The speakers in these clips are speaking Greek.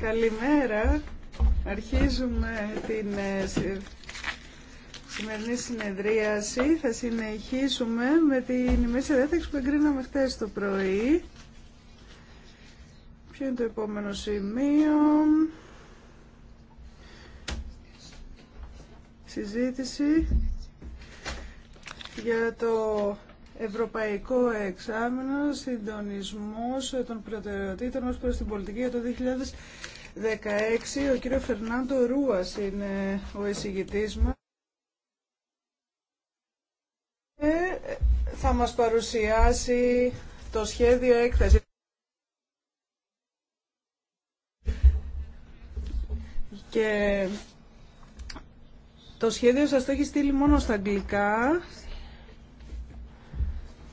Καλημέρα. Αρχίζουμε την ε, σημερινή συνεδρίαση. Θα συνεχίσουμε με την ημερήσια διάταξη που εγκρίναμε χθε το πρωί. Ποιο είναι το επόμενο σημείο. Συζήτηση για το Ευρωπαϊκό Εξάμεινο Συντονισμός των Προτεραιοτήτων ω προ την πολιτική για το 2016. Ο κύριο Φερνάντο Ρούας είναι ο εισηγητή μα. Ε, θα μας παρουσιάσει το σχέδιο έκθεση. Και το σχέδιο σας το έχει στείλει μόνο στα αγγλικά,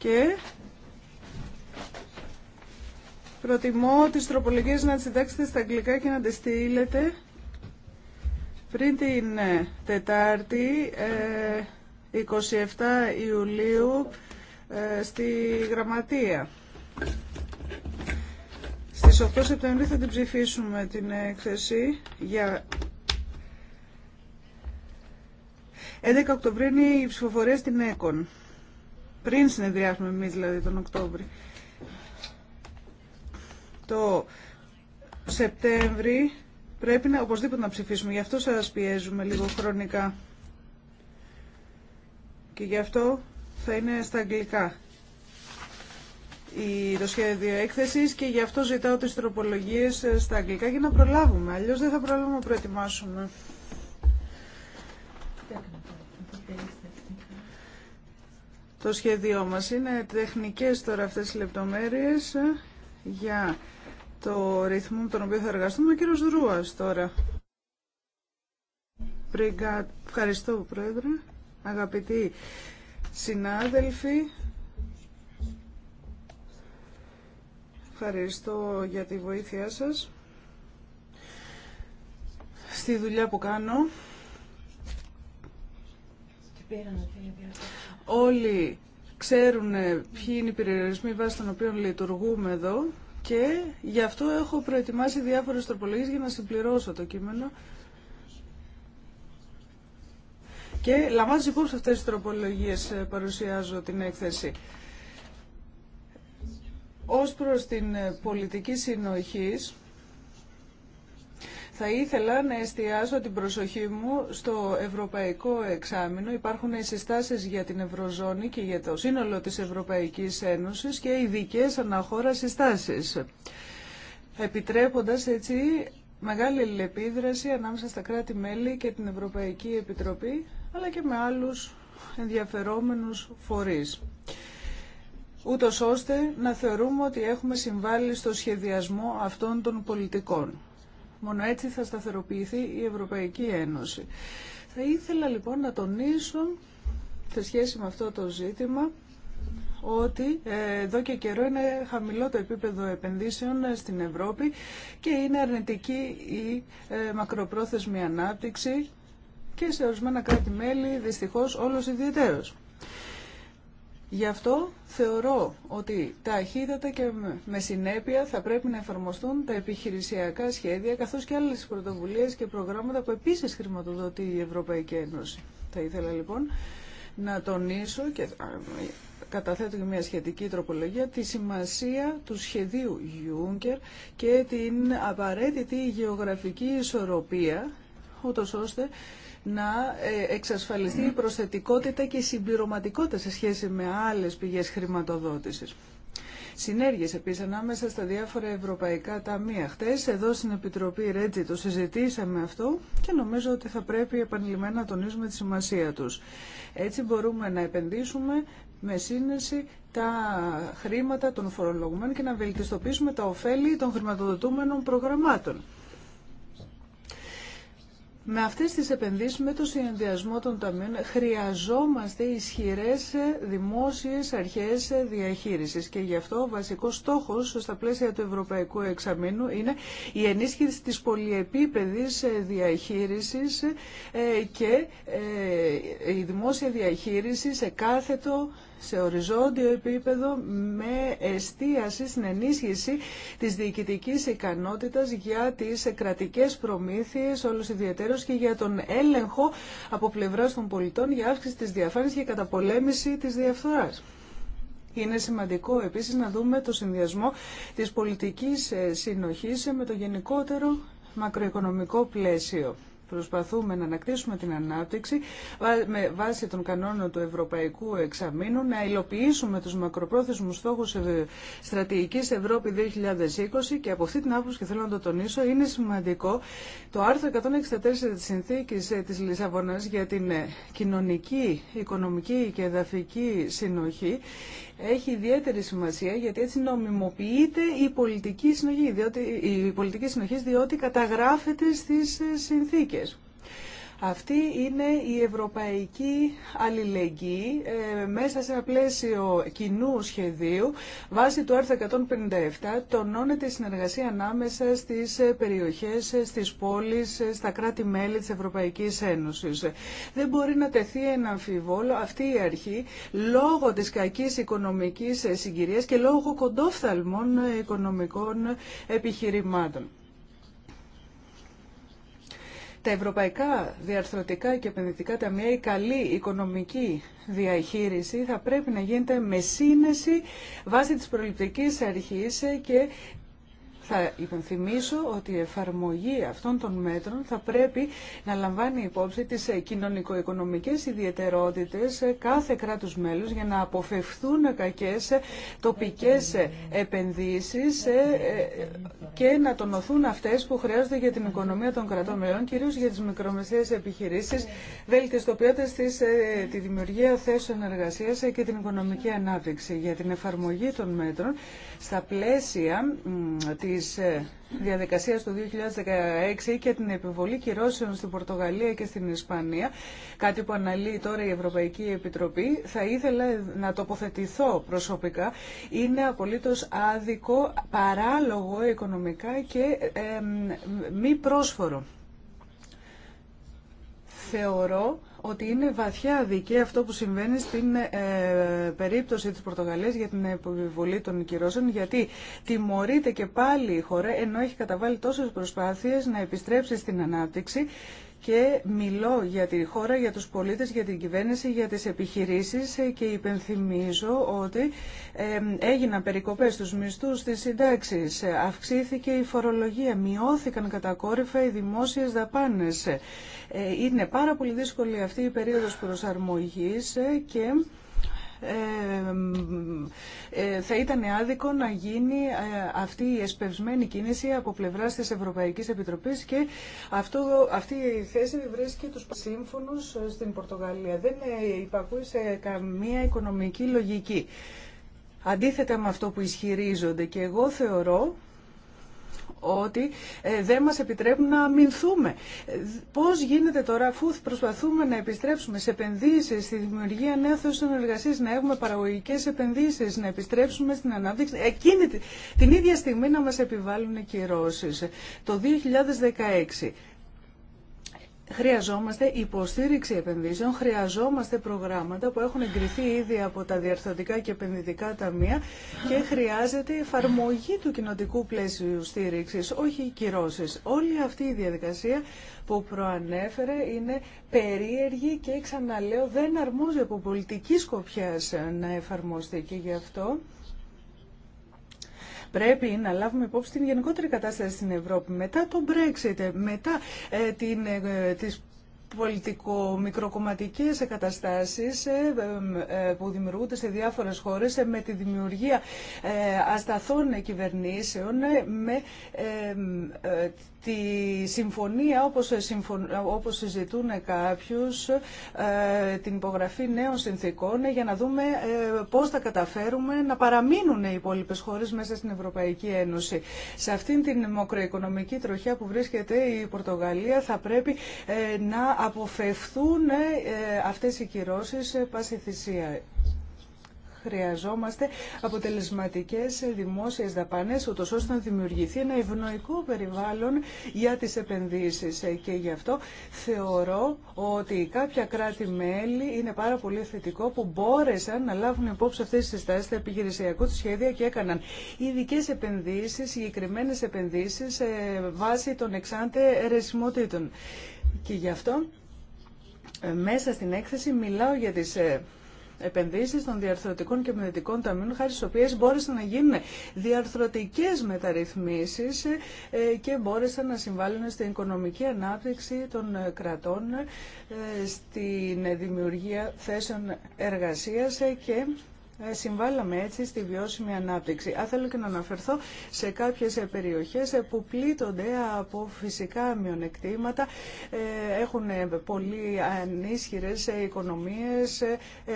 και προτιμώ τις τροπολογίες να τις εντάξετε στα αγγλικά και να τις στείλετε πριν την ε, Τετάρτη 27 ε, Ιουλίου ε, στη Γραμματεία. Στις 8 Σεπτεμβρίου θα την ψηφίσουμε την έκθεση για 11 Οκτωβρίου είναι η ψηφοφορία στην ΕΚΟΝ πριν συνεδριάσουμε εμείς δηλαδή τον Οκτώβρη. Το Σεπτέμβρη πρέπει να, οπωσδήποτε να ψηφίσουμε, γι' αυτό σας πιέζουμε λίγο χρονικά. Και γι' αυτό θα είναι στα αγγλικά το σχέδιο έκθεση και γι' αυτό ζητάω τις τροπολογίες ε, στα αγγλικά για να προλάβουμε, αλλιώς δεν θα προλάβουμε να προετοιμάσουμε το σχέδιό μας. Είναι τεχνικές τώρα αυτές οι λεπτομέρειες ε, για το ρυθμό με τον οποίο θα εργαστούμε. Ο κύριος Ρούας τώρα. Ευχαριστώ, Πρόεδρε. Αγαπητοί συνάδελφοι, ευχαριστώ για τη βοήθειά σας στη δουλειά που κάνω. Όλοι ξέρουν ε, ποιοι είναι οι περιορισμοί βάσει των οποίων λειτουργούμε εδώ και γι' αυτό έχω προετοιμάσει διάφορες τροπολογίες για να συμπληρώσω το κείμενο. Και λαμβάνοντας υπόψη αυτές τι τροπολογίες ε, παρουσιάζω την έκθεση. Ως προς την ε, πολιτική συνοχής, θα ήθελα να εστιάσω την προσοχή μου στο ευρωπαϊκό εξάμεινο. Υπάρχουν συστάσεις για την Ευρωζώνη και για το σύνολο της Ευρωπαϊκής Ένωσης και ειδικέ αναχώρα συστάσεις, επιτρέποντας έτσι μεγάλη λεπίδραση, ανάμεσα στα κράτη-μέλη και την Ευρωπαϊκή Επιτροπή, αλλά και με άλλους ενδιαφερόμενους φορείς Ούτως ώστε να θεωρούμε ότι έχουμε συμβάλει στο σχεδιασμό αυτών των πολιτικών. Μόνο έτσι θα σταθεροποιηθεί η Ευρωπαϊκή Ένωση. Θα ήθελα λοιπόν να τονίσω σε σχέση με αυτό το ζήτημα ότι ε, εδώ και καιρό είναι χαμηλό το επίπεδο επενδύσεων ε, στην Ευρώπη και είναι αρνητική η ε, μακροπρόθεσμη ανάπτυξη και σε ορισμένα κράτη-μέλη δυστυχώς όλος ιδιαιτέρως. Γι' αυτό θεωρώ ότι τα ταχύτατα και με συνέπεια θα πρέπει να εφαρμοστούν τα επιχειρησιακά σχέδια καθώς και άλλες πρωτοβουλίες και προγράμματα που επίσης χρηματοδοτεί η Ευρωπαϊκή Ένωση. Θα ήθελα λοιπόν να τονίσω και καταθέτω μια σχετική τροπολογία τη σημασία του σχεδίου Juncker και την απαραίτητη γεωγραφική ισορροπία ούτως ώστε να ε, εξασφαλιστεί η προσθετικότητα και η συμπληρωματικότητα σε σχέση με άλλες πηγές χρηματοδότησης. Συνέργειες επίσης ανάμεσα στα διάφορα ευρωπαϊκά ταμεία. Χτες εδώ στην Επιτροπή Ρέτζι το συζητήσαμε αυτό και νομίζω ότι θα πρέπει επανειλημμένα να τονίζουμε τη σημασία τους. Έτσι μπορούμε να επενδύσουμε με σύνεση τα χρήματα των φορολογουμένων και να βελτιστοποιήσουμε τα ωφέλη των χρηματοδοτούμενων προγραμμάτων. Με αυτές τις επενδύσεις, με το συνδυασμό των ταμείων, χρειαζόμαστε ισχυρές ε, δημόσιες αρχές ε, διαχείρισης και γι' αυτό ο βασικός στόχος στα πλαίσια του Ευρωπαϊκού Εξαμήνου είναι η ενίσχυση της πολυεπίπεδης ε, διαχείρισης και η δημόσια διαχείριση σε κάθετο σε οριζόντιο επίπεδο με εστίαση στην ενίσχυση της διοικητικής ικανότητας για τις κρατικές προμήθειες όλους ιδιαίτερως και για τον έλεγχο από πλευράς των πολιτών για αύξηση της διαφάνειας και καταπολέμηση της διαφθοράς. Είναι σημαντικό επίσης να δούμε το συνδυασμό της πολιτικής συνοχής με το γενικότερο μακροοικονομικό πλαίσιο. Προσπαθούμε να ανακτήσουμε την ανάπτυξη με βάση τον κανόνα του Ευρωπαϊκού Εξαμήνου, να υλοποιήσουμε τους μακροπρόθεσμους στόχους στρατηγικής Ευρώπη 2020 και από αυτή την άποψη και θέλω να το τονίσω, είναι σημαντικό το άρθρο 164 της συνθήκης ε, της Λισαβόνας για την ε, κοινωνική, οικονομική και εδαφική συνοχή έχει ιδιαίτερη σημασία γιατί έτσι νομιμοποιείται η πολιτική συνοχή, διότι, η πολιτική συνοχή διότι καταγράφεται στις συνθήκες. Αυτή είναι η ευρωπαϊκή αλληλεγγύη ε, μέσα σε ένα πλαίσιο κοινού σχεδίου. Βάσει του άρθρου 157 τονώνεται η συνεργασία ανάμεσα στις ε, περιοχές, ε, στις πόλεις, στα κράτη-μέλη της Ευρωπαϊκής Ένωσης. Δεν μπορεί να τεθεί ένα αμφιβόλο αυτή η αρχή λόγω της κακής οικονομικής συγκυρίας και λόγω κοντόφθαλμων οικονομικών επιχειρημάτων τα ευρωπαϊκά διαρθρωτικά και επενδυτικά ταμεία, η καλή οικονομική διαχείριση θα πρέπει να γίνεται με σύνεση βάσει της προληπτικής αρχής και θα υπενθυμίσω ότι η εφαρμογή αυτών των μέτρων θα πρέπει να λαμβάνει υπόψη τις κοινωνικο-οικονομικές ιδιαιτερότητες κάθε κράτους μέλους για να αποφευθούν κακές τοπικές επενδύσεις ε, ε, και να τονωθούν αυτές που χρειάζονται για την οικονομία των κρατών μελών, κυρίως για τις μικρομεσαίες επιχειρήσεις, βελτιστοποιώντας ε, τη δημιουργία θέσεων εργασία και την οικονομική ανάπτυξη. Για την εφαρμογή των μέτρων, στα πλαίσια της ε, διαδικασίας του 2016 και την επιβολή κυρώσεων στην Πορτογαλία και στην Ισπανία, κάτι που αναλύει τώρα η Ευρωπαϊκή Επιτροπή, θα ήθελα να τοποθετηθώ προσωπικά. Είναι απολύτως άδικο, παράλογο οικονομικά και ε, μη πρόσφορο. Θεωρώ ότι είναι βαθιά αδικία αυτό που συμβαίνει στην ε, περίπτωση της Πορτογαλίας για την επιβολή των κυρώσεων, γιατί τιμωρείται και πάλι η χώρα, ενώ έχει καταβάλει τόσες προσπάθειες να επιστρέψει στην ανάπτυξη και μιλώ για τη χώρα, για τους πολίτες, για την κυβέρνηση, για τις επιχειρήσεις και υπενθυμίζω ότι έγιναν περικοπές στους μισθούς, στις συντάξεις, αυξήθηκε η φορολογία, μειώθηκαν κατακόρυφα οι δημόσιες δαπάνες. Ε, είναι πάρα πολύ δύσκολη αυτή η περίοδος προσαρμογής και ε, ε, θα ήταν άδικο να γίνει ε, αυτή η εσπευσμένη κίνηση από πλευράς της Ευρωπαϊκής Επιτροπής και αυτό, αυτή η θέση βρίσκει τους σύμφωνους στην Πορτογαλία. Δεν υπακούει σε καμία οικονομική λογική. Αντίθετα με αυτό που ισχυρίζονται και εγώ θεωρώ ότι ε, δεν μας επιτρέπουν να αμυνθούμε. Πώς γίνεται τώρα αφού προσπαθούμε να επιστρέψουμε σε επενδύσεις, στη δημιουργία νέων θέσεων εργασίας, να έχουμε παραγωγικές επενδύσεις, να επιστρέψουμε στην ανάπτυξη, εκείνη την ίδια στιγμή να μας επιβάλλουν κυρώσεις. Το 2016 Χρειαζόμαστε υποστήριξη επενδύσεων, χρειαζόμαστε προγράμματα που έχουν εγκριθεί ήδη από τα διαρθρωτικά και επενδυτικά ταμεία και χρειάζεται εφαρμογή του κοινοτικού πλαίσιου στήριξη, όχι κυρώσει. Όλη αυτή η διαδικασία που προανέφερε είναι περίεργη και ξαναλέω δεν αρμόζει από πολιτική σκοπιά να εφαρμοστεί και γι' αυτό πρέπει να λάβουμε υπόψη την γενικότερη κατάσταση στην Ευρώπη μετά το Brexit, μετά ε, την, ε, ε, τις πολιτικό μικροκομματικές εγκαταστάσεις ε, ε, ε, που δημιουργούνται σε διάφορες χώρες με τη δημιουργία ασταθών κυβερνήσεων με τη συμφωνία όπως, συμφων... όπως συζητούν κάποιου την υπογραφή νέων συνθήκων για να δούμε πώς θα καταφέρουμε να παραμείνουν οι υπόλοιπες χώρες μέσα στην Ευρωπαϊκή Ένωση. Σε αυτήν την μακροοικονομική τροχιά που βρίσκεται η Πορτογαλία θα πρέπει να αποφευθούν ε, αυτές οι κυρώσεις ε, πάση θυσία. Χρειαζόμαστε αποτελεσματικές ε, δημόσιες δαπανές, ούτως ώστε να δημιουργηθεί ένα ευνοϊκό περιβάλλον για τις επενδύσεις. Και γι' αυτό θεωρώ ότι κάποια κράτη-μέλη είναι πάρα πολύ θετικό που μπόρεσαν να λάβουν υπόψη αυτές τις συστάσεις στα επιχειρησιακού του σχέδια και έκαναν ειδικέ επενδύσεις, συγκεκριμένε επενδύσεις βάσει των εξάντε ρεσιμοτήτων. Και γι' αυτό ε, μέσα στην έκθεση μιλάω για τις ε, επενδύσεις των διαρθρωτικών και επενδυτικών ταμείων, χάρη στις οποίες μπόρεσαν να γίνουν διαρθρωτικές μεταρρυθμίσεις ε, και μπόρεσαν να συμβάλλουν στην οικονομική ανάπτυξη των κρατών, στην δημιουργία θέσεων εργασίας και ε, συμβάλαμε έτσι στη βιώσιμη ανάπτυξη. Αν θέλω και να αναφερθώ σε κάποιες ε, περιοχές ε, που πλήττονται από φυσικά μειονεκτήματα, έχουν πολύ ανίσχυρες οικονομίες,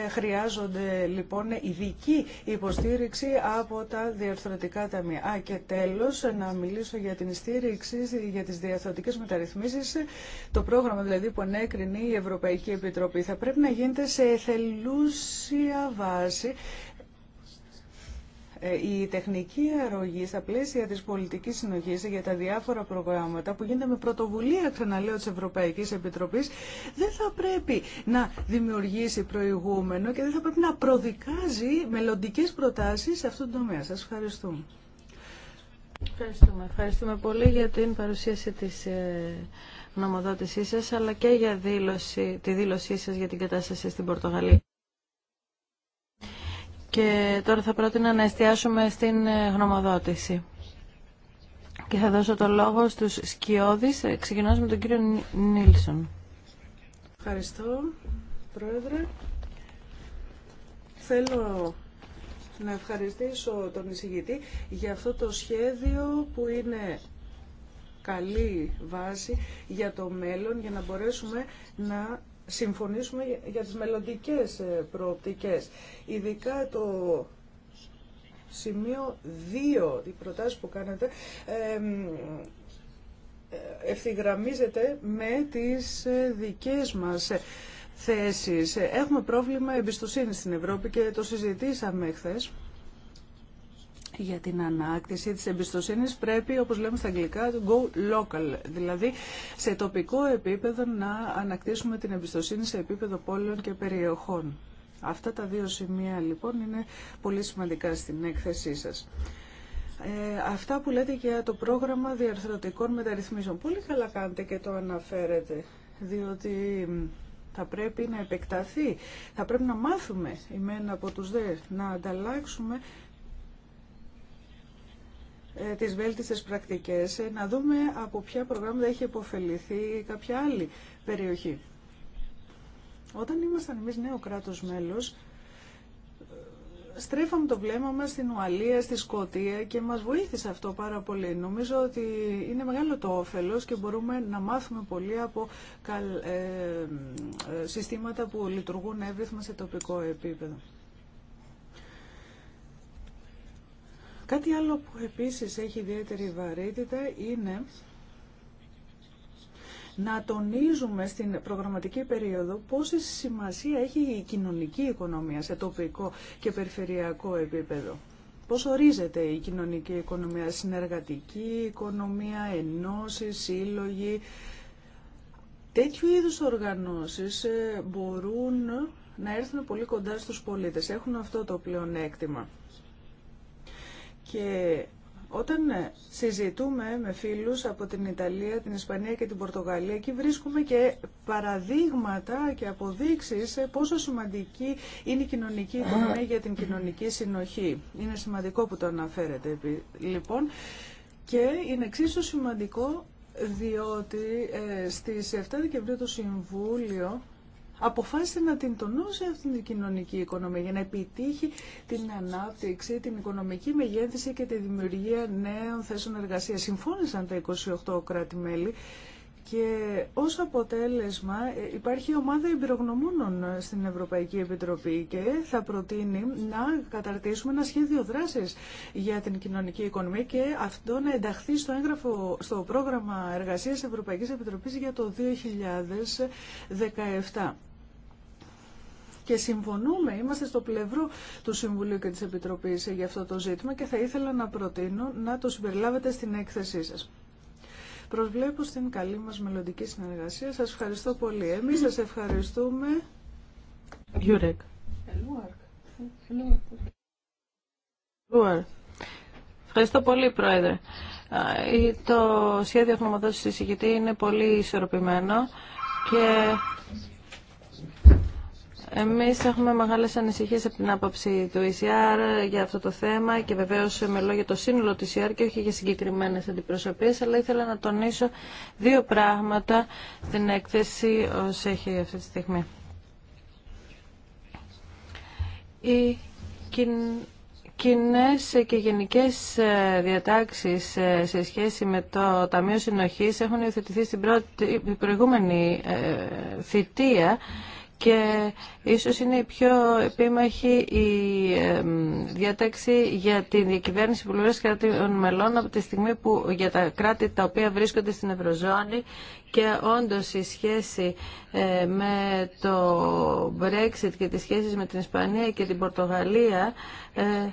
χρειάζονται λοιπόν ειδική υποστήριξη από τα διαρθρωτικά ταμεία. Α, και τέλος, να μιλήσω για την στήριξη, για τις διαρθρωτικές μεταρρυθμίσεις, το πρόγραμμα δηλαδή που ανέκρινε η Ευρωπαϊκή Επιτροπή. Θα πρέπει να γίνεται σε εθελούσια βάση ε, η τεχνική αρρωγή στα πλαίσια τη πολιτικής συνοχής για τα διάφορα προγράμματα που γίνεται με πρωτοβουλία, ξαναλέω, της Ευρωπαϊκής Επιτροπής, δεν θα πρέπει να δημιουργήσει προηγούμενο και δεν θα πρέπει να προδικάζει μελλοντικέ προτάσεις σε αυτόν τον τομέα. Σας ευχαριστούμε. Ευχαριστούμε. Ευχαριστούμε πολύ για την παρουσίαση της ε, νομοδότησής σας, αλλά και για δήλωση, τη δήλωσή σας για την κατάσταση στην Πορτογαλία. Και τώρα θα πρότεινα να εστιάσουμε στην ε, γνωμοδότηση. Και θα δώσω το λόγο στους σκιώδεις, ε, ξεκινώντας με τον κύριο Νίλσον. Ευχαριστώ, Πρόεδρε. Θέλω να ευχαριστήσω τον εισηγητή για αυτό το σχέδιο που είναι καλή βάση για το μέλλον, για να μπορέσουμε να συμφωνήσουμε για τις μελλοντικέ ε, προοπτικές. Ειδικά το σημείο 2, η προτάση που κάνατε, ε, ευθυγραμμίζεται με τις ε, δικές μας θέσεις. Έχουμε πρόβλημα εμπιστοσύνη στην Ευρώπη και το συζητήσαμε χθες για την ανάκτηση της εμπιστοσύνης πρέπει, όπως λέμε στα αγγλικά, go local, δηλαδή σε τοπικό επίπεδο να ανακτήσουμε την εμπιστοσύνη σε επίπεδο πόλεων και περιοχών. Αυτά τα δύο σημεία λοιπόν είναι πολύ σημαντικά στην έκθεσή σας. Ε, αυτά που λέτε για το πρόγραμμα διαρθρωτικών μεταρρυθμίσεων. Πολύ καλά κάνετε και το αναφέρετε, διότι θα πρέπει να επεκταθεί, θα πρέπει να μάθουμε ημένα από τους δε, να ανταλλάξουμε ε, τις βέλτιστες πρακτικές, ε, να δούμε από ποια προγράμματα έχει υποφεληθεί κάποια άλλη περιοχή. Όταν ήμασταν εμείς νέο κράτος μέλος, ε, στρέφαμε το βλέμμα μας στην Ουαλία, στη Σκοτία και μας βοήθησε αυτό πάρα πολύ. Νομίζω ότι είναι μεγάλο το όφελος και μπορούμε να μάθουμε πολύ από συστήματα που λειτουργούν εύρυθμα σε τοπικό επίπεδο. Κάτι άλλο που επίσης έχει ιδιαίτερη βαρύτητα είναι να τονίζουμε στην προγραμματική περίοδο πόση σημασία έχει η κοινωνική οικονομία σε τοπικό και περιφερειακό επίπεδο. Πώς ορίζεται η κοινωνική οικονομία, συνεργατική οικονομία, ενώσεις, σύλλογοι. Τέτοιου είδους οργανώσεις ε, μπορούν να έρθουν πολύ κοντά στους πολίτες. Έχουν αυτό το πλεονέκτημα. Και όταν συζητούμε με φίλους από την Ιταλία, την Ισπανία και την Πορτογαλία, εκεί βρίσκουμε και παραδείγματα και αποδείξεις πόσο σημαντική είναι η κοινωνική οικονομία για την κοινωνική συνοχή. Είναι σημαντικό που το αναφέρετε, λοιπόν. Και είναι εξίσου σημαντικό διότι ε, στις 7 Δεκεμβρίου το Συμβούλιο αποφάσισε να την τονώσει αυτήν την κοινωνική οικονομία για να επιτύχει την ανάπτυξη, την οικονομική μεγέθυνση και τη δημιουργία νέων θέσεων εργασία. Συμφώνησαν τα 28 κράτη-μέλη και ως αποτέλεσμα ε, υπάρχει ομάδα εμπειρογνωμόνων στην Ευρωπαϊκή Επιτροπή και θα προτείνει να καταρτήσουμε ένα σχέδιο δράσης για την κοινωνική οικονομία και αυτό να ενταχθεί στο, έγγραφο, στο πρόγραμμα εργασίας Ευρωπαϊκής Επιτροπής για το 2017 και συμφωνούμε, είμαστε στο πλευρό του Συμβουλίου και της Επιτροπής για αυτό το ζήτημα και θα ήθελα να προτείνω να το συμπεριλάβετε στην έκθεσή σας. Προσβλέπω στην καλή μας μελλοντική συνεργασία. Σας ευχαριστώ πολύ. Εμείς σας ευχαριστούμε. Γιουρέκ. Ευχαριστώ πολύ, Πρόεδρε. Το σχέδιο της είναι πολύ ισορροπημένο και εμείς έχουμε μεγάλες ανησυχίες από την άποψη του ECR για αυτό το θέμα και βεβαίως με λόγια το σύνολο του ECR και όχι για συγκεκριμένες αντιπροσωπείες, αλλά ήθελα να τονίσω δύο πράγματα στην έκθεση ω έχει αυτή τη στιγμή. Η Κοινέ και γενικέ διατάξει σε σχέση με το Ταμείο Συνοχή έχουν υιοθετηθεί στην προηγούμενη ε, θητεία και ίσως είναι η πιο επίμαχη η διατάξη για την διακυβέρνηση πλουρές κρατών μελών από τη στιγμή που για τα κράτη τα οποία βρίσκονται στην Ευρωζώνη και όντως η σχέση ε, με το Brexit και τις σχέσεις με την Ισπανία και την Πορτογαλία ε,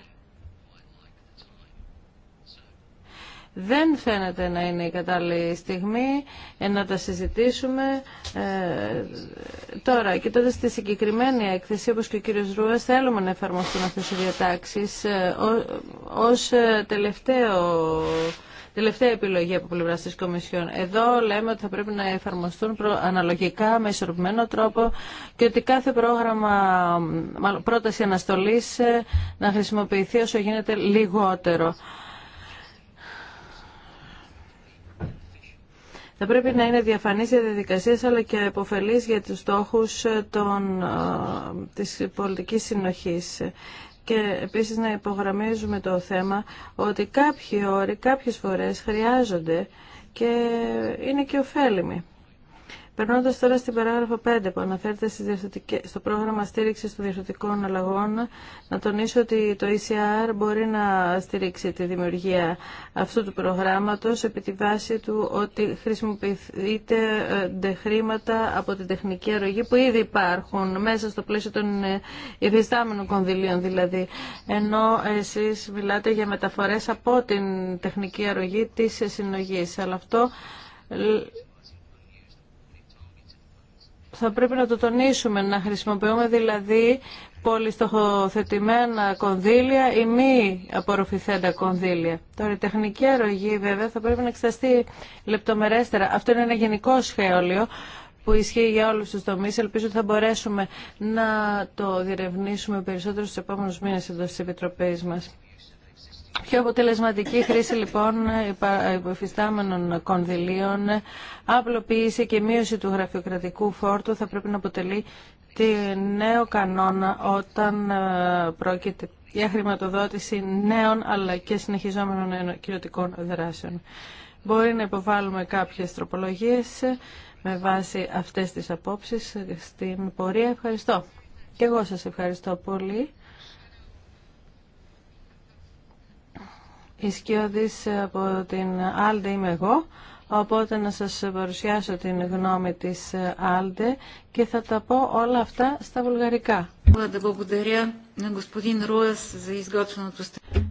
Δεν φαίνεται να είναι η κατάλληλη στιγμή ε, να τα συζητήσουμε. Ε, τώρα, κοιτώντα τη συγκεκριμένη έκθεση, όπω και ο κύριο Ρούας, θέλουμε να εφαρμοστούν αυτέ οι διατάξει ε, ω ε, τελευταίο τελευταία επιλογή από πλευρά τη Κομισιόν. Εδώ λέμε ότι θα πρέπει να εφαρμοστούν αναλογικά με ισορροπημένο τρόπο και ότι κάθε πρόγραμμα, πρόταση αναστολή να χρησιμοποιηθεί όσο γίνεται λιγότερο. Θα πρέπει να είναι διαφανείς για διαδικασίες αλλά και επωφελής για τους στόχους ε, των, ε, της πολιτικής συνοχής και επίσης να υπογραμμίζουμε το θέμα ότι κάποιοι όροι κάποιες φορές χρειάζονται και είναι και ωφέλιμοι. Περνώντα τώρα στην παράγραφο 5 που αναφέρεται στο πρόγραμμα στήριξη των διευθυντικών αλλαγών, να τονίσω ότι το ECR μπορεί να στηρίξει τη δημιουργία αυτού του προγράμματο επί τη βάση του ότι χρησιμοποιείται ε, χρήματα από την τεχνική αρρωγή που ήδη υπάρχουν μέσα στο πλαίσιο των ε, υφιστάμενων κονδυλίων δηλαδή. Ενώ εσεί μιλάτε για μεταφορέ από την τεχνική αρρωγή τη συνογή. Αλλά αυτό ε, θα πρέπει να το τονίσουμε, να χρησιμοποιούμε δηλαδή πολυστοχοθετημένα κονδύλια ή μη απορροφηθέντα κονδύλια. Τώρα η τεχνική αρρωγή βέβαια θα πρέπει να εξεταστεί λεπτομερέστερα. Αυτό είναι ένα γενικό σχεδιο που ισχύει για όλους τους τομείς. Ελπίζω ότι θα μπορέσουμε να το διερευνήσουμε περισσότερο στους επόμενους μήνες εδώ της Επιτροπής μας. Πιο αποτελεσματική χρήση λοιπόν υποφιστάμενων κονδυλίων, απλοποίηση και μείωση του γραφειοκρατικού φόρτου θα πρέπει να αποτελεί τη νέο κανόνα όταν ε, πρόκειται για χρηματοδότηση νέων αλλά και συνεχιζόμενων κυρωτικών δράσεων. Μπορεί να υποβάλουμε κάποιες τροπολογίες με βάση αυτές τις απόψεις στην πορεία. Ευχαριστώ. Και εγώ σας ευχαριστώ πολύ. Η από την Άλντε είμαι εγώ, οπότε να σας παρουσιάσω την γνώμη της Άλντε και θα τα πω όλα αυτά στα βουλγαρικά.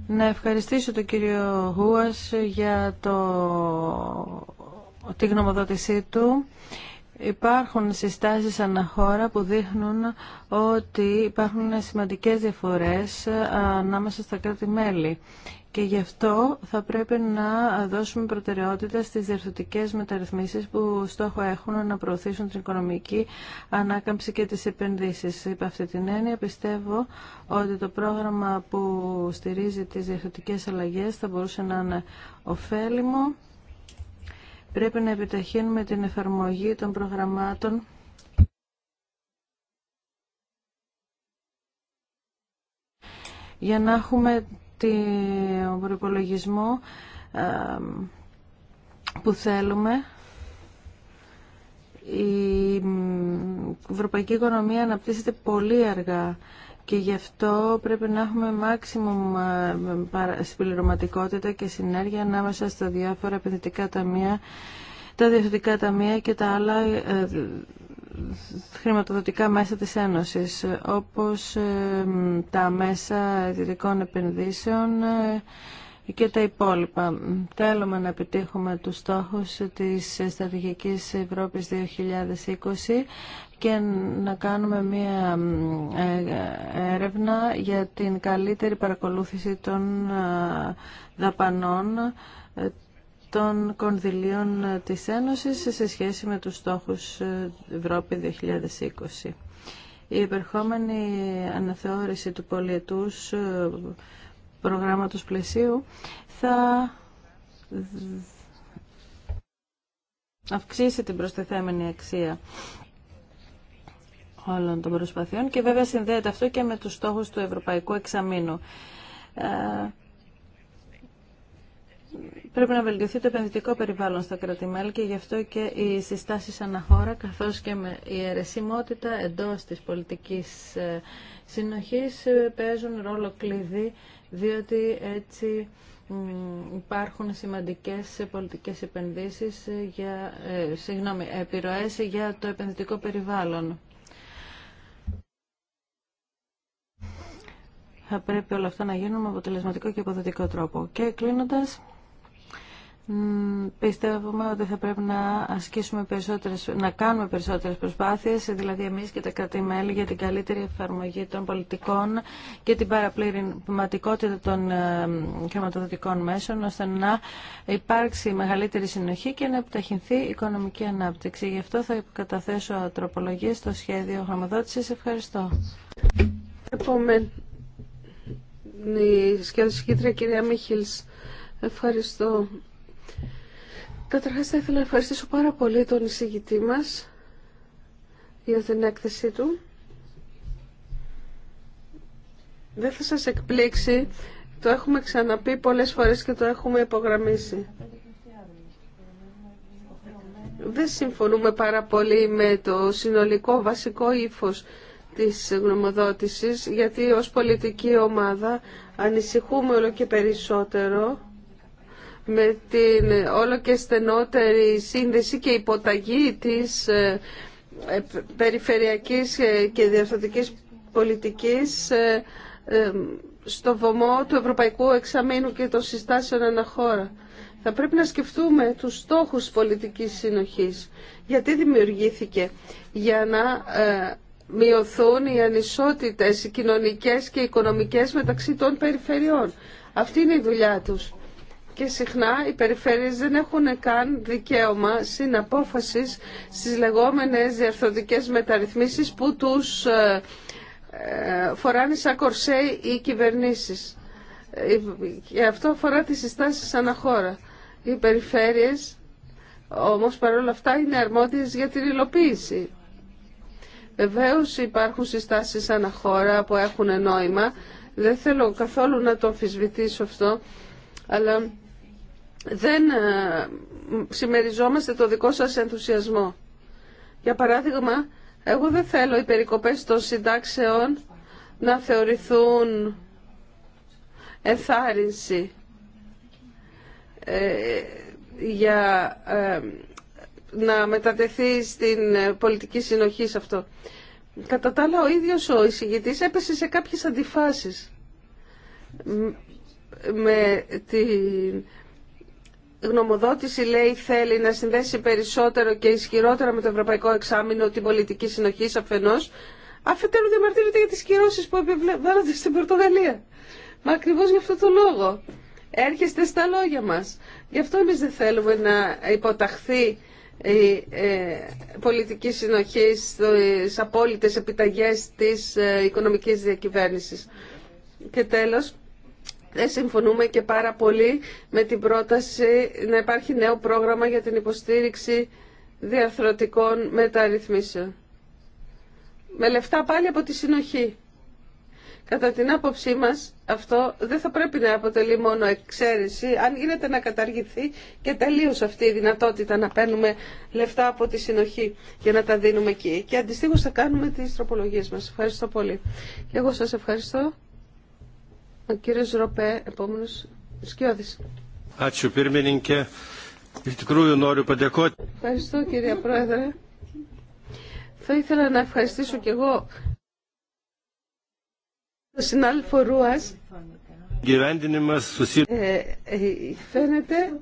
Να ευχαριστήσω τον κύριο Γούας για το... τη γνωμοδότησή του. Υπάρχουν συστάσεις αναχώρα που δείχνουν ότι υπάρχουν σημαντικές διαφορές ανάμεσα στα κράτη-μέλη. Και γι' αυτό θα πρέπει να δώσουμε προτεραιότητα στις διευθυντικές μεταρρυθμίσεις που στόχο έχουν να προωθήσουν την οικονομική ανάκαμψη και τις επενδύσεις. Υπ' αυτή την έννοια πιστεύω ότι το πρόγραμμα που στηρίζει τις διευθυντικές αλλαγές θα μπορούσε να είναι ωφέλιμο. Πρέπει να επιταχύνουμε την εφαρμογή των προγραμμάτων για να έχουμε τον προπολογισμό που θέλουμε η ευρωπαϊκή οικονομία αναπτύσσεται πολύ αργά και γι' αυτό πρέπει να έχουμε maximum συμπληρωματικότητα και συνέργεια ανάμεσα στα διάφορα επενδυτικά ταμεία, τα διευθυντικά ταμεία και τα άλλα ε, χρηματοδοτικά μέσα της Ένωσης, όπως ε, τα μέσα ειδικών επενδύσεων ε, και τα υπόλοιπα. Θέλουμε να επιτύχουμε τους στόχους της Στρατηγικής Ευρώπης 2020 και να κάνουμε μία ε, έρευνα για την καλύτερη παρακολούθηση των δαπανών των κονδυλίων ε, της Ένωσης σε σχέση με τους στόχους ε, Ευρώπη 2020. Η υπερχόμενη αναθεώρηση του πολιετούς ε, προγράμματος πλαισίου θα αυξήσει την προστεθέμενη αξία όλων των προσπαθειών και βέβαια συνδέεται αυτό και με τους στόχους του Ευρωπαϊκού Εξαμήνου πρέπει να βελτιωθεί το επενδυτικό περιβάλλον στα μελη και γι' αυτό και οι συστάσεις αναχώρα καθώς και η αιρεσιμότητα εντός της πολιτικής ε, συνοχής ε, παίζουν ρόλο κλειδί διότι έτσι υπάρχουν σημαντικές πολιτικές επενδύσεις για, ε, επιρροές για το επενδυτικό περιβάλλον. Θα πρέπει όλα αυτά να γίνουν με αποτελεσματικό και υποθετικό τρόπο. Και κλείνοντας, Πιστεύουμε ότι θα πρέπει να ασκήσουμε περισσότερες, να κάνουμε περισσότερες προσπάθειες, δηλαδή εμείς και τα κρατη για την καλύτερη εφαρμογή των πολιτικών και την παραπληρηματικότητα των ε, χρηματοδοτικών μέσων, ώστε να υπάρξει μεγαλύτερη συνοχή και να επιταχυνθεί η οικονομική ανάπτυξη. Γι' αυτό θα καταθέσω τροπολογία στο σχέδιο χρηματοδότησης. Ευχαριστώ. Επόμενη η κυρία Ευχαριστώ. Καταρχά θα ήθελα να ευχαριστήσω πάρα πολύ τον εισηγητή μας για την έκθεσή του. Δεν θα σας εκπλήξει, το έχουμε ξαναπεί πολλές φορές και το έχουμε υπογραμμίσει. Δεν συμφωνούμε πάρα πολύ με το συνολικό βασικό ύφος της γνωμοδότησης, γιατί ως πολιτική ομάδα ανησυχούμε όλο και περισσότερο με την όλο και στενότερη σύνδεση και υποταγή της ε, ε, περιφερειακής ε, και διαστατικής πολιτικής στο βωμό του Ευρωπαϊκού Εξαμήνου και των συστάσεων αναχώρα. Θα πρέπει να σκεφτούμε τους στόχους πολιτικής συνοχής. Γιατί δημιουργήθηκε. Για να μειωθούν οι ανισότητες οι και οικονομικές μεταξύ των περιφερειών. Αυτή είναι η δουλειά τους και συχνά οι περιφέρειες δεν έχουν καν δικαίωμα συναπόφασης στις λεγόμενες διαρθρωτικές μεταρρυθμίσεις που τους ε, ε, φοράνε σαν κορσέι οι κυβερνήσεις. Ε, αυτό αφορά τις συστάσεις αναχώρα. Οι περιφέρειες όμως παρόλα αυτά είναι αρμόδιες για την υλοποίηση. Βεβαίω υπάρχουν συστάσεις αναχώρα που έχουν νόημα. Δεν θέλω καθόλου να το αμφισβητήσω αυτό, αλλά δεν ε, συμμεριζόμαστε το δικό σας ενθουσιασμό. Για παράδειγμα, εγώ δεν θέλω οι περικοπές των συντάξεων να θεωρηθούν εθάρρυνση ε, για ε, να μετατεθεί στην πολιτική συνοχή σε αυτό. Κατά τα άλλα, ο ίδιος ο εισηγητής έπεσε σε κάποιες αντιφάσεις με την γνωμοδότηση λέει θέλει να συνδέσει περισσότερο και ισχυρότερα με το Ευρωπαϊκό Εξάμεινο την πολιτική συνοχή αφενό, αφετέρου διαμαρτύρεται για τις κυρώσεις που επιβάλλονται στην Πορτογαλία. Μα ακριβώ γι' αυτό το λόγο. Έρχεστε στα λόγια μας. Γι' αυτό εμεί δεν θέλουμε να υποταχθεί η ε, πολιτική συνοχή στις απόλυτες επιταγές της ε, οικονομικής διακυβέρνησης. Και τέλος, δεν συμφωνούμε και πάρα πολύ με την πρόταση να υπάρχει νέο πρόγραμμα για την υποστήριξη διαρθρωτικών μεταρρυθμίσεων. Με λεφτά πάλι από τη συνοχή. Κατά την άποψή μας αυτό δεν θα πρέπει να αποτελεί μόνο εξαίρεση, αν γίνεται να καταργηθεί και τελείως αυτή η δυνατότητα να παίρνουμε λεφτά από τη συνοχή για να τα δίνουμε εκεί. Και αντιστοίχως θα κάνουμε τις τροπολογίες μας. Ευχαριστώ πολύ. εγώ σας ευχαριστώ. Ο κύριος Ροπέ, επόμενος σκιώδης. Ευχαριστώ κύριε Πρόεδρε. Θα ήθελα να ευχαριστήσω και εγώ τον συνάδελφο Ρούας. Ε, ε, φαίνεται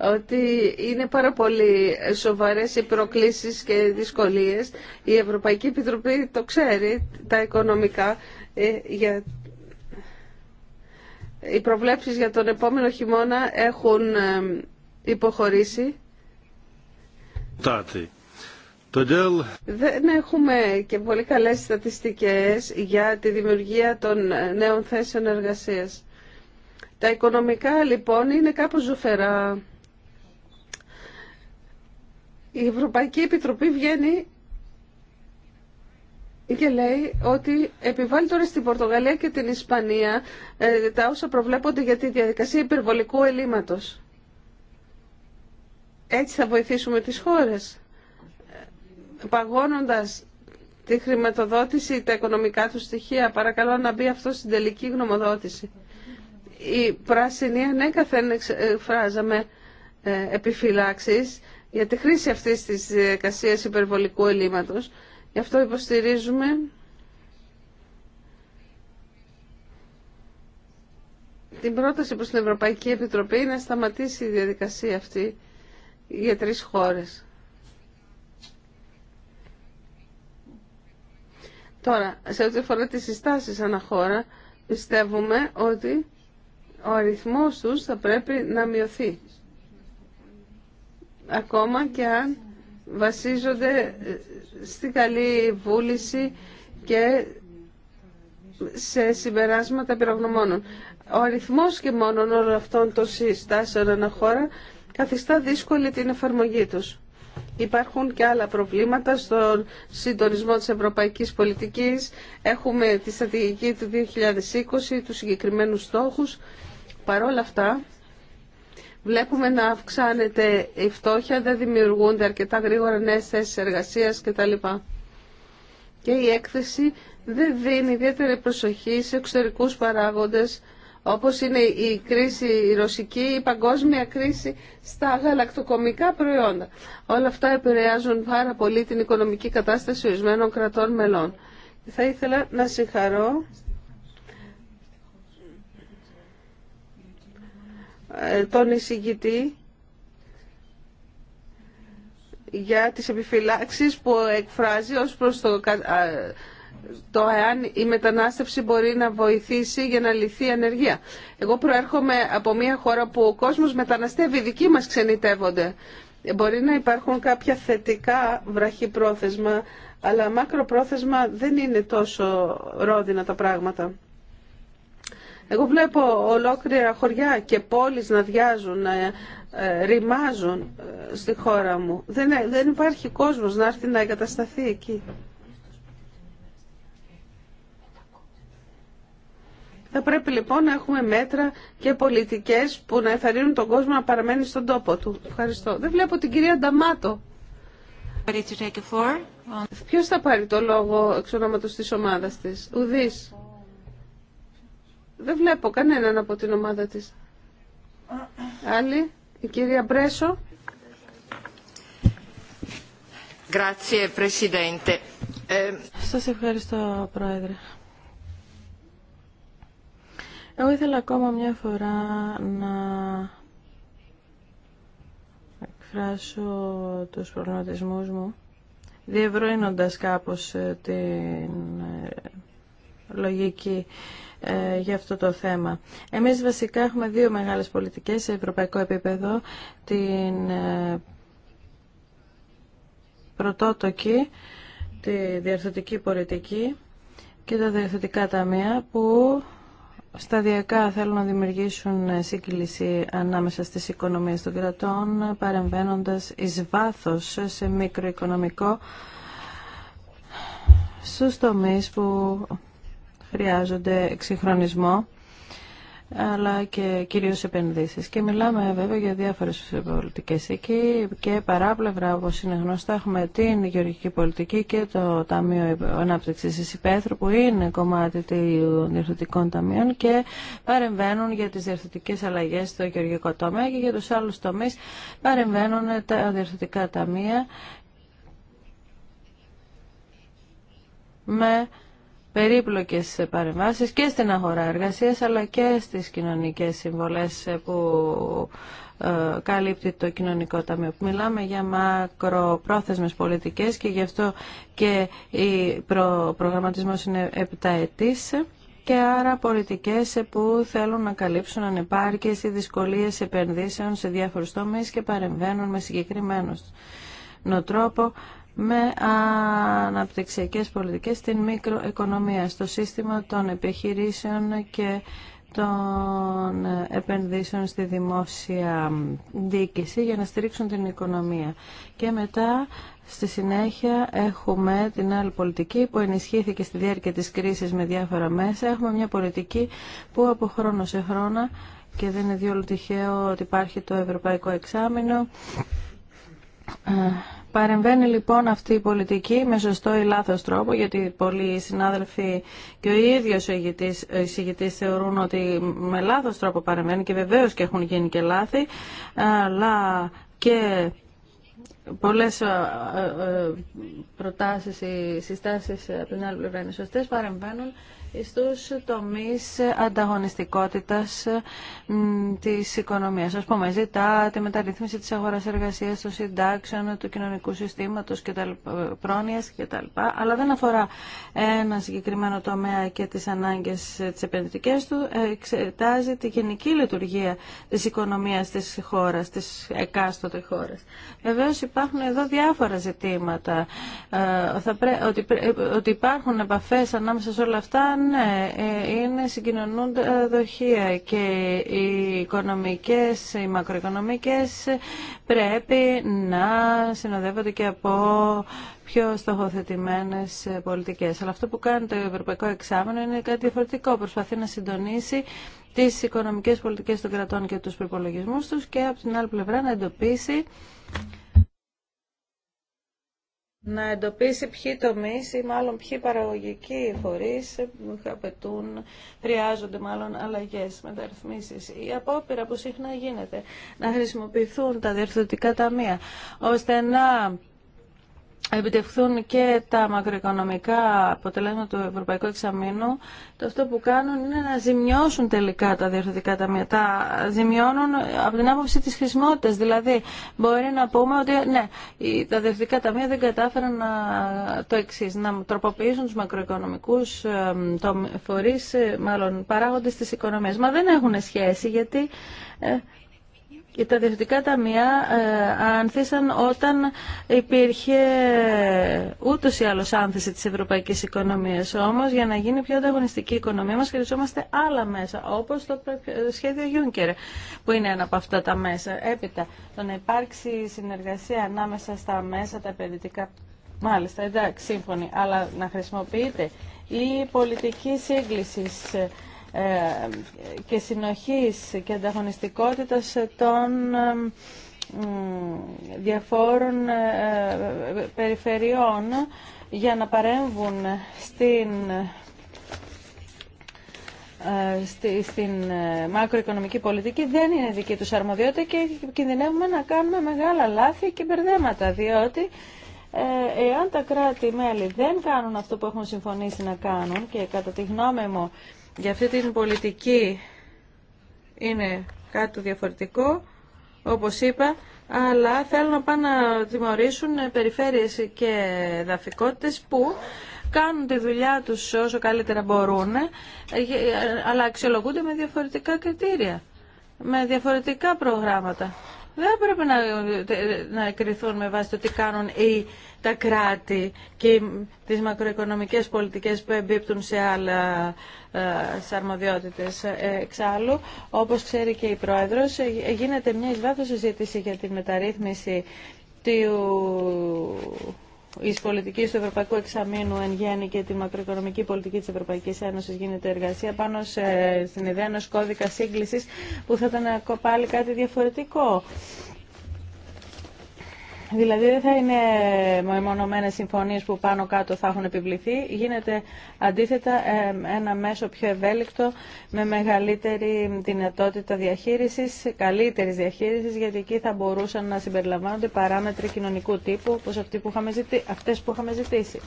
ότι είναι πάρα πολύ σοβαρές οι προκλήσει και οι δυσκολίες. Η Ευρωπαϊκή Επιτροπή το ξέρει τα οικονομικά ε, για οι προβλέψεις για τον επόμενο χειμώνα έχουν ε, υποχωρήσει. Τάτι. Δεν έχουμε και πολύ καλές στατιστικές για τη δημιουργία των ε, νέων θέσεων εργασίας. Τα οικονομικά λοιπόν είναι κάπως ζωφερά. Η Ευρωπαϊκή Επιτροπή βγαίνει και λέει ότι επιβάλλει τώρα στην Πορτογαλία και την Ισπανία ε, τα όσα προβλέπονται για τη διαδικασία υπερβολικού ελλείμματος. Έτσι θα βοηθήσουμε τις χώρες, ε, παγώνοντας τη χρηματοδότηση, τα οικονομικά του στοιχεία. Παρακαλώ να μπει αυτό στην τελική γνωμοδότηση. Η πράσινη ε, ανέκαθεν ναι, φράζαμε εκφράζαμε επιφυλάξεις για τη χρήση αυτής της διαδικασίας υπερβολικού ελλείμματος Γι' αυτό υποστηρίζουμε την πρόταση προς την Ευρωπαϊκή Επιτροπή να σταματήσει η διαδικασία αυτή για τρεις χώρες. Τώρα, σε ό,τι αφορά τις συστάσεις χώρα, πιστεύουμε ότι ο αριθμός τους θα πρέπει να μειωθεί. Ακόμα και αν βασίζονται στη καλή βούληση και σε συμπεράσματα πυρογνωμόνων. Ο αριθμός και μόνον όλων αυτών των συστάσεων χώρα καθιστά δύσκολη την εφαρμογή τους. Υπάρχουν και άλλα προβλήματα στον συντονισμό της ευρωπαϊκής πολιτικής. Έχουμε τη στρατηγική του 2020, τους συγκεκριμένους στόχους. Παρ' όλα αυτά, Βλέπουμε να αυξάνεται η φτώχεια, δεν δημιουργούνται αρκετά γρήγορα νέες θέσεις εργασίας κτλ. Και η έκθεση δεν δίνει ιδιαίτερη προσοχή σε εξωτερικούς παράγοντες όπως είναι η κρίση η ρωσική, η παγκόσμια κρίση στα γαλακτοκομικά προϊόντα. Όλα αυτά επηρεάζουν πάρα πολύ την οικονομική κατάσταση ορισμένων κρατών μελών. Θα ήθελα να συγχαρώ Ε, τον εισηγητή για τις επιφυλάξεις που εκφράζει ως προς το, το εάν η μετανάστευση μπορεί να βοηθήσει για να λυθεί η ανεργία. Εγώ προέρχομαι από μια χώρα που ο κόσμος μεταναστεύει, οι δικοί μας ξενιτεύονται. Μπορεί να υπάρχουν κάποια θετικά βραχή πρόθεσμα, αλλά μακροπρόθεσμα δεν είναι τόσο ρόδινα τα πράγματα. Εγώ βλέπω ολόκληρα χωριά και πόλεις να διάζουν, να ε, ρημάζουν ε, στη χώρα μου. Δεν, ε, δεν υπάρχει κόσμος να έρθει να εγκατασταθεί εκεί. Θα πρέπει λοιπόν να έχουμε μέτρα και πολιτικές που να εθαρρύνουν τον κόσμο να παραμένει στον τόπο του. Ευχαριστώ. Δεν βλέπω την κυρία Νταμάτο. Ποιος θα πάρει το λόγο εξ ονόματος της ομάδας της. Ουδής. Δεν βλέπω κανέναν από την ομάδα της. Άλλη, η κυρία Μπρέσο. Ε, Σας ευχαριστώ, Πρόεδρε. Εγώ ήθελα ακόμα μια φορά να εκφράσω τους προβληματισμούς μου, διευρύνοντας κάπως ε, την ε, λογική ε, για αυτό το θέμα. Εμείς βασικά έχουμε δύο μεγάλες πολιτικές σε ευρωπαϊκό επίπεδο. Την ε, πρωτότοκη, τη διαρθωτική πολιτική και τα διαρθωτικά ταμεία που σταδιακά θέλουν να δημιουργήσουν σύγκληση ανάμεσα στις οικονομίες των κρατών παρεμβαίνοντας εις βάθος σε μικροοικονομικό στους τομείς που χρειάζονται εξυγχρονισμό αλλά και κυρίως επενδύσεις. Και μιλάμε βέβαια για διάφορες πολιτικές εκεί και παράπλευρα όπως είναι γνωστά έχουμε την γεωργική πολιτική και το Ταμείο Ανάπτυξης της Υπέθρου που είναι κομμάτι των διευθυντικών ταμείων και παρεμβαίνουν για τις διευθυντικές αλλαγές στο γεωργικό τομέα και για τους άλλους τομείς παρεμβαίνουν τα διευθυντικά ταμεία με περίπλοκες παρεμβάσεις και στην αγορά εργασίας αλλά και στις κοινωνικές συμβολές που ε, καλύπτει το κοινωνικό ταμείο. Μιλάμε για μακροπρόθεσμες πολιτικές και γι' αυτό και ο προγραμματισμός είναι επταετής και άρα πολιτικές που θέλουν να καλύψουν ανεπάρκειες ή δυσκολίες επενδύσεων σε διάφορους τομείς και παρεμβαίνουν με συγκεκριμένο τρόπο με αναπτυξιακές πολιτικές στην μικροοικονομία, στο σύστημα των επιχειρήσεων και των επενδύσεων στη δημόσια διοίκηση για να στηρίξουν την οικονομία. Και μετά στη συνέχεια έχουμε την άλλη πολιτική που ενισχύθηκε στη διάρκεια της κρίσης με διάφορα μέσα. Έχουμε μια πολιτική που από χρόνο σε χρόνο και δεν είναι διόλου τυχαίο ότι υπάρχει το Ευρωπαϊκό Εξάμεινο Παρεμβαίνει λοιπόν αυτή η πολιτική με σωστό ή λάθος τρόπο, γιατί πολλοί συνάδελφοι και ο ίδιος ο ηγητής, θεωρούν ότι με λάθος τρόπο παρεμβαίνει και βεβαίως και έχουν γίνει και λάθη, αλλά και πολλές ε, ε, ε, προτάσεις ή συστάσεις από την άλλη πλευρά είναι σωστές, παρεμβαίνουν στους τομείς ανταγωνιστικότητας της οικονομίας. Ας πούμε, ζητά τη μεταρρύθμιση της αγοράς εργασίας, των συντάξεων, του κοινωνικού συστήματος και τα πρόνοιας κτλ. Αλλά δεν αφορά ένα συγκεκριμένο τομέα και τις ανάγκες ε, της επενδυτικές του. Εξετάζει τη γενική λειτουργία της οικονομίας της χώρας, της εκάστοτε χώρας. Βεβαίως υπάρχουν εδώ διάφορα ζητήματα. Ε, ότι, ότι υπάρχουν επαφές ανάμεσα σε όλα αυτά ναι, ε, είναι συγκοινωνούντα ε, δοχεία και οι οικονομικές, οι μακροοικονομικές πρέπει να συνοδεύονται και από πιο στοχοθετημένε πολιτικές. Αλλά αυτό που κάνει το Ευρωπαϊκό Εξάμενο είναι κάτι διαφορετικό. Προσπαθεί να συντονίσει τις οικονομικές πολιτικές των κρατών και τους προπολογισμού τους και από την άλλη πλευρά να εντοπίσει να εντοπίσει ποιοι τομεί ή μάλλον ποιοι παραγωγικοί φορεί απαιτούν, χρειάζονται μάλλον αλλαγέ, μεταρρυθμίσει. Η απόπειρα που συχνά γίνεται να χρησιμοποιηθούν τα διευθυντικά ταμεία ώστε να επιτευχθούν και τα μακροοικονομικά αποτελέσματα του Ευρωπαϊκού Εξαμήνου, το αυτό που κάνουν είναι να ζημιώσουν τελικά τα διορθωτικά ταμεία. Τα ζημιώνουν από την άποψη της χρησιμότητα. Δηλαδή, μπορεί να πούμε ότι ναι, τα διορθωτικά ταμεία δεν κατάφεραν να, το εξή, να τροποποιήσουν τους μακροοικονομικού το φορείς, ε, μάλλον παράγοντε τη οικονομία. Μα δεν έχουν σχέση γιατί... Ε, και τα διευθυντικά ταμεία ε, άνθησαν όταν υπήρχε ούτως ή άλλως άνθηση της ευρωπαϊκής οικονομίας. Όμως για να γίνει πιο ανταγωνιστική η οικονομία μας χρειαζόμαστε άλλα μέσα, όπως το σχέδιο Juncker, που είναι ένα από αυτά τα μέσα. Έπειτα, το να υπάρξει συνεργασία ανάμεσα στα μέσα, τα επενδυτικά, μάλιστα, εντάξει, σύμφωνοι, αλλά να χρησιμοποιείται η πολιτική σύγκλησης ε, ε, και συνοχής και ανταγωνιστικότητας των ε, διαφόρων ε, περιφερειών για να παρέμβουν στην στην μακροοικονομική πολιτική δεν είναι δική τους αρμοδιότητα και κινδυνεύουμε να κάνουμε μεγάλα λάθη και μπερδέματα διότι εάν τα κράτη-μέλη δεν κάνουν αυτό που έχουν συμφωνήσει να κάνουν και κατά τη γνώμη μου για αυτή την πολιτική είναι κάτι διαφορετικό, όπως είπα, αλλά θέλουν να πάνε να τιμωρήσουν περιφέρειες και δαφικότητες που κάνουν τη δουλειά τους όσο καλύτερα μπορούν, ε, αλλά αξιολογούνται με διαφορετικά κριτήρια, με διαφορετικά προγράμματα δεν πρέπει να, να εκριθούν με βάση το τι κάνουν τα κράτη και τις μακροοικονομικές πολιτικές που εμπίπτουν σε άλλα ε, σε αρμοδιότητες ε, εξάλλου. Όπως ξέρει και η Πρόεδρος, ε, γίνεται μια εις βάθος συζήτηση για τη μεταρρύθμιση του εις πολιτική του Ευρωπαϊκού Εξαμήνου εν γέννη και τη μακροοικονομική πολιτική της Ευρωπαϊκής Ένωσης γίνεται εργασία πάνω σε, στην ιδέα ενός κώδικα σύγκλησης που θα ήταν πάλι κάτι διαφορετικό. Δηλαδή δεν θα είναι μεμονωμένε συμφωνίε που πάνω κάτω θα έχουν επιβληθεί. Γίνεται αντίθετα ένα μέσο πιο ευέλικτο με μεγαλύτερη δυνατότητα διαχείριση, καλύτερη διαχείριση, γιατί εκεί θα μπορούσαν να συμπεριλαμβάνονται παράμετροι κοινωνικού τύπου όπω αυτέ που είχαμε ζητήσει.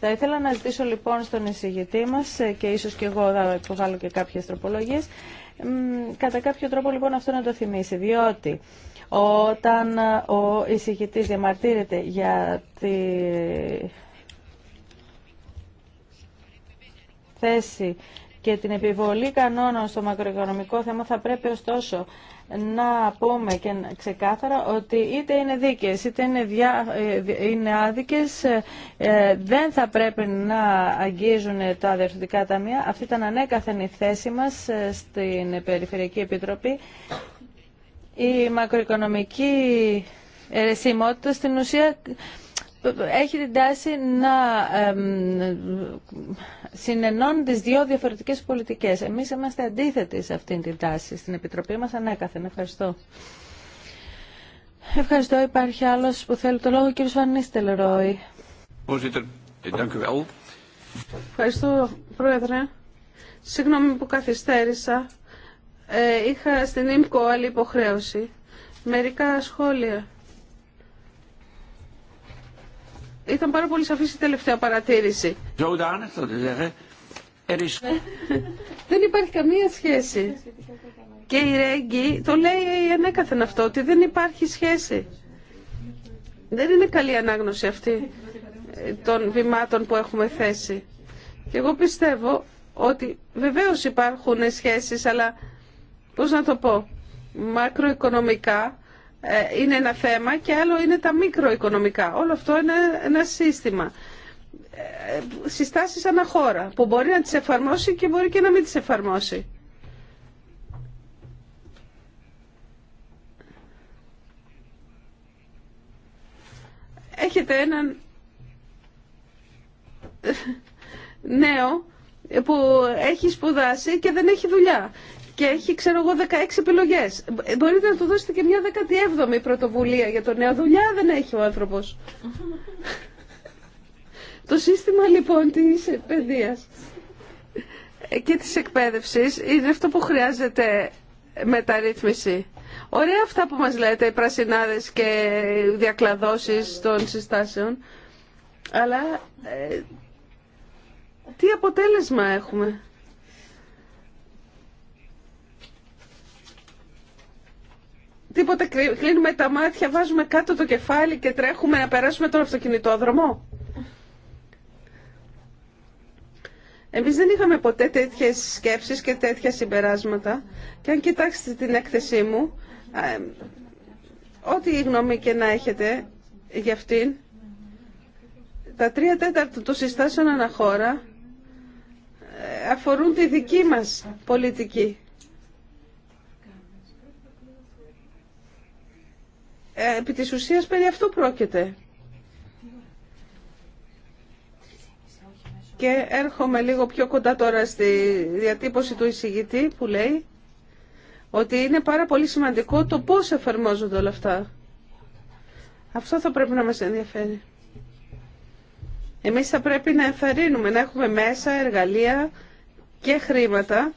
Θα ήθελα να ζητήσω λοιπόν στον εισηγητή μα ε, και ίσω και εγώ θα υποβάλω και κάποιε τροπολογίε κατά κάποιο τρόπο λοιπόν αυτό να το θυμίσει διότι όταν ε, ο εισηγητής διαμαρτύρεται για τη θέση και την επιβολή κανόνων στο μακροοικονομικό θέμα θα πρέπει ωστόσο να πούμε και ξεκάθαρα ότι είτε είναι δίκαιες είτε είναι, διά, ε, είναι άδικες ε, δεν θα πρέπει να αγγίζουν τα διευθυντικά ταμεία. Αυτή ήταν ανέκαθεν η θέση μας στην Περιφερειακή Επιτροπή η μακροοικονομική ερεσιμότητα στην ουσία έχει την τάση να συνενώνει τις δύο διαφορετικές πολιτικές. Εμείς είμαστε αντίθετοι σε αυτήν την τάση στην Επιτροπή μας ανέκαθεν. Ευχαριστώ. Ευχαριστώ. Υπάρχει άλλος που θέλει το λόγο. Κύριος Βανίστελ Ρόι. Ευχαριστώ, Πρόεδρε. Συγγνώμη που καθυστέρησα. Ε, είχα στην ΙΜΚΟ άλλη υποχρέωση. Μερικά σχόλια. Ήταν πάρα πολύ σαφής η τελευταία παρατήρηση. Δεν υπάρχει καμία σχέση. Και η Ρέγγι το λέει ανέκαθεν αυτό, ότι δεν υπάρχει σχέση. Δεν είναι καλή ανάγνωση αυτή ε, των βημάτων που έχουμε θέσει. Και εγώ πιστεύω ότι βεβαίως υπάρχουν σχέσεις, αλλά πώς να το πω, μακροοικονομικά ε, είναι ένα θέμα και άλλο είναι τα μικροοικονομικά. Όλο αυτό είναι ένα σύστημα. Ε, συστάσεις αναχώρα χώρα που μπορεί να τις εφαρμόσει και μπορεί και να μην τις εφαρμόσει. Έχετε έναν νέο που έχει σπουδάσει και δεν έχει δουλειά και έχει, ξέρω εγώ, 16 επιλογές. Ε, μπορείτε να του δώσετε και μια 17η πρωτοβουλία για το νέο δουλειά, δεν έχει ο άνθρωπος. το σύστημα λοιπόν τη παιδεία ε, και τη εκπαίδευση είναι αυτό που χρειάζεται μεταρρύθμιση. Ωραία αυτά που μας λέτε, οι πρασινάδες και οι διακλαδώσεις των συστάσεων. Αλλά ε, τι αποτέλεσμα έχουμε. τίποτα κλείνουμε τα μάτια, βάζουμε κάτω το κεφάλι και τρέχουμε να περάσουμε τον αυτοκινητόδρομο. Εμείς δεν είχαμε ποτέ τέτοιες σκέψεις και τέτοια συμπεράσματα. Και αν κοιτάξετε την έκθεσή μου, ε, ό,τι γνώμη και να έχετε για αυτήν, τα τρία τέταρτα του συστάσεων αναχώρα ε, αφορούν τη δική μας πολιτική. Ε, επί της ουσίας περί αυτού πρόκειται. Και έρχομαι λίγο πιο κοντά τώρα στη διατύπωση του εισηγητή που λέει ότι είναι πάρα πολύ σημαντικό το πώς εφαρμόζονται όλα αυτά. Αυτό θα πρέπει να μας ενδιαφέρει. Εμείς θα πρέπει να ενθαρρύνουμε, να έχουμε μέσα, εργαλεία και χρήματα,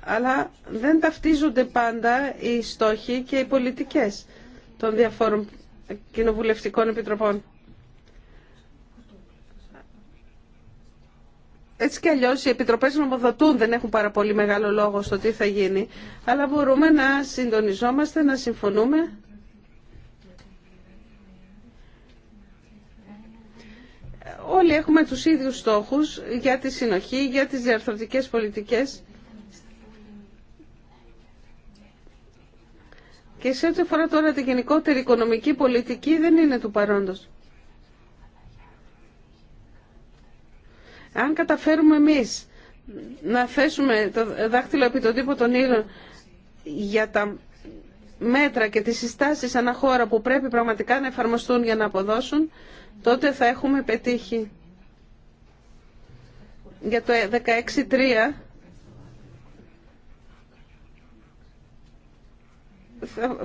αλλά δεν ταυτίζονται πάντα οι στόχοι και οι πολιτικές των διαφόρων κοινοβουλευτικών επιτροπών. Έτσι κι αλλιώς οι επιτροπές νομοδοτούν, δεν έχουν πάρα πολύ μεγάλο λόγο στο τι θα γίνει, αλλά μπορούμε να συντονιζόμαστε, να συμφωνούμε. Όλοι έχουμε τους ίδιους στόχους για τη συνοχή, για τις διαρθρωτικές πολιτικές Και σε ό,τι αφορά τώρα τη γενικότερη οικονομική πολιτική δεν είναι του παρόντος. Αν καταφέρουμε εμείς να θέσουμε το δάχτυλο επί τον τύπο των ήλων για τα μέτρα και τις συστάσεις ανά χώρα που πρέπει πραγματικά να εφαρμοστούν για να αποδώσουν, τότε θα έχουμε πετύχει. Για το 16.3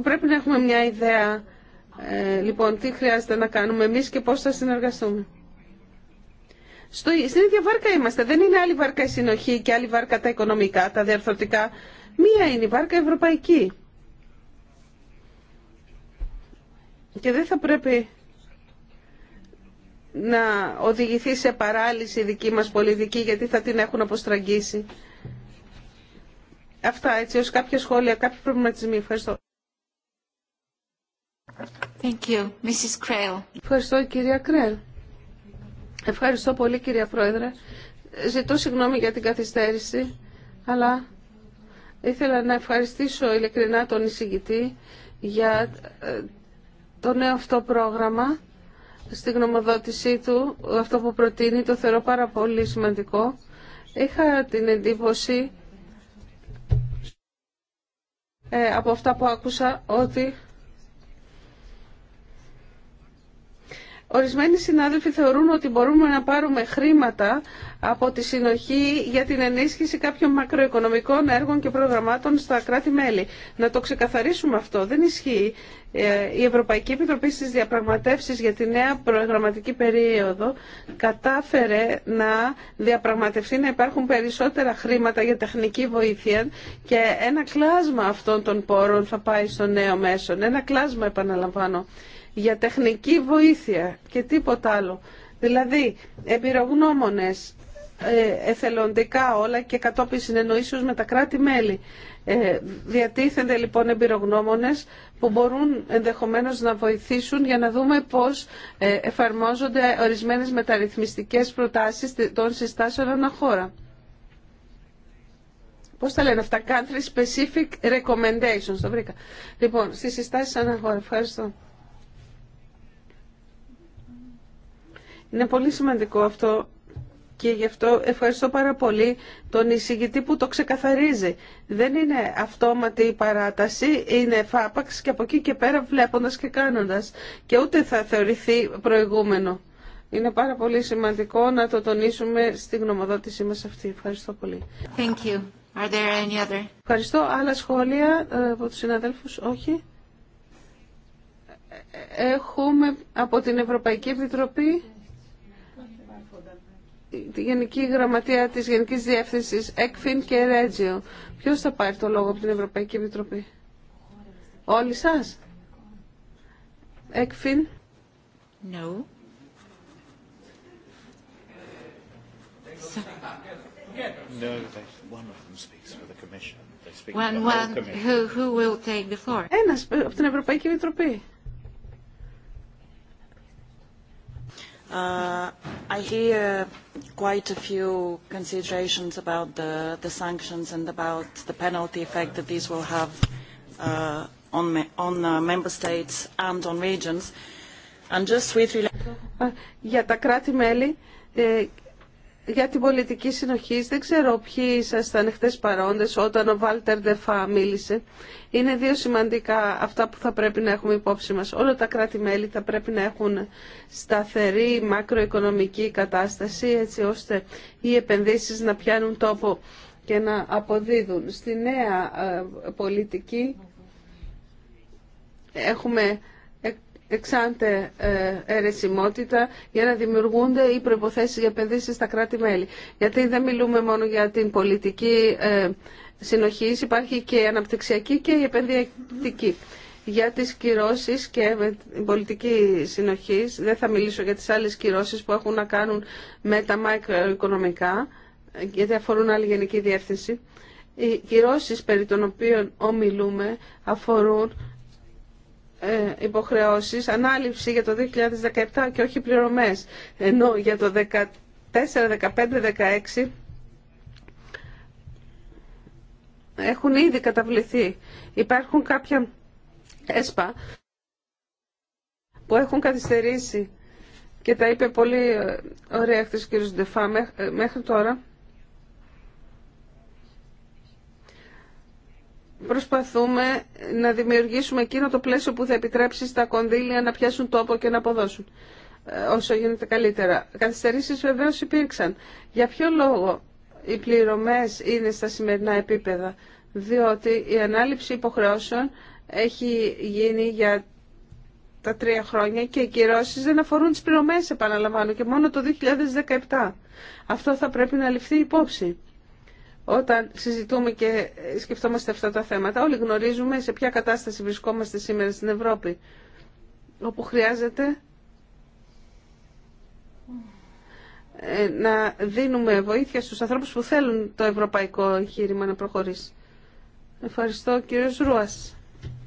πρέπει να έχουμε μια ιδέα ε, λοιπόν τι χρειάζεται να κάνουμε εμείς και πώς θα συνεργαστούμε. Στο, στην ίδια βάρκα είμαστε. Δεν είναι άλλη βάρκα η συνοχή και άλλη βάρκα τα οικονομικά, τα διαρθρωτικά. Μία είναι η βάρκα ευρωπαϊκή. Και δεν θα πρέπει να οδηγηθεί σε παράλυση η δική μας πολιτική γιατί θα την έχουν αποστραγγίσει. Αυτά έτσι ως κάποια σχόλια, κάποιοι προβληματισμοί. Ευχαριστώ. Ευχαριστώ κυρία Κρέλ. Ευχαριστώ πολύ κυρία Πρόεδρε. Ζητώ συγγνώμη για την καθυστέρηση, αλλά ήθελα να ευχαριστήσω ειλικρινά τον εισηγητή για ε, το νέο αυτό πρόγραμμα στη γνωμοδότησή του, αυτό που προτείνει, το θεωρώ πάρα πολύ σημαντικό. Είχα την εντύπωση ε, από αυτά που άκουσα ότι Ορισμένοι συνάδελφοι θεωρούν ότι μπορούμε να πάρουμε χρήματα από τη συνοχή για την ενίσχυση κάποιων μακροοικονομικών έργων και προγραμμάτων στα κράτη-μέλη. Να το ξεκαθαρίσουμε αυτό. Δεν ισχύει. Ε, η Ευρωπαϊκή Επιτροπή στις διαπραγματεύσεις για τη νέα προγραμματική περίοδο κατάφερε να διαπραγματευτεί να υπάρχουν περισσότερα χρήματα για τεχνική βοήθεια και ένα κλάσμα αυτών των πόρων θα πάει στο νέο μέσο. Ένα κλάσμα επαναλαμβάνω για τεχνική βοήθεια και τίποτα άλλο. Δηλαδή, εμπειρογνώμονες, ε, εθελοντικά όλα και κατόπιν συνεννοήσεως με τα κράτη-μέλη. Ε, διατίθενται λοιπόν εμπειρογνώμονες που μπορούν ενδεχομένως να βοηθήσουν για να δούμε πώς ε, εφαρμόζονται ορισμένες μεταρρυθμιστικές προτάσεις των συστάσεων αναχώρα. Πώς τα λένε αυτά, country specific recommendations, το βρήκα. Λοιπόν, στις συστάσεις αναχώρα. Ευχαριστώ. Είναι πολύ σημαντικό αυτό και γι' αυτό ευχαριστώ πάρα πολύ τον εισηγητή που το ξεκαθαρίζει. Δεν είναι αυτόματη η παράταση, είναι φάπαξ και από εκεί και πέρα βλέποντας και κάνοντας και ούτε θα θεωρηθεί προηγούμενο. Είναι πάρα πολύ σημαντικό να το τονίσουμε στη γνωμοδότησή μας αυτή. Ευχαριστώ πολύ. Thank you. Are there any other? Ευχαριστώ. Άλλα σχόλια ε, από τους συναδέλφους. Όχι. Ε, ε, έχουμε από την Ευρωπαϊκή Επιτροπή τη Γενική Γραμματεία της Γενικής Διεύθυνσης ΕΚΦΙΝ και ΡΕΤΖΙΟ. Ποιος θα πάρει το λόγο από την Ευρωπαϊκή Επιτροπή. Όλοι σας. ΕΚΦΙΝ. No. Ένας από την Ευρωπαϊκή Επιτροπή. I hear quite a few considerations about the sanctions and about the penalty effect that these will have on member states and on regions. And just with... Για τα κρατη για την πολιτική συνοχή. Δεν ξέρω ποιοι ήσασταν χτες παρόντες όταν ο Βάλτερ Δεφά μίλησε. Είναι δύο σημαντικά αυτά που θα πρέπει να έχουμε υπόψη μας. Όλα τα κράτη-μέλη θα πρέπει να έχουν σταθερή μακροοικονομική κατάσταση έτσι ώστε οι επενδύσεις να πιάνουν τόπο και να αποδίδουν. Στη νέα ε, πολιτική έχουμε εξάντε ε, αιρεσιμότητα για να δημιουργούνται οι προϋποθέσεις για επενδύσεις στα κράτη-μέλη. Γιατί δεν μιλούμε μόνο για την πολιτική ε, συνοχή, υπάρχει και η αναπτυξιακή και η επενδυτική. Για τις κυρώσεις και την πολιτική συνοχή, δεν θα μιλήσω για τις άλλες κυρώσεις που έχουν να κάνουν με τα μικροοικονομικά, γιατί αφορούν άλλη γενική διεύθυνση. Οι κυρώσεις περί των οποίων ομιλούμε αφορούν ε, υποχρεώσεις ανάληψη για το 2017 και όχι πληρωμές ενώ για το 14, 2015, 2016 έχουν ήδη καταβληθεί. Υπάρχουν κάποια ΕΣΠΑ που έχουν καθυστερήσει και τα είπε πολύ ε, ωραία χθες ο κ. Ντεφά ε, μέχρι τώρα προσπαθούμε να δημιουργήσουμε εκείνο το πλαίσιο που θα επιτρέψει στα κονδύλια να πιάσουν τόπο και να αποδώσουν ε, όσο γίνεται καλύτερα. Καθυστερήσει βεβαίω υπήρξαν. Για ποιο λόγο οι πληρωμές είναι στα σημερινά επίπεδα. Διότι η ανάληψη υποχρεώσεων έχει γίνει για τα τρία χρόνια και οι κυρώσεις δεν αφορούν τις πληρωμές, επαναλαμβάνω, και μόνο το 2017. Αυτό θα πρέπει να ληφθεί υπόψη όταν συζητούμε και σκεφτόμαστε αυτά τα θέματα. Όλοι γνωρίζουμε σε ποια κατάσταση βρισκόμαστε σήμερα στην Ευρώπη, όπου χρειάζεται ε, να δίνουμε βοήθεια στους ανθρώπους που θέλουν το ευρωπαϊκό εγχείρημα να προχωρήσει. Ευχαριστώ κύριος Ρούας.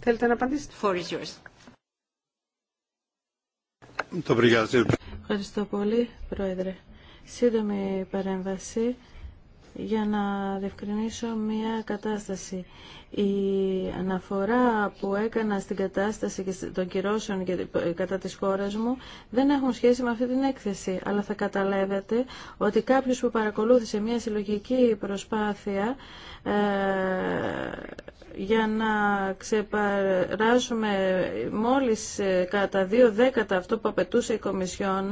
Θέλετε να απαντήσετε. Ευχαριστώ πολύ, Πρόεδρε. Σύντομη παρέμβαση για να διευκρινίσω μια κατάσταση. Η αναφορά που έκανα στην κατάσταση των κυρώσεων ε, κατά της χώρας μου δεν έχουν σχέση με αυτή την έκθεση, αλλά θα καταλάβετε ότι κάποιος που παρακολούθησε μια συλλογική προσπάθεια ε, για να ξεπαράσουμε μόλις ε, κατά δύο δέκατα αυτό που απαιτούσε η Κομισιόν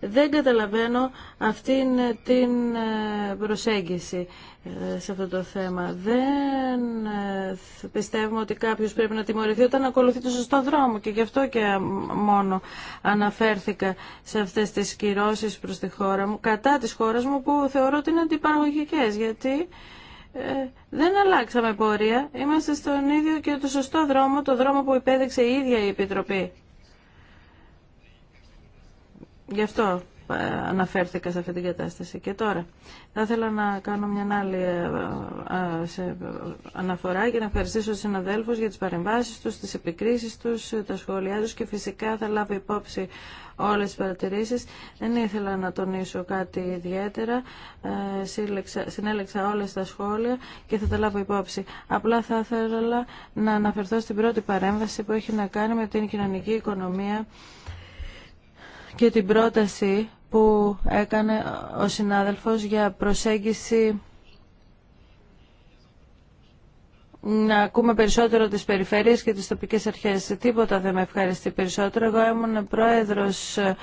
δεν καταλαβαίνω αυτήν την ε, προσέγγιση ε, σε αυτό το θέμα. Δεν ε, πιστεύουμε ότι κάποιος πρέπει να τιμωρηθεί όταν ακολουθεί το σωστό δρόμο και γι' αυτό και μόνο αναφέρθηκα σε αυτές τις κυρώσεις προς τη χώρα μου, κατά της χώρας μου που θεωρώ ότι είναι αντιπαραγωγικές γιατί δεν αλλάξαμε πορεία, είμαστε στον ίδιο και το σωστό δρόμο, το δρόμο που υπέδειξε η ίδια η Επιτροπή. Γι' αυτό ε, αναφέρθηκα σε αυτή την κατάσταση. Και τώρα θα ήθελα να κάνω μια άλλη ε, ε, αναφορά και να ευχαριστήσω τους συναδέλφους για τις παρεμβάσεις τους, τις επικρίσεις τους, τα σχόλιά τους και φυσικά θα λάβω υπόψη όλες τις παρατηρήσεις. Δεν ήθελα να τονίσω κάτι ιδιαίτερα. Συνέλεξα όλες τα σχόλια και θα τα λάβω υπόψη. Απλά θα ήθελα να αναφερθώ στην πρώτη παρέμβαση που έχει να κάνει με την κοινωνική οικονομία και την πρόταση που έκανε ο συνάδελφος για προσέγγιση να ακούμε περισσότερο τις περιφέρειες και τις τοπικές αρχές. Τίποτα δεν με ευχαριστεί περισσότερο. Εγώ ήμουν πρόεδρος ε,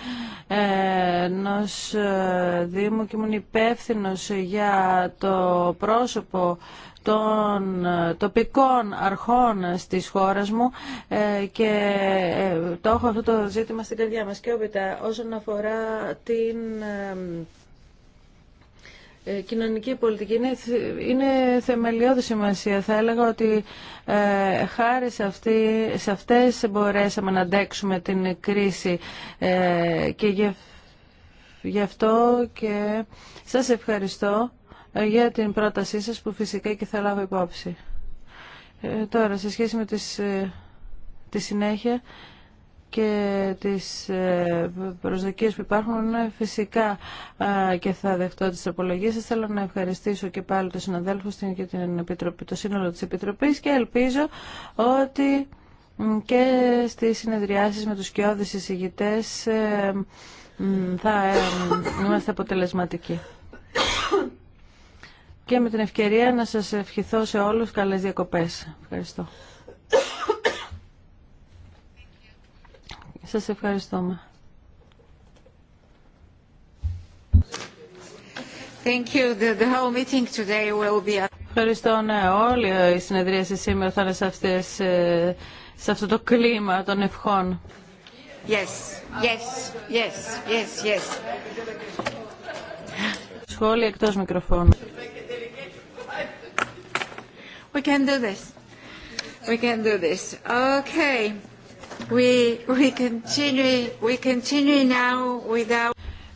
ενό ε, Δήμου και ήμουν υπεύθυνο για το πρόσωπο των ε, τοπικών αρχών στις χώρες μου ε, και ε, το έχω αυτό το ζήτημα στην καρδιά μας. Και όπιτα όσον αφορά την κοινωνική πολιτική είναι, είναι θεμελιώδη σημασία. Θα έλεγα ότι χάρη σε, αυτή, σε αυτές μπορέσαμε να αντέξουμε την κρίση και γι' αυτό και σας ευχαριστώ για την πρότασή σας που φυσικά και θα λάβω υπόψη. Ε, τώρα, σε σχέση με τις, ε, τη συνέχεια και τις ε, προσδοκίες που υπάρχουν ναι, φυσικά και θα δεχτώ τις απολογίες. σας. Θέλω να ευχαριστήσω και πάλι τους συναδέλφους και την Επιτροπή, το σύνολο της Επιτροπής και ελπίζω ότι και στις συνεδριάσεις με τους κοιόδης εισηγητές θα είμαστε αποτελεσματικοί και με την ευκαιρία να σας ευχηθώ σε όλους καλές διακοπές. Ευχαριστώ. σας ευχαριστούμε. Thank you. The, the whole meeting today will be... Ευχαριστώ. Ναι, όλοι οι συνεδρίαση σήμερα θα είναι σε, αυτές, ε, σε αυτό το κλίμα των ευχών. Yes, yes, yes, yes, yes. Σχόλια εκτός μικροφώνου. We can do this. We can do this. Okay. We, we, continue, we continue now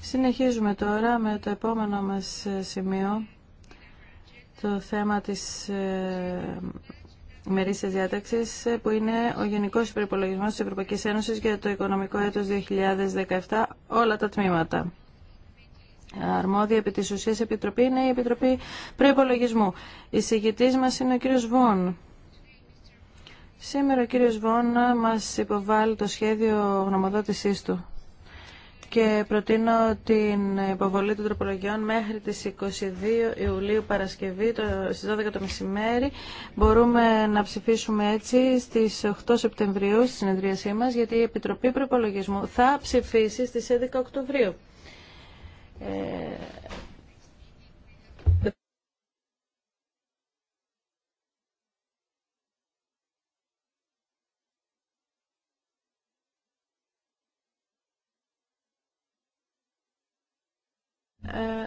Συνεχίζουμε τώρα με το επόμενο μας ε, σημείο, το θέμα της ε, ημερήσια διάταξη ε, που είναι ο Γενικός Υπερπολογισμό της Ευρωπαϊκή Ένωση για το Οικονομικό Έτος 2017, όλα τα τμήματα αρμόδια επί της ουσίας επιτροπή είναι η Επιτροπή Προϋπολογισμού. Η συγγητής μας είναι ο κύριος Βόν. Σήμερα ο κύριος Βόν μας υποβάλλει το σχέδιο γνωμοδότησής του και προτείνω την υποβολή των τροπολογιών μέχρι τις 22 Ιουλίου Παρασκευή το, στις 12 το μεσημέρι. Μπορούμε να ψηφίσουμε έτσι στις 8 Σεπτεμβρίου στη συνεδρίασή μας γιατί η Επιτροπή Προπολογισμού θα ψηφίσει στις 11 Οκτωβρίου. Ε,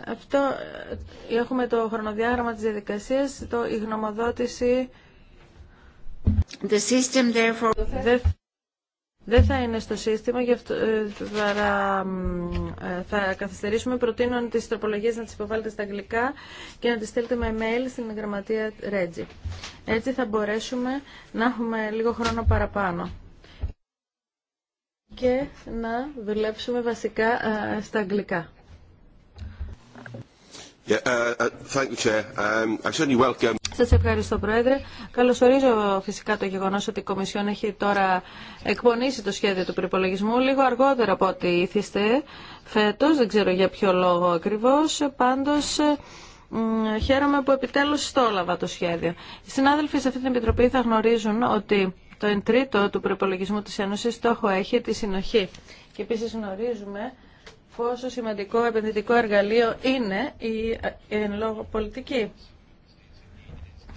αυτό ε, έχουμε το χρονοδιάγραμμα της διαδικασίας, το, η γνωμοδότηση The δεν θα είναι στο σύστημα, γι' αυτό ε, ε, θα καθυστερήσουμε. Προτείνω τι τροπολογίε να τι υποβάλλετε στα αγγλικά και να τις στέλνετε με email στην γραμματεία Reggie. Έτσι θα μπορέσουμε να έχουμε λίγο χρόνο παραπάνω και να δουλέψουμε βασικά ε, στα αγγλικά. Uh, uh, um, Σας ευχαριστώ Πρόεδρε. Καλωσορίζω φυσικά το γεγονός ότι η Κομισιόν έχει τώρα εκπονήσει το σχέδιο του προπολογισμού λίγο αργότερα από ό,τι ήθιστε φέτος, δεν ξέρω για ποιο λόγο ακριβώς, πάντως χαίρομαι που επιτέλους στόλαβα το σχέδιο. Οι συνάδελφοι σε αυτή την Επιτροπή θα γνωρίζουν ότι το εν τρίτο του προπολογισμού της Ένωσης στόχο έχει τη συνοχή. Και επίσης γνωρίζουμε πόσο σημαντικό επενδυτικό εργαλείο είναι η ε, εν λόγω πολιτική.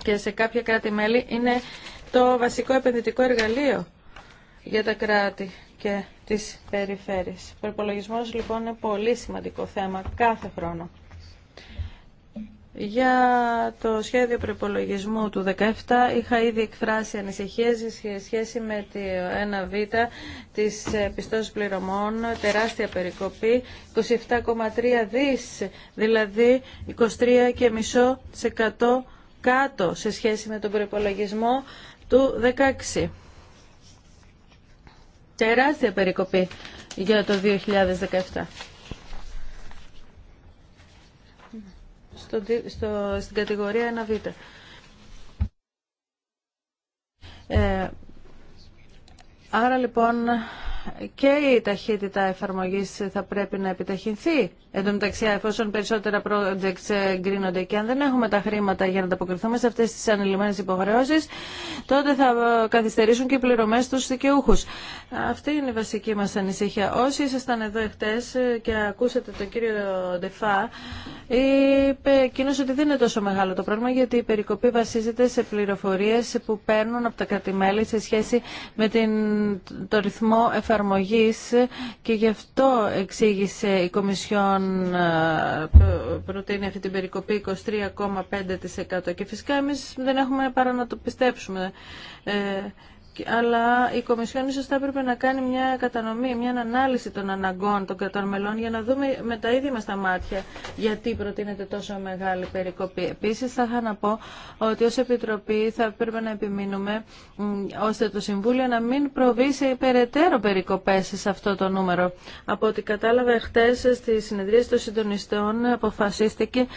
Και σε κάποια κράτη-μέλη είναι το βασικό επενδυτικό εργαλείο για τα κράτη και τις περιφέρειες. Ο υπολογισμός λοιπόν είναι πολύ σημαντικό θέμα κάθε χρόνο. Για το σχέδιο προπολογισμού του 2017 είχα ήδη εκφράσει ανησυχίες σε σχέση με το 1β της ε, πιστώσης πληρωμών, τεράστια περικοπή, 27,3 δις, δηλαδή 23,5% κάτω σε σχέση με τον προπολογισμό του 2016. Τεράστια περικοπή για το 2017. στο, στην κατηγορία 1β. Ε, άρα λοιπόν και η ταχύτητα εφαρμογής θα πρέπει να επιταχυνθεί. Εν τω μεταξύ, εφόσον περισσότερα projects εγκρίνονται και αν δεν έχουμε τα χρήματα για να ανταποκριθούμε σε αυτές τις ανελημμένες υποχρεώσεις, τότε θα καθυστερήσουν και οι πληρωμές στους δικαιούχους. Αυτή είναι η βασική μας ανησυχία. Όσοι ήσασταν εδώ εχθές και ακούσατε τον κύριο Ντεφά, είπε εκείνο ότι δεν είναι τόσο μεγάλο το πρόβλημα γιατί η περικοπή βασίζεται σε πληροφορίες που παίρνουν από τα κρατημέλη σε σχέση με την, το ρυθμό εφαρμογής και γι' αυτό εξήγησε η Κομισιόν ε, προτείνει αυτή την περικοπή 23,5% και φυσικά εμείς δεν έχουμε παρά να το πιστέψουμε. Ε, αλλά η Κομισιόν ίσως θα έπρεπε να κάνει μια κατανομή, μια ανάλυση των αναγκών των κρατών μελών για να δούμε με τα ίδια μας τα μάτια γιατί προτείνεται τόσο μεγάλη περικοπή. Επίσης θα είχα να πω ότι ως Επιτροπή θα έπρεπε να επιμείνουμε ώστε το Συμβούλιο να μην προβεί σε υπεραιτέρω περικοπές σε αυτό το νούμερο. Από ό,τι κατάλαβα χτες στη συνεδρίαση των συντονιστών αποφασίστηκε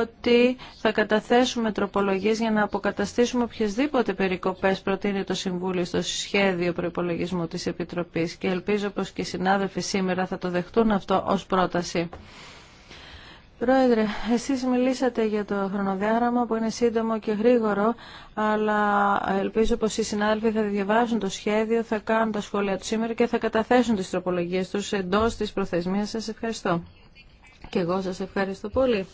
ότι θα καταθέσουμε τροπολογίες για να αποκαταστήσουμε οποιασδήποτε περικοπές προτείνει το Συμβούλιο Βουλή στο σχέδιο προπολογισμού της Επιτροπής και ελπίζω πως και οι συνάδελφοι σήμερα θα το δεχτούν αυτό ως πρόταση. Πρόεδρε, εσείς μιλήσατε για το χρονοδιάγραμμα που είναι σύντομο και γρήγορο, αλλά ελπίζω πως οι συνάδελφοι θα διαβάσουν το σχέδιο, θα κάνουν τα σχόλια του σήμερα και θα καταθέσουν τις τροπολογίες τους εντός της προθεσμίας. Σας ευχαριστώ. Και εγώ σας ευχαριστώ πολύ.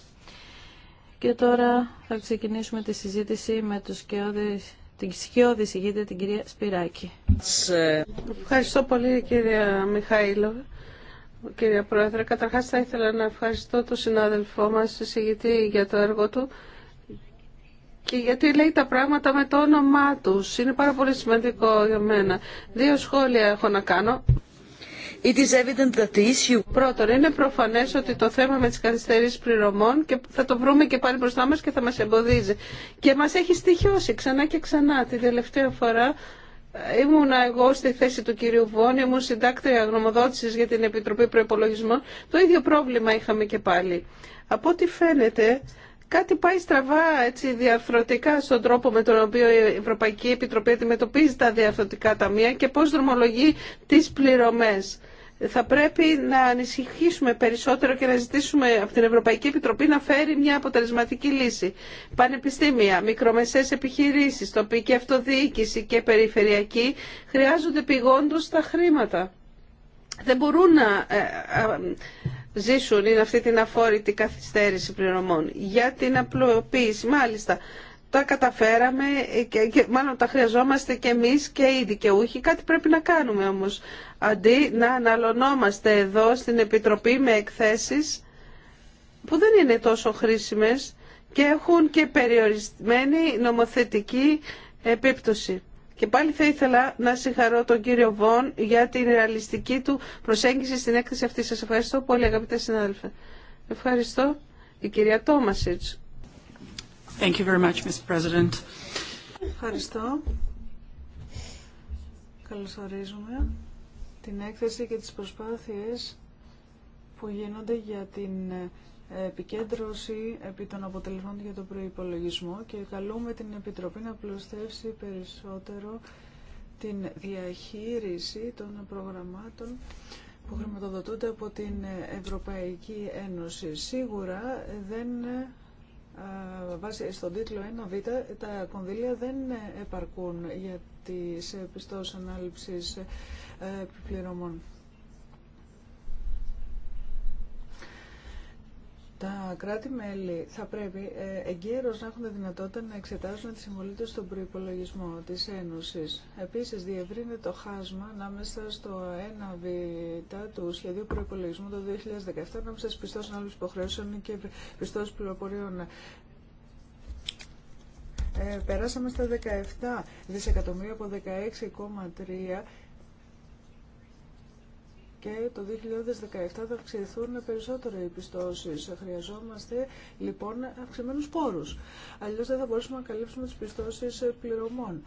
Και τώρα θα ξεκινήσουμε τη συζήτηση με τους σκιώδες την σκιώδη συγγήτρια την κυρία Σπυράκη. Ευχαριστώ πολύ κυρία Μιχαήλο. Κύριε Πρόεδρε, καταρχάς θα ήθελα να ευχαριστώ τον συνάδελφό μας, συγητή για το έργο του και γιατί λέει τα πράγματα με το όνομά τους. Είναι πάρα πολύ σημαντικό για μένα. Δύο σχόλια έχω να κάνω. It is evident that issue... Πρώτον, είναι προφανέ ότι το θέμα με τι καθυστερήσει πληρωμών και θα το βρούμε και πάλι μπροστά μα και θα μα εμποδίζει. Και μα έχει στοιχειώσει ξανά και ξανά. Την τελευταία φορά ε, ήμουνα εγώ στη θέση του κυρίου Βόνη, ήμουν συντάκτρια γνωμοδότηση για την Επιτροπή Προπολογισμών. Το ίδιο πρόβλημα είχαμε και πάλι. Από ό,τι φαίνεται, κάτι πάει στραβά έτσι, διαρθρωτικά στον τρόπο με τον οποίο η Ευρωπαϊκή Επιτροπή αντιμετωπίζει τα διαρθρωτικά ταμεία και πώς δρομολογεί τις πληρωμές θα πρέπει να ανησυχήσουμε περισσότερο και να ζητήσουμε από την Ευρωπαϊκή Επιτροπή να φέρει μια αποτελεσματική λύση. Πανεπιστήμια, μικρομεσαίες επιχειρήσεις, τοπική αυτοδιοίκηση και περιφερειακή χρειάζονται πηγόντως τα χρήματα. Δεν μπορούν να ε, ζήσουν είναι αυτή την αφόρητη καθυστέρηση πληρωμών. Για την απλοποίηση, μάλιστα, τα καταφέραμε και, και μάλλον τα χρειαζόμαστε και εμείς και οι δικαιούχοι. Κάτι πρέπει να κάνουμε όμως αντί να αναλωνόμαστε εδώ στην Επιτροπή με εκθέσεις που δεν είναι τόσο χρήσιμες και έχουν και περιορισμένη νομοθετική επίπτωση. Και πάλι θα ήθελα να συγχαρώ τον κύριο Βον για την ρεαλιστική του προσέγγιση στην έκθεση αυτή. Σας ευχαριστώ πολύ αγαπητέ συνάδελφε. Ευχαριστώ. Η κυρία Τόμασιτς. Thank you very much, President. Ευχαριστώ την έκθεση και τις προσπάθειες που γίνονται για την ε, επικέντρωση επί των αποτελεσμάτων για τον προϋπολογισμό και καλούμε την Επιτροπή να πλουστεύσει περισσότερο την διαχείριση των προγραμμάτων που χρηματοδοτούνται από την Ευρωπαϊκή Ένωση. Σίγουρα δεν βάσει στον τίτλο 1β τα κονδύλια δεν επαρκούν για τις ε, πιστώσεις ανάληψης επιπληρωμών. Τα κράτη-μέλη θα πρέπει ε, εγκαίρως να έχουν τη δυνατότητα να εξετάζουν τη συμβολή του στον προϋπολογισμό της Ένωσης. Επίσης, διευρύνεται το χάσμα ανάμεσα στο 1β του σχεδίου προϋπολογισμού το 2017 ανάμεσα στις πιστώσεις άλλων υποχρεώσεων και πιστώσεις πληροφοριών. Ε, περάσαμε στα 17 δισεκατομμύρια από 16,3 και το 2017 θα αυξηθούν περισσότερο οι πιστώσεις. Χρειαζόμαστε λοιπόν αυξημένους πόρους. Αλλιώς δεν θα μπορέσουμε να καλύψουμε τις πιστώσεις πληρωμών.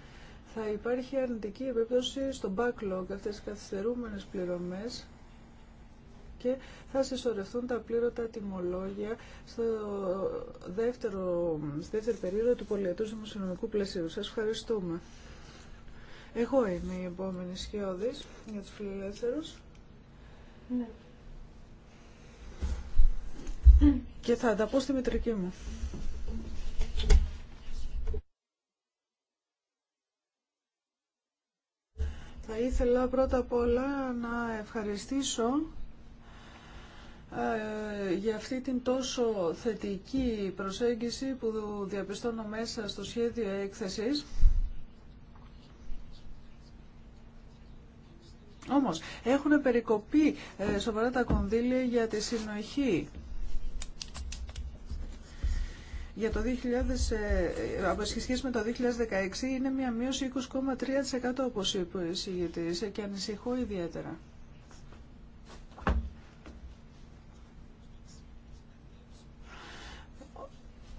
Θα υπάρχει αρνητική επίπτωση στο backlog, αυτές τις καθυστερούμενες πληρωμές και θα συσσωρευτούν τα πλήρωτα τιμολόγια στο δεύτερο, στη δεύτερη περίοδο του πολιετού δημοσιονομικού πλαισίου. Σας ευχαριστούμε. Εγώ είμαι η επόμενη σχεώδης για τους φιλελεύθερους. Ναι. Και θα τα πω στη μετρική μου. Θα ήθελα πρώτα απ' όλα να ευχαριστήσω ε, για αυτή την τόσο θετική προσέγγιση που διαπιστώνω μέσα στο σχέδιο έκθεσης. Όμως έχουν περικοπεί ε, σοβαρά τα κονδύλια για τη συνοχή. Για το 2000, ε, από σχέση με το 2016 είναι μια μείωση 20,3% όπως είπε ο ε, και ανησυχώ ιδιαίτερα.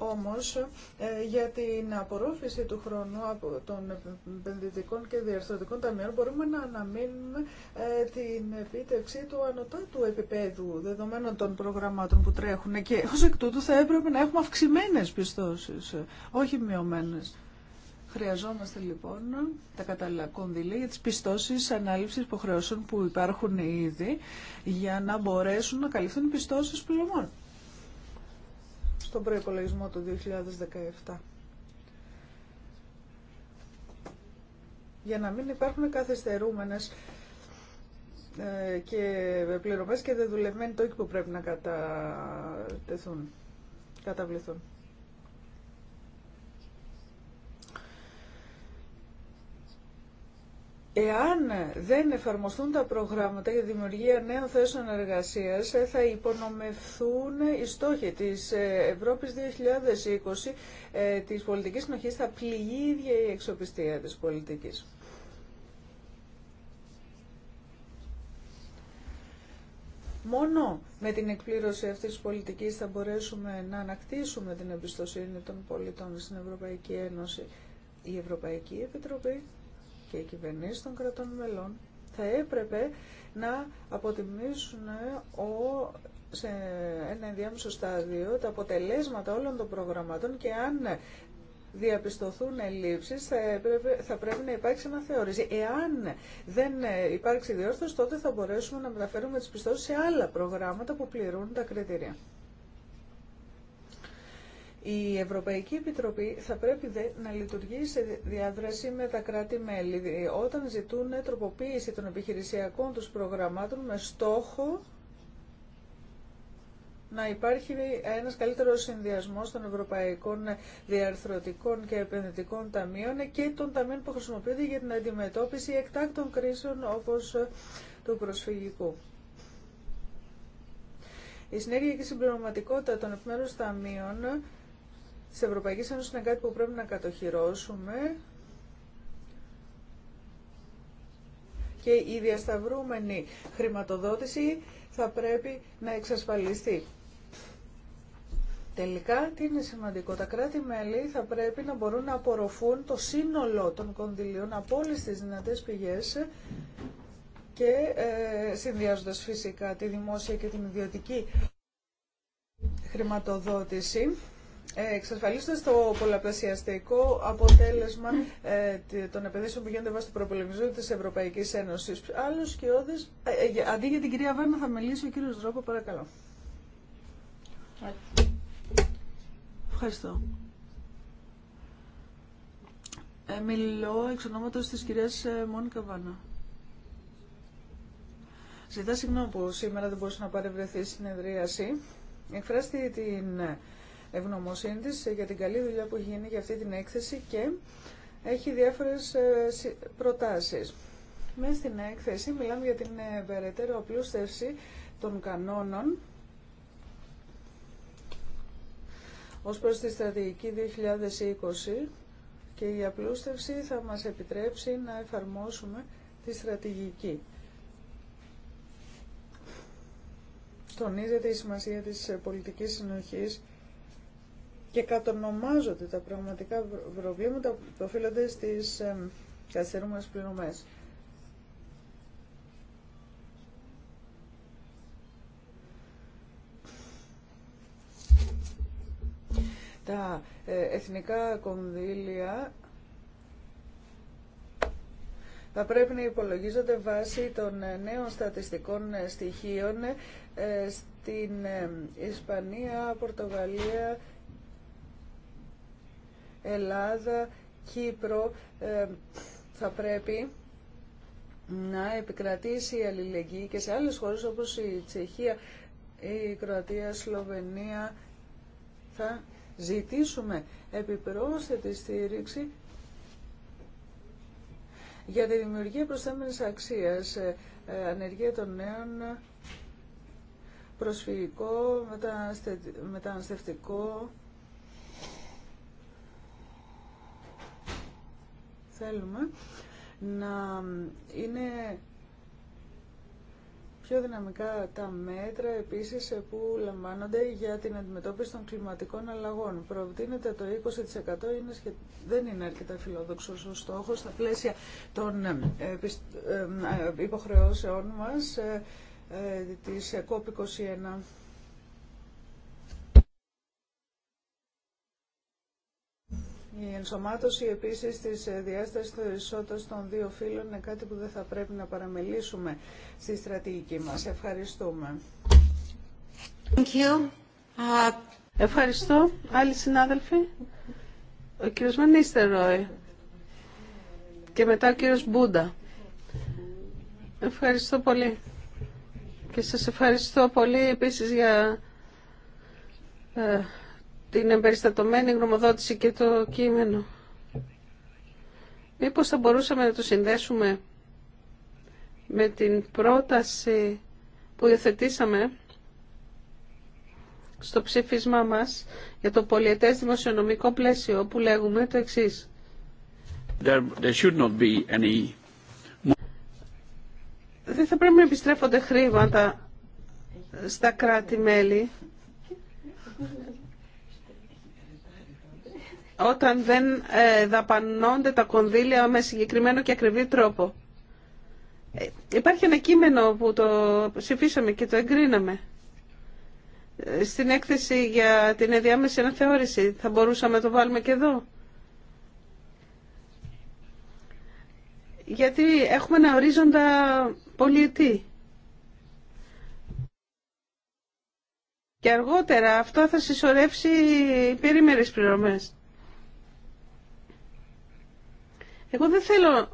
Όμως, ε, για την απορρόφηση του χρόνου από των επενδυτικών και διαρθρωτικών ταμείων μπορούμε να αναμείνουμε ε, την επίτευξη του ανωτάτου επίπεδου δεδομένων των προγραμμάτων που τρέχουν και ως εκ τούτου θα έπρεπε να έχουμε αυξημένες πιστώσεις, ε, όχι μειωμένες. Χρειαζόμαστε λοιπόν τα κατάλληλα κονδυλία για τις πιστώσεις ανάληψης υποχρεώσεων που υπάρχουν ήδη για να μπορέσουν να καλυφθούν οι πιστώσεις πληρωμών στον προϋπολογισμό του 2017. Για να μην υπάρχουν καθυστερούμενες ε, και πληρωμές και δεδουλευμένοι τόκοι που πρέπει να καταβληθούν. Εάν δεν εφαρμοστούν τα προγράμματα για δημιουργία νέων θέσεων εργασίας, ε, θα υπονομευθούν οι στόχοι της ε, Ευρώπης 2020, ε, της πολιτικής συνοχής, θα πληγεί η ίδια η εξοπιστία της πολιτικής. Μόνο με την εκπλήρωση αυτής της πολιτικής θα μπορέσουμε να ανακτήσουμε την εμπιστοσύνη των πολιτών στην Ευρωπαϊκή Ένωση. Η Ευρωπαϊκή Επιτροπή και οι κυβερνήσει των κρατών μελών θα έπρεπε να αποτιμήσουν ε, ο, σε ένα ενδιάμεσο στάδιο τα αποτελέσματα όλων των προγραμμάτων και αν διαπιστωθούν ελλείψεις θα, θα πρέπει να υπάρξει θεώρηση. Εάν δεν υπάρξει διόρθωση τότε θα μπορέσουμε να μεταφέρουμε τις πιστώσεις σε άλλα προγράμματα που πληρούν τα κριτήρια. Η Ευρωπαϊκή Επιτροπή θα πρέπει να λειτουργεί σε διάδραση με τα κράτη-μέλη όταν ζητούν τροποποίηση των επιχειρησιακών τους προγραμμάτων με στόχο να υπάρχει ένας καλύτερος συνδυασμός των ευρωπαϊκών διαρθρωτικών και επενδυτικών ταμείων και των ταμείων που χρησιμοποιούνται για την αντιμετώπιση εκτάκτων κρίσεων όπως του προσφυγικού. Η συνέργεια και συμπληρωματικότητα των επιμέρους ταμείων τη Ευρωπαϊκή Ένωση είναι κάτι που πρέπει να κατοχυρώσουμε και η διασταυρούμενη χρηματοδότηση θα πρέπει να εξασφαλιστεί. Τελικά, τι είναι σημαντικό, τα κράτη-μέλη θα πρέπει να μπορούν να απορροφούν το σύνολο των κονδυλίων από όλε τι δυνατέ πηγές και ε, φυσικά τη δημόσια και την ιδιωτική χρηματοδότηση. Ε, εξασφαλίστε το πολλαπλασιαστικό αποτέλεσμα ε, των επενδύσεων που γίνονται βάσει του προπολογισμού τη Ευρωπαϊκή Ένωση. Άλλο και ε, ε, αντί για την κυρία Βάρνα, θα μιλήσει ο κύριο Δρόπο, παρακαλώ. Ευχαριστώ. Ε, μιλώ εξ ονόματος της κυρίας Μόνικα Βάνα. Ζητά συγγνώμη που σήμερα δεν μπορούσε να παρευρεθεί η συνεδρίαση. Εκφράστη την ευγνωμοσύνη της για την καλή δουλειά που γίνει για αυτή την έκθεση και έχει διάφορες ε, προτάσεις. Μέσα στην έκθεση μιλάμε για την ε, περαιτέρω απλούστευση των κανόνων ως προς τη στρατηγική 2020 και η απλούστευση θα μας επιτρέψει να εφαρμόσουμε τη στρατηγική. Τονίζεται η σημασία της ε, πολιτικής συνοχής και κατονομάζονται τα πραγματικά προβλήματα που οφείλονται στις ε, καθυστερούμενες πληρωμές. Τα ε, εθνικά κονδύλια θα πρέπει να υπολογίζονται βάσει των ε, νέων στατιστικών ε, στοιχείων στην Ισπανία, Πορτογαλία, Ελλάδα, Κύπρο ε, θα πρέπει να επικρατήσει η αλληλεγγύη και σε άλλες χώρες όπως η Τσεχία, η Κροατία, η Σλοβενία θα ζητήσουμε επιπρόσθετη στήριξη για τη δημιουργία προσθέμενης αξίας, ε, ε, ανεργία των νέων, προσφυγικό, μεταναστευτικό, θέλουμε να είναι πιο δυναμικά τα μέτρα επίσης που λαμβάνονται για την αντιμετώπιση των κλιματικών αλλαγών. Προτείνεται το 20% είναι δεν είναι αρκετά φιλοδοξό ο στόχος στα πλαίσια των ε, ε, ε, υποχρεώσεών μας της COP21. Η ενσωμάτωση επίση τη ε, διάστασης του ισότητα των δύο φίλων είναι κάτι που δεν θα πρέπει να παραμελήσουμε στη στρατηγική μας. Ευχαριστούμε. Thank you. Ευχαριστώ. Άλλοι συνάδελφοι. Ο κύριος Μανίστερόι και μετά ο κύριος Μπούντα. Ευχαριστώ πολύ. Και σας ευχαριστώ πολύ επίσης για ε, την εμπεριστατωμένη γνωμοδότηση και το κείμενο. Μήπως θα μπορούσαμε να το συνδέσουμε με την πρόταση που υιοθετήσαμε στο ψήφισμά μας για το πολιετές δημοσιονομικό πλαίσιο που λέγουμε το εξής. There, should not be any... Δεν θα πρέπει να επιστρέφονται χρήματα στα κράτη-μέλη όταν δεν ε, δαπανώνται τα κονδύλια με συγκεκριμένο και ακριβή τρόπο. Ε, υπάρχει ένα κείμενο που το ψηφίσαμε και το εγκρίναμε. Ε, στην έκθεση για την ενδιάμεση αναθεώρηση θα μπορούσαμε να το βάλουμε και εδώ. Γιατί έχουμε ένα ορίζοντα πολιτή. Και αργότερα αυτό θα συσσωρεύσει οι περίμερες πληρωμές. Εγώ δεν θέλω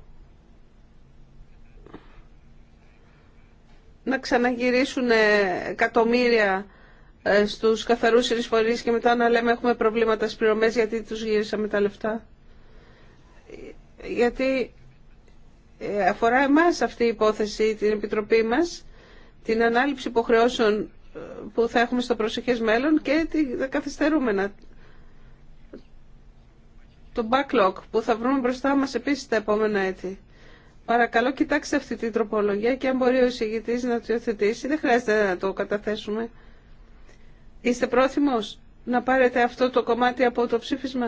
να ξαναγυρίσουν εκατομμύρια ε, στους καθαρούς συνεισφορείς και μετά να λέμε έχουμε προβλήματα στις γιατί τους γύρισαμε τα λεφτά. Γιατί ε, αφορά εμάς αυτή η υπόθεση, την Επιτροπή μας, την ανάληψη υποχρεώσεων ε, που θα έχουμε στο προσεχές μέλλον και τα καθυστερούμενα το backlog που θα βρούμε μπροστά μας επίσης τα επόμενα έτη. Παρακαλώ κοιτάξτε αυτή την τροπολογία και αν μπορεί ο εισηγητής να το υιοθετήσει, δεν χρειάζεται να το καταθέσουμε. Είστε πρόθυμος να πάρετε αυτό το κομμάτι από το ψήφισμα,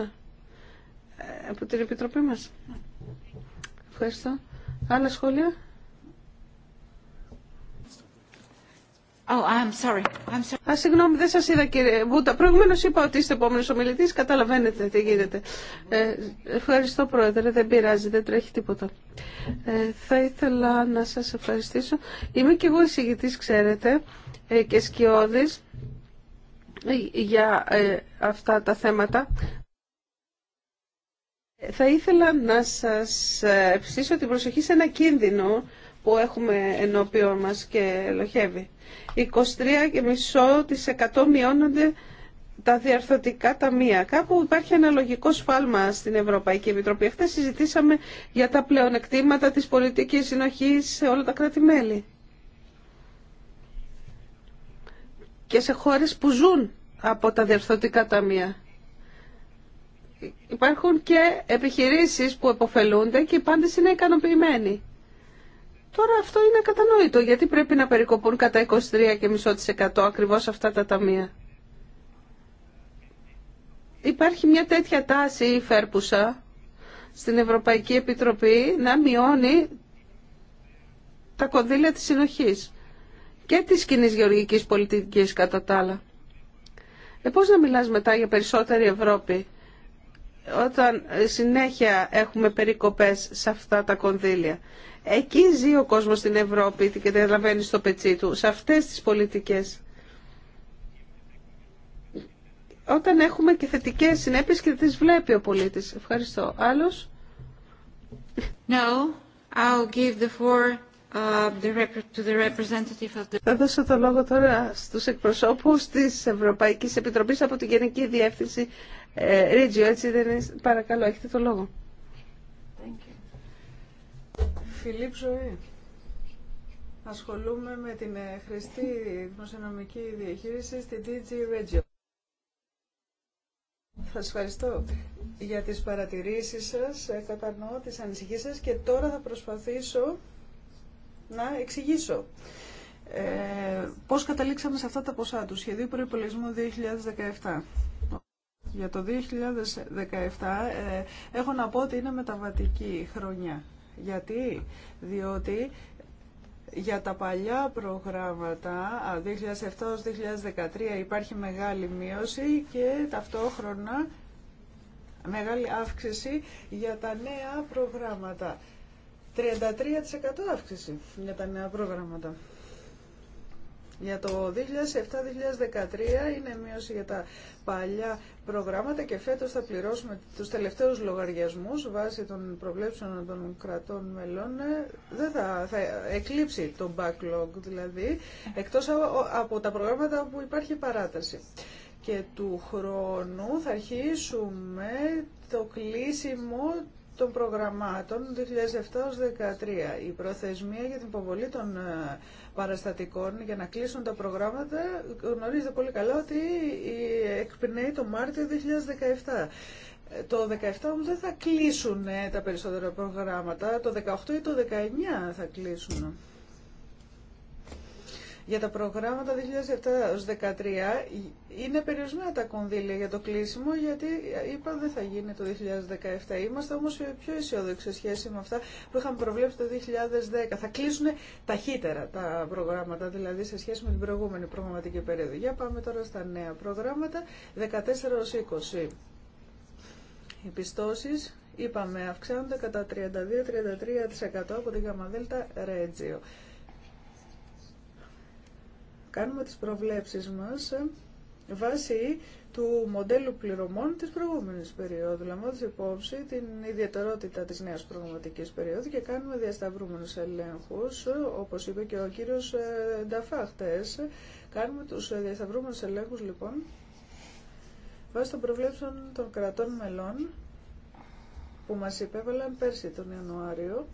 ε, από την Επιτροπή μας. Ευχαριστώ. Άλλα σχόλια. Oh, Α, συγγνώμη, δεν σας είδα κύριε Βούτα. Προηγουμένως είπα ότι είστε επόμενος ομιλητής, καταλαβαίνετε τι γίνεται. Ε, ευχαριστώ πρόεδρε, δεν πειράζει, δεν τρέχει τίποτα. Ε, θα ήθελα να σας ευχαριστήσω. Είμαι και εγώ εισηγητής, ξέρετε, ε, και σκιώδης ε, για αυτά τα θέματα. Θα ήθελα να σας ευχαριστήσω την προσοχή σε ένα κίνδυνο που έχουμε ενώπιον μας και ελοχεύει. 23,5% μειώνονται τα διαρθωτικά ταμεία. Κάπου υπάρχει ένα λογικό σφάλμα στην Ευρωπαϊκή Επιτροπή. Χθε συζητήσαμε για τα πλεονεκτήματα της πολιτικής συνοχής σε όλα τα κράτη-μέλη. Και σε χώρες που ζουν από τα διαρθωτικά ταμεία. Υπάρχουν και επιχειρήσεις που επωφελούνται και οι πάντες είναι ικανοποιημένοι. Τώρα αυτό είναι κατανόητο. Γιατί πρέπει να περικοπούν κατά 23,5% ακριβώς αυτά τα ταμεία. Υπάρχει μια τέτοια τάση η Φέρπουσα στην Ευρωπαϊκή Επιτροπή να μειώνει τα κονδύλια της συνοχής και της κοινή γεωργικής πολιτικής κατά τα άλλα. Ε, να μιλάς μετά για περισσότερη Ευρώπη όταν συνέχεια έχουμε περικοπές σε αυτά τα κονδύλια. Εκεί ζει ο κόσμος στην Ευρώπη και δεν στο πετσί του, σε αυτές τις πολιτικές. Όταν έχουμε και θετικέ συνέπειε και τις βλέπει ο πολίτης. Ευχαριστώ. Άλλο. No, I'll give the floor uh, θα δώσω το λόγο τώρα στους εκπροσώπους της Ευρωπαϊκής Επιτροπής από την Γενική Διεύθυνση Ρίτζιο, ε, έτσι δεν Παρακαλώ, έχετε το λόγο. Φιλίπ Ζωή. Ασχολούμαι με την ε, χρηστή δημοσιονομική διαχείριση στη DG Regio. Σας ευχαριστώ για τις παρατηρήσεις σας, ε, κατανοώ τις ανησυχίες σας και τώρα θα προσπαθήσω να εξηγήσω ε, πώς καταλήξαμε σε αυτά τα ποσά του σχεδίου προϋπολογισμού 2017. Για το 2017 ε, έχω να πω ότι είναι μεταβατική χρονιά. Γιατί, διότι για τα παλιά προγράμματα 2007-2013 υπάρχει μεγάλη μείωση και ταυτόχρονα μεγάλη αύξηση για τα νέα προγράμματα. 33% αύξηση για τα νέα προγράμματα. Για το 2007-2013 είναι μείωση για τα παλιά προγράμματα και φέτος θα πληρώσουμε τους τελευταίους λογαριασμούς βάσει των προβλέψεων των κρατών μελών ε, δεν θα, θα εκλείψει το backlog δηλαδή εκτός από τα προγράμματα που υπάρχει παράταση και του χρόνου θα αρχίσουμε το κλείσιμο των προγραμμάτων 2007-2013. Η προθεσμία για την υποβολή των ε, παραστατικών για να κλείσουν τα προγράμματα γνωρίζετε πολύ καλά ότι εκπνέει το Μάρτιο 2017. Ε, το 17 όμως δεν θα κλείσουν ε, τα περισσότερα προγράμματα, το 18 ή το 19 θα κλείσουν. Για τα προγράμματα 2007-2013 είναι περιορισμένα τα κονδύλια για το κλείσιμο, γιατί είπα δεν θα γίνει το 2017. Είμαστε όμως πιο αισιόδοξοι σε σχέση με αυτά που είχαμε προβλέψει το 2010. Θα κλείσουν ταχύτερα τα προγράμματα, δηλαδή σε σχέση με την προηγούμενη προγραμματική περίοδο. Για πάμε τώρα στα νέα προγράμματα, 14-20. Οι πιστώσεις, είπαμε, αυξάνονται κατά 32-33% από την ΓΑΜΑΔΕΛΤΑ Ρέτζιο. Κάνουμε τις προβλέψεις μας ε, βάσει του μοντέλου πληρωμών της προηγούμενης περίοδου. Λαμβάνοντας υπόψη την ιδιαιτερότητα της νέας προγραμματικής περίοδου και κάνουμε διασταυρούμενους ελέγχους, όπως είπε και ο κύριος ε, Νταφάχτες. Κάνουμε τους διασταυρούμενους ελέγχους λοιπόν βάσει των προβλέψεων των κρατών μελών που μας υπέβαλαν πέρσι τον Ιανουάριο.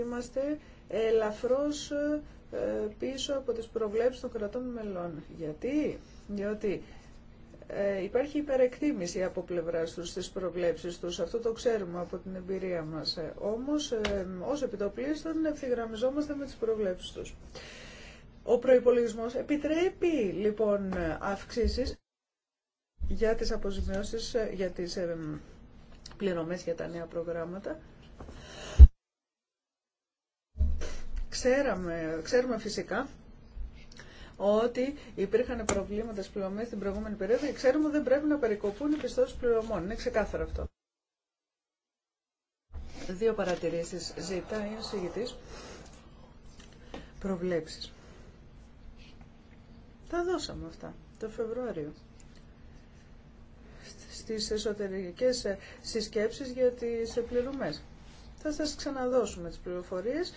Είμαστε ελαφρώς ε, πίσω από τις προβλέψεις των κρατών μελών. Γιατί, διότι ε, υπάρχει υπερεκτίμηση από πλευρά τους στις προβλέψεις τους, αυτό το ξέρουμε από την εμπειρία μας. Ε, όμως, ε, ως επιτοπλίστων ευθυγραμμιζόμαστε με τις προβλέψεις τους. Ο προϋπολογισμός επιτρέπει λοιπόν αυξήσεις για τις αποζημιώσεις, ε, για τις ε, πληρωμές για τα νέα προγράμματα Ξέραμε, ξέρουμε φυσικά ότι υπήρχαν προβλήματα στις πληρωμές την προηγούμενη περίοδο και ξέρουμε ότι δεν πρέπει να περικοπούν οι πιστώσεις πληρωμών. Είναι ξεκάθαρο αυτό. Δύο παρατηρήσεις ζητάει ο συγητής προβλέψεις. Τα δώσαμε αυτά το Φεβρουάριο στις εσωτερικές συσκέψεις για τις πληρωμές. Θα σας ξαναδώσουμε τις πληροφορίες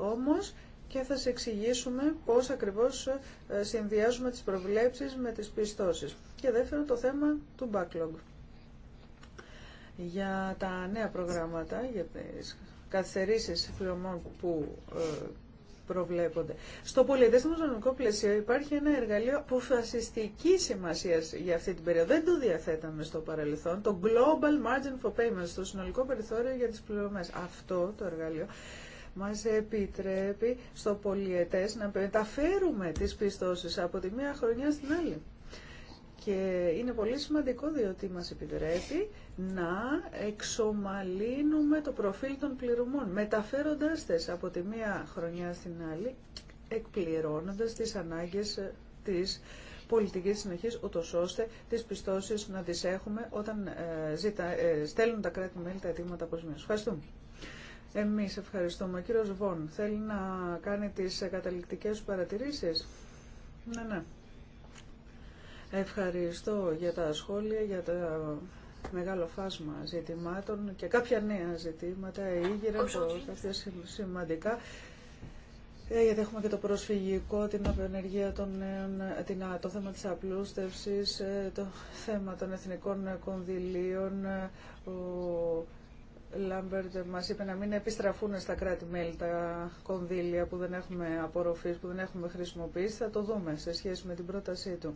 όμως και θα σας εξηγήσουμε πώς ακριβώς ε, συνδυάζουμε τις προβλέψεις με τις πιστώσεις. Και δεύτερο το θέμα του backlog. Για τα νέα προγράμματα, για τις καθυστερήσεις πληρωμών που ε, προβλέπονται. Στο πολυεδέστημα νομικό πλαίσιο υπάρχει ένα εργαλείο αποφασιστική σημασία για αυτή την περίοδο. Δεν το διαθέταμε στο παρελθόν. Το Global Margin for Payments, το συνολικό περιθώριο για τι πληρωμέ. Αυτό το εργαλείο μας επιτρέπει στο πολιετές να μεταφέρουμε τις πιστώσεις από τη μία χρονιά στην άλλη. Και είναι πολύ σημαντικό διότι μας επιτρέπει να εξομαλύνουμε το προφίλ των πληρωμών, μεταφέροντάς τες από τη μία χρονιά στην άλλη, εκπληρώνοντας τις ανάγκες της πολιτικής συνεχής, ούτως ώστε τις πιστώσεις να τις έχουμε όταν ε, ε, στέλνουν τα κράτη-μέλη τα αιτήματα προς Ευχαριστούμε. Εμείς ευχαριστούμε. κύριος Βον θέλει να κάνει τις καταληκτικές σου παρατηρήσεις. Ναι, ναι. Ευχαριστώ για τα σχόλια, για το μεγάλο φάσμα ζητημάτων και κάποια νέα ζητήματα από κάποια σημαντικά. Ε, γιατί έχουμε και το προσφυγικό, την απενεργία των ε, την, το θέμα της απλούστευσης, ε, το θέμα των εθνικών κονδυλίων, ο Λάμπερτ μας είπε να μην επιστραφούν στα κράτη-μέλη τα κονδύλια που δεν έχουμε απορροφήσει, που δεν έχουμε χρησιμοποιήσει. Θα το δούμε σε σχέση με την πρότασή του.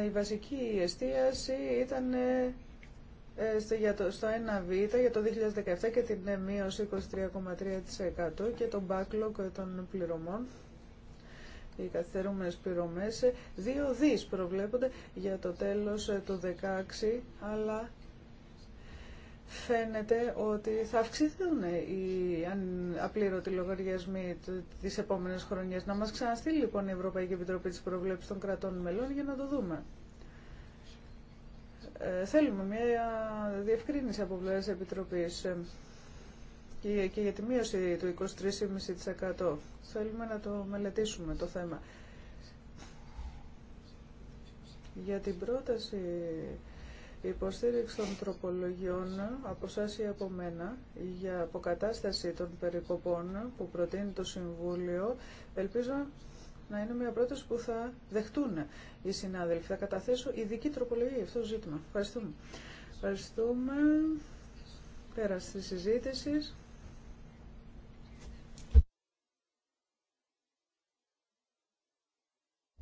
Ε, η βασική εστίαση ήταν ε, ε, στο, για το, στο 1β για το 2017 και την μείωση 23,3% και τον backlog των πληρωμών οι καθυστερούμενες πληρωμές 2 δις προβλέπονται για το τέλος του 16 αλλά φαίνεται ότι θα αυξηθούν οι απλήρωτοι λογαριασμοί τις επόμενες χρονιές. Να μας ξαναστείλει λοιπόν η Ευρωπαϊκή Επιτροπή τη Προβλέψη των Κρατών Μελών για να το δούμε. Ε, θέλουμε μια διευκρίνηση από πλευράς Επιτροπής ε, και, και για τη μείωση του 23,5%. Θέλουμε να το μελετήσουμε το θέμα. Για την πρόταση η υποστήριξη των τροπολογιών από ή από μένα για αποκατάσταση των περικοπών που προτείνει το Συμβούλιο ελπίζω να είναι μια πρόταση που θα δεχτούν οι συνάδελφοι. Θα καταθέσω ειδική τροπολογία για αυτό το ζήτημα. Ευχαριστούμε. Ευχαριστούμε. Πέρα τη συζήτηση.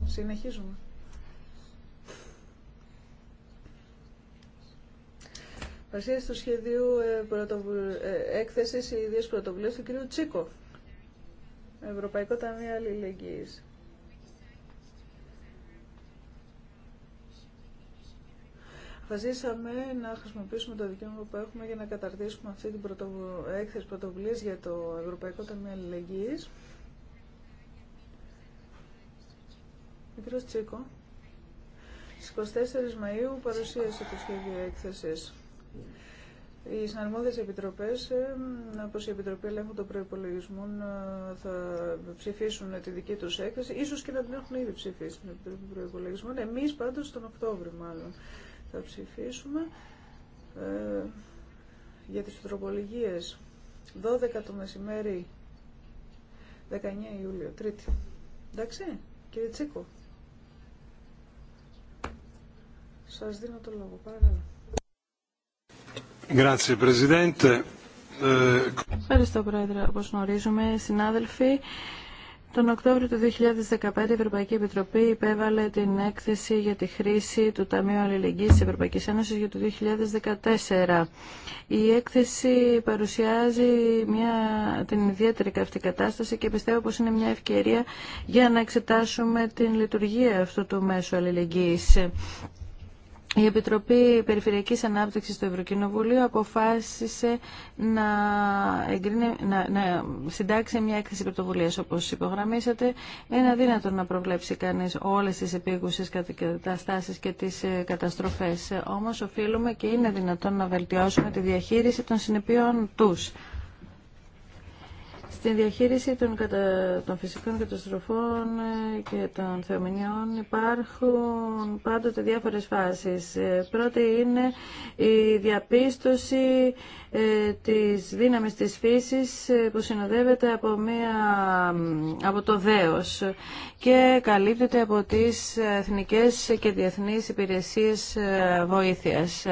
Συνεχίζουμε. Ε, Παρουσίαση ε, του σχεδίου έκθεσης ιδίω πρωτοβουλία του κ. Τσίκο Ευρωπαϊκό Ταμείο Αλληλεγγύη. Αποφασίσαμε να χρησιμοποιήσουμε το δικαίωμα που έχουμε για να καταρτήσουμε αυτή την έκθεση πρωτοβουλία για το Ευρωπαϊκό Ταμείο Αλληλεγγύη. Μικρός Τσίκο. Στι 24 Μαου παρουσίασε το σχέδιο έκθεση. Οι συναρμόδιες επιτροπές, όπως η Επιτροπή Ελέγχου των Προϋπολογισμών, ε, θα ψηφίσουν τη δική τους έκθεση, ίσως και να την έχουν ήδη ψηφίσει την Επιτροπή Προϋπολογισμών. Εμείς πάντως τον Οκτώβριο μάλλον θα ψηφίσουμε ε, για τις τροπολογίες 12 το μεσημέρι 19 Ιούλιο, Τρίτη. Εντάξει, κύριε Τσίκο. Σας δίνω το λόγο, παρακαλώ. Eh, Ευχαριστώ, Πρόεδρε. Όπω γνωρίζουμε, συνάδελφοι, τον Οκτώβριο του 2015 η Ευρωπαϊκή Επιτροπή υπέβαλε την έκθεση για τη χρήση του Ταμείου Αλληλεγγύης τη Ευρωπαϊκή Ένωση για το 2014. Η έκθεση παρουσιάζει μια, την ιδιαίτερη καυτή κατάσταση και πιστεύω πως είναι μια ευκαιρία για να εξετάσουμε την λειτουργία αυτού του μέσου αλληλεγγύης η Επιτροπή Περιφερειακής Ανάπτυξης του Ευρωκοινοβουλίου αποφάσισε να, να, να συντάξει μια έκθεση πρωτοβουλία. Όπως υπογραμμίσατε, είναι αδύνατο να προβλέψει κανείς όλες τις επίγουσες καταστάσεις και τις ε, καταστροφές. Ε, όμως οφείλουμε και είναι δυνατόν να βελτιώσουμε τη διαχείριση των συνεπειών τους. Στην διαχείριση των, των φυσικών καταστροφών ε, και των θεομηνιών υπάρχουν πάντοτε διάφορες φάσεις. Ε, πρώτη είναι η διαπίστωση ε, της δύναμης της φύσης που συνοδεύεται από, μια... από το δέος και καλύπτεται από τις εθνικές και διεθνείς υπηρεσίες βοήθειας.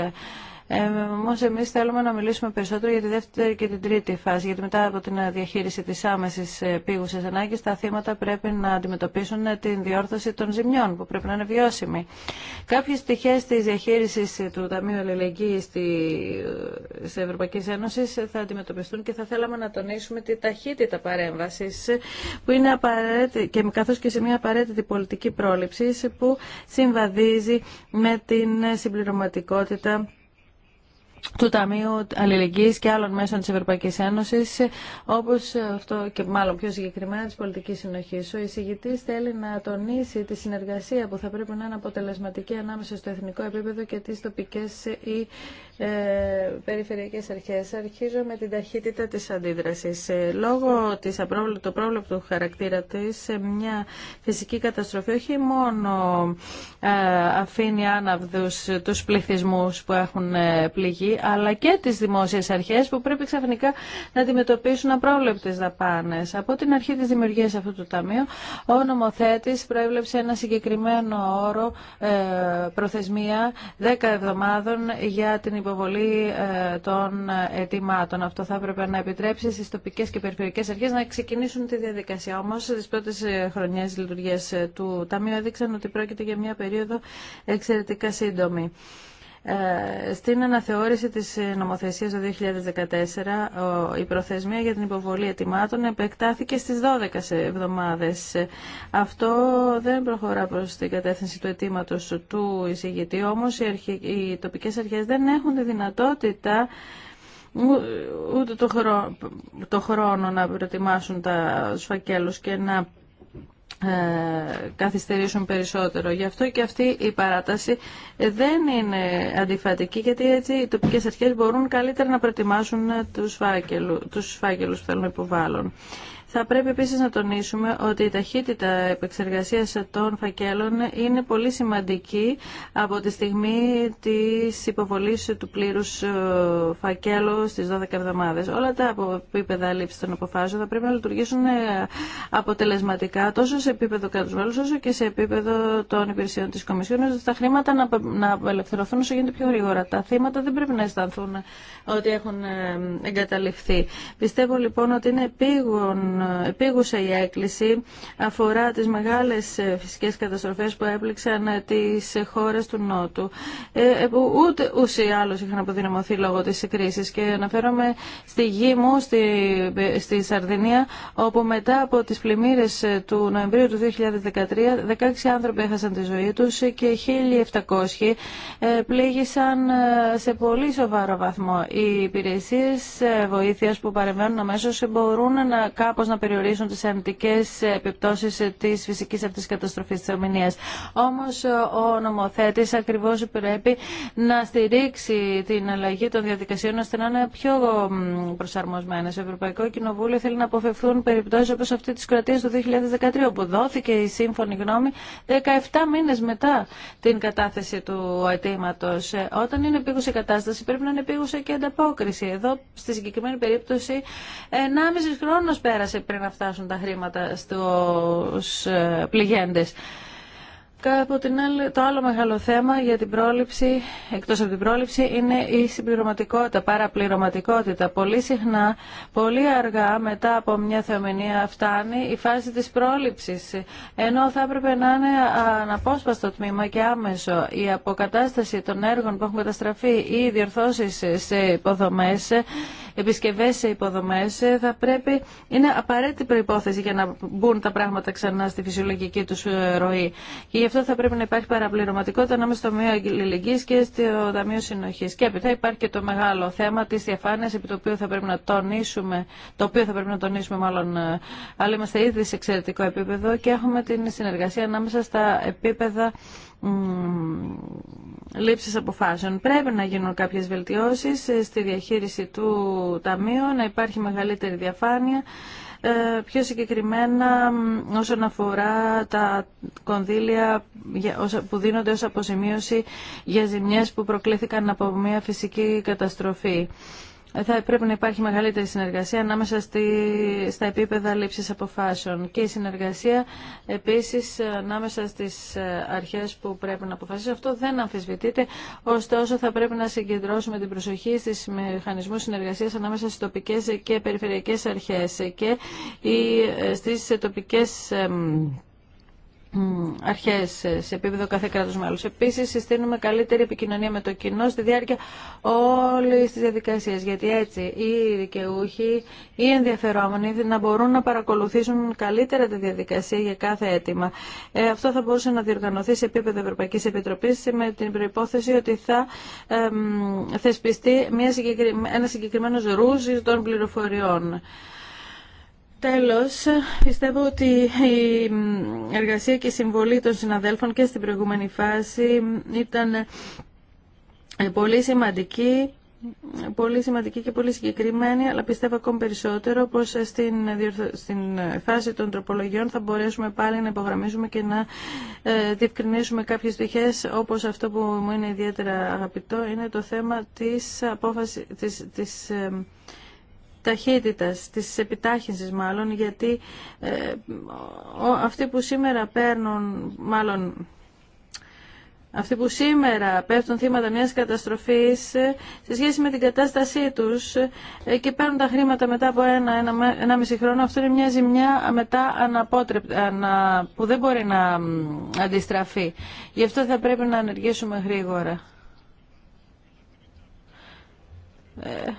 Ε, Όμω εμεί θέλουμε να μιλήσουμε περισσότερο για τη δεύτερη και την τρίτη φάση, γιατί μετά από την διαχείριση τη άμεση ε, πήγουσα ανάγκη, τα θύματα πρέπει να αντιμετωπίσουν ε, την διόρθωση των ζημιών, που πρέπει να είναι βιώσιμη. Κάποιε πτυχέ τη διαχείριση του Ταμείου Αλληλεγγύη τη Ευρωπαϊκή Ένωση θα αντιμετωπιστούν και θα θέλαμε να τονίσουμε τη ταχύτητα παρέμβαση, που είναι και καθώ και σε μια απαραίτητη πολιτική πρόληψη που συμβαδίζει με την συμπληρωματικότητα του Ταμείου Αλληλεγγύης και άλλων μέσων της Ευρωπαϊκής Ένωσης, όπως αυτό και μάλλον πιο συγκεκριμένα της πολιτικής συνοχής. Ο εισηγητής θέλει να τονίσει τη συνεργασία που θα πρέπει να είναι αποτελεσματική ανάμεσα στο εθνικό επίπεδο και τις τοπικές ή ε, περιφερειακές αρχές. Αρχίζω με την ταχύτητα της αντίδρασης. Ε, λόγω της του πρόβλεπτου χαρακτήρα της, μια φυσική καταστροφή όχι μόνο ε, αφήνει άναυδους τους πληθυσμού που έχουν ε, πληγεί, αλλά και τις δημόσιες αρχές που πρέπει ξαφνικά να αντιμετωπίσουν απρόβλεπτες δαπάνες. Από την αρχή της δημιουργίας αυτού του ταμείου, ο νομοθέτης προέβλεψε ένα συγκεκριμένο όρο ε, προθεσμία 10 εβδομάδων για την υποβολή ε, των ετοιμάτων. Αυτό θα έπρεπε να επιτρέψει στις τοπικές και περιφερειακές αρχές να ξεκινήσουν τη διαδικασία. Όμως, στις πρώτες ε, χρονιές λειτουργίας του Ταμείου έδειξαν ότι πρόκειται για μια περίοδο εξαιρετικά σύντομη. Ε, στην αναθεώρηση της ε, νομοθεσίας το 2014 η προθεσμία για την υποβολή ετοιμάτων επεκτάθηκε στις 12 εβδομάδες. Αυτό δεν προχωρά προς την κατεύθυνση του αιτήματο του εισηγητή, όμως οι τοπικές αρχές δεν έχουν τη δυνατότητα ούτε το χρόνο να προετοιμάσουν τα σφακέλους και να ε, καθυστερήσουν περισσότερο. Γι' αυτό και αυτή η παράταση δεν είναι αντιφατική γιατί έτσι οι τοπικές αρχές μπορούν καλύτερα να προετοιμάσουν ε, του φάκελου τους που θέλουν υποβάλλον. Θα πρέπει επίσης να τονίσουμε ότι η ταχύτητα επεξεργασίας των φακέλων είναι πολύ σημαντική από τη στιγμή της υποβολής του πλήρους ε, φακέλου στις 12 εβδομάδες. Όλα τα επίπεδα λήψη των αποφάσεων θα πρέπει να λειτουργήσουν ε, αποτελεσματικά τόσο σε επίπεδο κράτους όσο και σε επίπεδο των υπηρεσιών της Κομισιόν ώστε τα χρήματα να, απελευθερωθούν όσο γίνεται πιο γρήγορα. Τα θύματα δεν πρέπει να αισθανθούν ότι έχουν ε, εγκαταληφθεί. Πιστεύω λοιπόν ότι είναι επίγον επίγουσα η έκκληση αφορά τις μεγάλες ε, φυσικές καταστροφές που έπληξαν ε, τις χώρες του Νότου ε, που ούτε ούσοι είχαν αποδυναμωθεί λόγω της κρίσης και αναφέρομαι στη γη μου, στη, στη Σαρδινία όπου μετά από τις πλημμύρες του Νοεμβρίου του 2013 16 άνθρωποι έχασαν τη ζωή τους και 1.700 πλήγησαν σε πολύ σοβαρό βαθμό. Οι υπηρεσίες βοήθειας που παρεμβαίνουν αμέσως μπορούν να, κάπως να περιορίσουν τι αρνητικές επιπτώσει τη φυσική αυτή καταστροφή τη Ομινίας. Όμω ο νομοθέτη ακριβώ πρέπει να στηρίξει την αλλαγή των διαδικασιών ώστε να είναι πιο προσαρμοσμένε. Το Ευρωπαϊκό Κοινοβούλιο θέλει να αποφευθούν περιπτώσει όπω αυτή της κρατίας του 2013 όπου δόθηκε η σύμφωνη γνώμη 17 μήνε μετά την κατάθεση του αιτήματο. Όταν είναι επίγουσα η κατάσταση πρέπει να είναι επίγουσα και ανταπόκριση. Εδώ στη συγκεκριμένη περίπτωση 1,5 χρόνο πέρασε πριν να φτάσουν τα χρήματα στους ε, πληγέντες. την το άλλο μεγάλο θέμα για την πρόληψη, εκτός από την πρόληψη, είναι η συμπληρωματικότητα, παραπληρωματικότητα. Πολύ συχνά, πολύ αργά μετά από μια θεομηνία φτάνει η φάση της πρόληψης, ενώ θα έπρεπε να είναι αναπόσπαστο τμήμα και άμεσο. Η αποκατάσταση των έργων που έχουν καταστραφεί ή οι διορθώσεις σε υποδομές επισκευέ σε υποδομές ε, θα πρέπει, είναι απαραίτητη προϋπόθεση για να μπουν τα πράγματα ξανά στη φυσιολογική του ε, ροή. Και γι' αυτό θα πρέπει να υπάρχει παραπληρωματικότητα ανάμεσα στο Ταμείο και στο Ταμείο Συνοχή. Και έπειτα υπάρχει και το μεγάλο θέμα τη διαφάνεια, επί το οποίο θα πρέπει να τονίσουμε, το οποίο θα πρέπει να τονίσουμε μάλλον, ε, αλλά είμαστε ήδη σε εξαιρετικό επίπεδο και έχουμε την συνεργασία ανάμεσα στα επίπεδα Λήψη αποφάσεων. Πρέπει να γίνουν κάποιες βελτιώσεις ε, στη διαχείριση του Ταμείου, να υπάρχει μεγαλύτερη διαφάνεια, ε, πιο συγκεκριμένα όσον αφορά τα κονδύλια που δίνονται ως αποζημίωση για ζημιές που προκλήθηκαν από μια φυσική καταστροφή θα πρέπει να υπάρχει μεγαλύτερη συνεργασία ανάμεσα στη, στα επίπεδα λήψης αποφάσεων και η συνεργασία επίσης ανάμεσα στις ε, αρχές που πρέπει να αποφασίσουν. Αυτό δεν αμφισβητείται, ωστόσο θα πρέπει να συγκεντρώσουμε την προσοχή στις μηχανισμούς συνεργασίας ανάμεσα στις τοπικές και περιφερειακές αρχές και ε, στις τοπικές αρχές σε επίπεδο κάθε κράτο μέλους. Επίσης, συστήνουμε καλύτερη επικοινωνία με το κοινό στη διάρκεια όλη τη διαδικασία. γιατί έτσι οι δικαιούχοι ή ενδιαφερόμενοι να μπορούν να παρακολουθήσουν καλύτερα τη διαδικασία για κάθε αίτημα. Ε, αυτό θα μπορούσε να διοργανωθεί σε επίπεδο Ευρωπαϊκή Επιτροπή, με την προπόθεση ότι θα θεσπιστεί μια ένα συγκεκριμένο ρούζι των πληροφοριών. Τέλος, πιστεύω ότι η εργασία και η συμβολή των συναδέλφων και στην προηγούμενη φάση ήταν πολύ σημαντική πολύ σημαντική και πολύ συγκεκριμένη, αλλά πιστεύω ακόμη περισσότερο πως στην, στην φάση των τροπολογιών θα μπορέσουμε πάλι να υπογραμμίσουμε και να ε, διευκρινίσουμε κάποιες στοιχές, όπως αυτό που μου είναι ιδιαίτερα αγαπητό, είναι το θέμα της, αποφάσης... της, της ε, ταχύτητας, της επιτάχυνσης μάλλον, γιατί ε, ο, αυτοί που σήμερα παίρνουν, μάλλον αυτοί που σήμερα πέφτουν θύματα μιας καταστροφής ε, σε σχέση με την κατάστασή τους ε, και παίρνουν τα χρήματα μετά από ένα, ένα, μισή χρόνο, αυτό είναι μια ζημιά μετά αναπότρεπτα που δεν μπορεί να αντιστραφεί. Γι' αυτό θα πρέπει να ενεργήσουμε γρήγορα. Ε,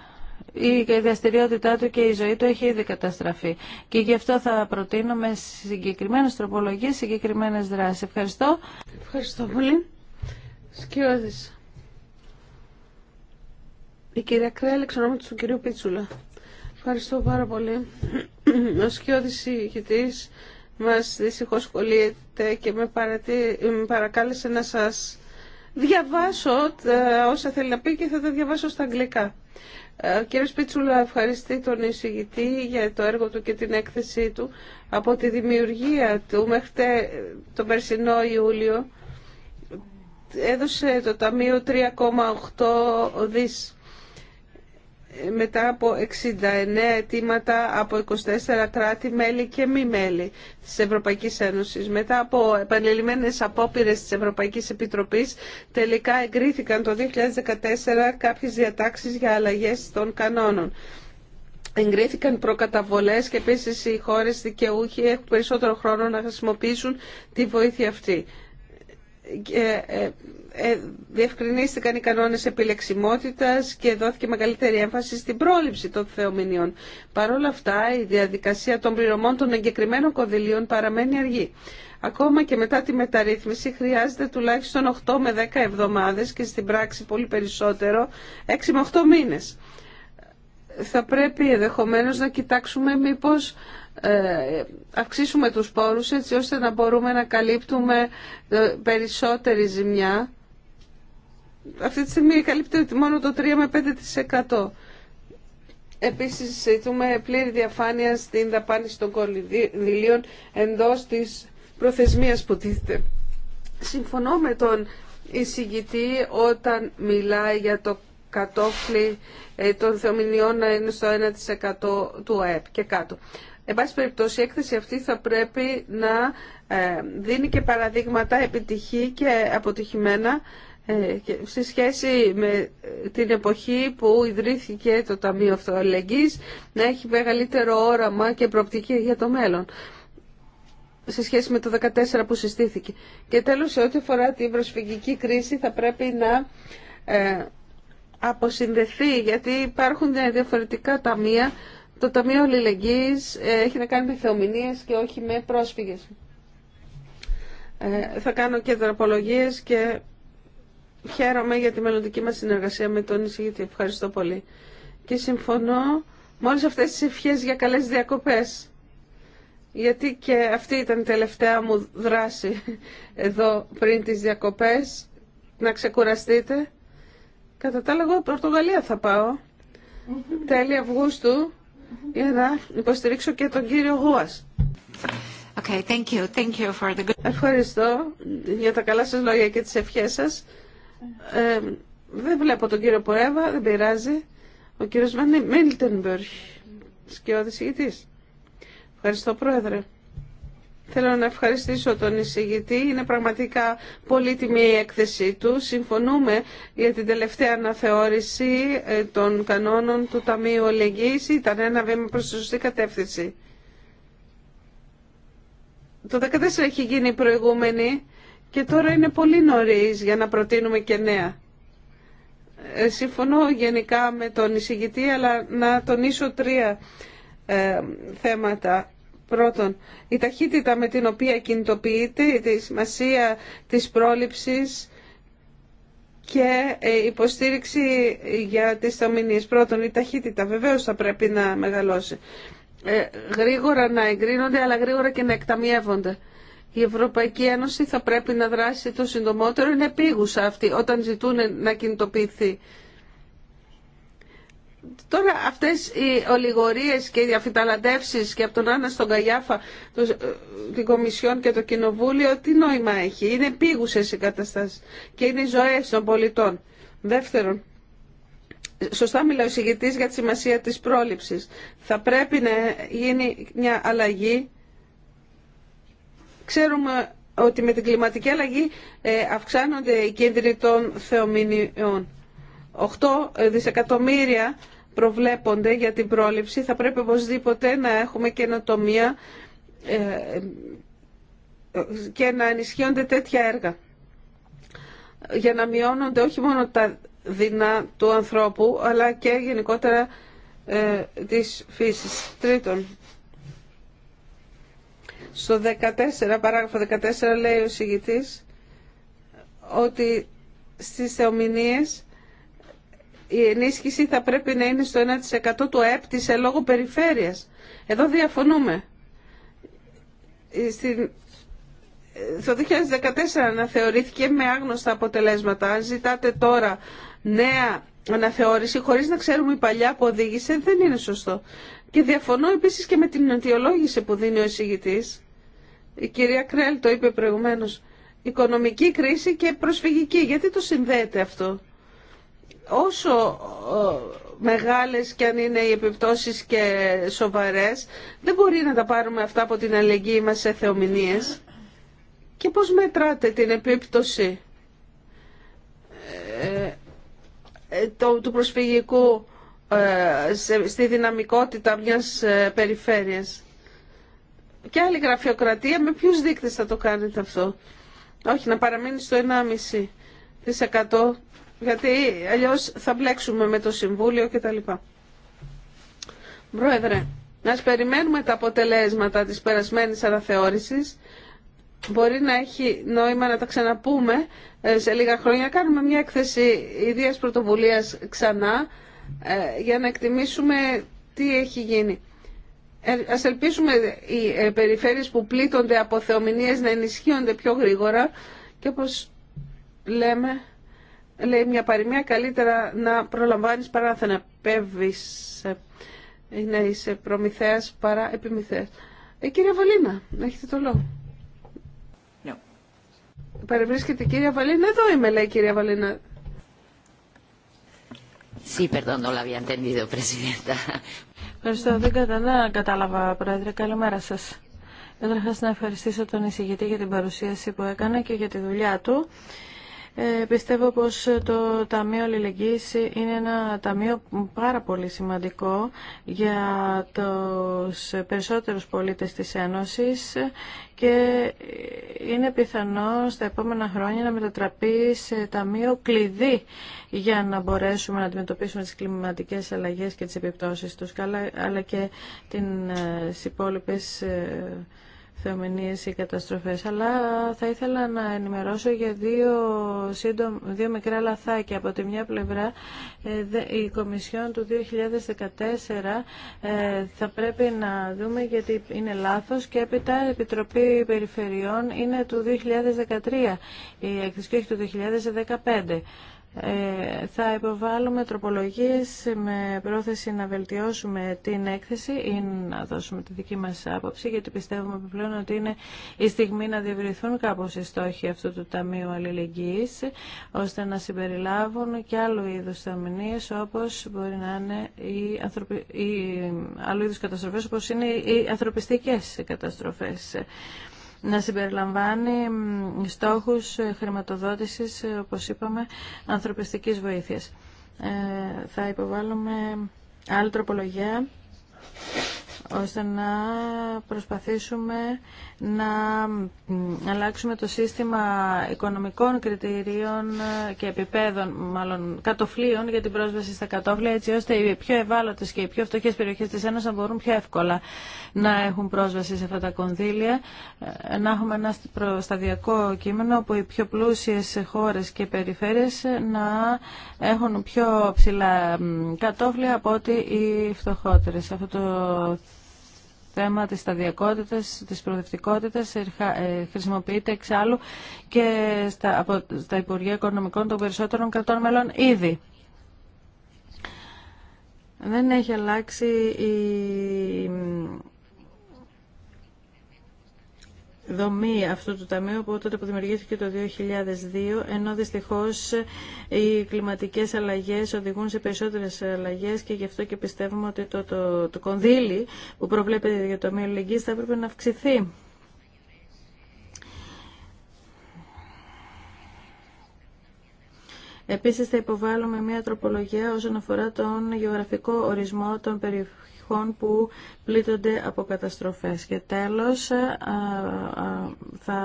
η δραστηριότητά του και η ζωή του έχει ήδη καταστραφεί. Και γι' αυτό θα προτείνω με συγκεκριμένε τροπολογίε, συγκεκριμένε δράσει. Ευχαριστώ. Ευχαριστώ πολύ. Σκιώδη. Η κυρία Κρέλ, εξ του κυρίου Πίτσουλα. Ευχαριστώ πάρα πολύ. Ο Σκιώδη ηγητή μα δυστυχώ κολλείται και με, με παρακάλεσε να σα διαβάσω όσα θέλει να πει και θα τα διαβάσω στα αγγλικά. Ε, κύριε Σπίτσουλα, ευχαριστεί τον εισηγητή για το έργο του και την έκθεσή του από τη δημιουργία του μέχρι το περσινό Ιούλιο έδωσε το Ταμείο 3,8 δις ε, μετά από 69 αιτήματα από 24 κράτη-μέλη και μη μέλη της Ευρωπαϊκής Ένωσης. Μετά από επανειλημμένες απόπειρες της Ευρωπαϊκής Επιτροπής, τελικά εγκρίθηκαν το 2014 κάποιες διατάξεις για αλλαγές των κανόνων. Εγκρίθηκαν προκαταβολές και επίσης οι χώρες δικαιούχοι έχουν περισσότερο χρόνο να χρησιμοποιήσουν τη βοήθεια αυτή. Και ε, ε, διευκρινίστηκαν οι κανόνες επιλεξιμότητας και δόθηκε μεγαλύτερη έμφαση στην πρόληψη των θεομηνιών. Παρ' όλα αυτά, η διαδικασία των πληρωμών των εγκεκριμένων κονδυλίων παραμένει αργή. Ακόμα και μετά τη μεταρρύθμιση χρειάζεται τουλάχιστον 8 με 10 εβδομάδες και στην πράξη πολύ περισσότερο 6 με 8 μήνες. Θα πρέπει ενδεχομένω να κοιτάξουμε μήπως ε, αυξήσουμε τους πόρους έτσι ώστε να μπορούμε να καλύπτουμε ε, περισσότερη ζημιά αυτή τη στιγμή ότι μόνο το 3 με 5%. Επίσης, ζητούμε πλήρη διαφάνεια στην δαπάνηση των κονδυλίων εντός της προθεσμίας που τίθεται. Συμφωνώ με τον εισηγητή όταν μιλάει για το κατόφλι ε, των θεομηνιών να είναι στο 1% του ΑΕΠ και κάτω. Εν πάση περιπτώσει, η έκθεση αυτή θα πρέπει να ε, δίνει και παραδείγματα επιτυχή και αποτυχημένα ε, σε σχέση με την εποχή που ιδρύθηκε το Ταμείο Αυτοαλληλεγγύης να έχει μεγαλύτερο όραμα και προοπτική για το μέλλον σε σχέση με το 14 που συστήθηκε. Και τέλος, σε ό,τι αφορά την προσφυγική κρίση θα πρέπει να ε, αποσυνδεθεί γιατί υπάρχουν διαφορετικά ταμεία. Το Ταμείο Αλληλεγγύης ε, έχει να κάνει με θεομηνίες και όχι με πρόσφυγες. Θα κάνω και δραπολογίες και χαίρομαι για τη μελλοντική μας συνεργασία με τον εισηγητή. Ευχαριστώ πολύ. Και συμφωνώ με όλες αυτές τις ευχές για καλές διακοπές. Γιατί και αυτή ήταν η τελευταία μου δράση εδώ πριν τις διακοπές. Να ξεκουραστείτε. Κατά τα άλλα, Πορτογαλία θα πάω. Τέλη Αυγούστου για να υποστηρίξω και τον κύριο Γουάς. Okay, thank you. Thank you for the good... Ευχαριστώ για τα καλά σας λόγια και τις ευχές σας. Ε, δεν βλέπω τον κύριο Ποέβα, δεν πειράζει. Ο κύριος Μίλτενμπεργκ, σκιώδη ηγητή. Ευχαριστώ πρόεδρε. Θέλω να ευχαριστήσω τον εισηγητή. Είναι πραγματικά πολύτιμη η έκθεσή του. Συμφωνούμε για την τελευταία αναθεώρηση ε, των κανόνων του Ταμείου Αλληλεγγύης. Ήταν ένα βήμα προς τη σωστή κατεύθυνση. Το 2014 έχει γίνει η προηγούμενη και τώρα είναι πολύ νωρίς για να προτείνουμε και νέα. Ε, συμφωνώ γενικά με τον εισηγητή, αλλά να τονίσω τρία ε, θέματα. Πρώτον, η ταχύτητα με την οποία κινητοποιείται, η σημασία της πρόληψης και ε, η υποστήριξη για τις αμυνίες. Πρώτον, η ταχύτητα βεβαίως θα πρέπει να μεγαλώσει. γρήγορα να εγκρίνονται, αλλά γρήγορα και να εκταμιεύονται. Η Ευρωπαϊκή Ένωση θα πρέπει να δράσει το συντομότερο, είναι επίγουσα αυτή όταν ζητούν να κινητοποιηθεί. Τώρα αυτές οι ολιγορίες και οι διαφυταλαντεύσεις και από τον Άννα στον Καγιάφα, ε, την Κομισιόν και το Κοινοβούλιο, τι νόημα έχει. Είναι επίγουσες οι καταστάσεις και είναι οι ζωές των πολιτών. Δεύτερον, σωστά μιλάει ο για τη σημασία της πρόληψης. Θα πρέπει να γίνει μια αλλαγή Ξέρουμε ότι με την κλιματική αλλαγή ε, αυξάνονται οι κίνδυνοι των θεομηνιών. 8 δισεκατομμύρια προβλέπονται για την πρόληψη. Θα πρέπει οπωσδήποτε να έχουμε καινοτομία ε, και να ενισχύονται τέτοια έργα. Για να μειώνονται όχι μόνο τα δεινά του ανθρώπου, αλλά και γενικότερα ε, της φύσης. Τρίτον, στο 14, παράγραφο 14 λέει ο συγητής ότι στις θεομηνίες η ενίσχυση θα πρέπει να είναι στο 1% του ΕΠ της σε λόγω περιφέρειας. Εδώ διαφωνούμε. Στην... Το 2014 αναθεωρήθηκε με άγνωστα αποτελέσματα. Αν ζητάτε τώρα νέα αναθεώρηση χωρίς να ξέρουμε η παλιά που οδήγησε δεν είναι σωστό. Και διαφωνώ επίσης και με την αιτιολόγηση που δίνει ο εισηγητής η κυρία Κρέλ το είπε προηγουμένως, οικονομική κρίση και προσφυγική. Γιατί το συνδέεται αυτό. Όσο ε, μεγάλες και αν είναι οι επιπτώσεις και σοβαρές, δεν μπορεί να τα πάρουμε αυτά από την αλληλεγγύη μας σε θεομηνίες. Και πώς μετράτε την επίπτωση ε, ε, του προσφυγικού στη δυναμικότητα μιας περιφέρειας και άλλη γραφειοκρατία, με ποιους δείκτες θα το κάνετε αυτό. Όχι, να παραμείνει στο 1,5% γιατί αλλιώς θα μπλέξουμε με το Συμβούλιο κτλ. Πρόεδρε, να περιμένουμε τα αποτελέσματα της περασμένης αναθεώρησης. Μπορεί να έχει νόημα να τα ξαναπούμε ε, σε λίγα χρόνια. Κάνουμε μια έκθεση ιδίας πρωτοβουλίας ξανά ε, για να εκτιμήσουμε τι έχει γίνει. Ε, ας ελπίσουμε οι ε, περιφέρειες που πλήττονται από θεομηνίες να ενισχύονται πιο γρήγορα και όπως λέμε, λέει μια παροιμία, καλύτερα να προλαμβάνεις παρά να θεναπεύεις ή ε, να είσαι προμηθέας παρά επιμηθέας. Ε, κυρία Βαλίνα, έχετε το λόγο. Ναι. Παρευρίσκεται κυρία Βαλίνα, εδώ είμαι λέει κυρία Βαλίνα. Sí, perdón, Ευχαριστώ. Δεν κατάλαβα, Πρόεδρε. Καλημέρα σα. Καταρχά να ευχαριστήσω τον εισηγητή για την παρουσίαση που έκανε και για τη δουλειά του. Ε, πιστεύω πως το Ταμείο Αλληλεγγύης είναι ένα ταμείο πάρα πολύ σημαντικό για τους περισσότερους πολίτες της Ένωσης και είναι πιθανό στα επόμενα χρόνια να μετατραπεί σε ταμείο κλειδί για να μπορέσουμε να αντιμετωπίσουμε τις κλιματικές αλλαγές και τις επιπτώσεις τους, αλλά και τις υπόλοιπες ε, θεομηνίες ή καταστροφές. Αλλά θα ήθελα να ενημερώσω για δύο, σύντομ, δύο μικρά λαθάκια. Από τη μια πλευρά ε, η Κομισιόν του 2014 ε, θα πρέπει να δούμε γιατί είναι λάθος και έπειτα η Επιτροπή Περιφερειών είναι του 2013 η έκθεση και όχι του 2015. Ε, θα υποβάλουμε τροπολογίες με πρόθεση να βελτιώσουμε την έκθεση ή να δώσουμε τη δική μας άποψη γιατί πιστεύουμε επιπλέον ότι είναι η στιγμή να διευρυθούν κάπως οι στόχοι αυτού του Ταμείου Αλληλεγγύης ώστε να συμπεριλάβουν και άλλου είδους θεμηνίες όπως μπορεί να είναι οι, ανθρωπι... καταστροφές όπως είναι οι ανθρωπιστικές καταστροφές να συμπεριλαμβάνει στόχους ε, χρηματοδότησης, ε, όπως είπαμε, ανθρωπιστικής βοήθειας. Ε, θα υποβάλουμε άλλη τροπολογία ώστε να προσπαθήσουμε να αλλάξουμε το σύστημα οικονομικών κριτηρίων ε, και επιπέδων, μάλλον κατοφλίων για την πρόσβαση στα κατόφλια, έτσι ώστε οι πιο ευάλωτες και οι πιο φτωχές περιοχές της Ένωσης να μπορούν πιο εύκολα να έχουν πρόσβαση σε αυτά τα κονδύλια, ε, να έχουμε ένα σταδιακό κείμενο όπου οι πιο πλούσιες χώρες και περιφέρειες ε, να έχουν πιο ψηλά κατόφλια από ότι οι φτωχότερες. Αυτό το θέμα της σταδιακότητας, της προοδευτικότητας ε, χρησιμοποιείται εξάλλου και στα, από Υπουργεία Οικονομικών των περισσότερων κρατών μελών ήδη. Δεν έχει αλλάξει η δομή αυτού του ταμείου από τότε που δημιουργήθηκε το 2002, ενώ δυστυχώς οι κλιματικές αλλαγές οδηγούν σε περισσότερες αλλαγές και γι' αυτό και πιστεύουμε ότι το, το, το, κονδύλι που προβλέπεται για το Ταμείο θα έπρεπε να αυξηθεί. Επίσης θα υποβάλουμε μια τροπολογία όσον αφορά τον γεωγραφικό ορισμό των περιοχών που πλήττονται από καταστροφές. Και τέλος, ε, θα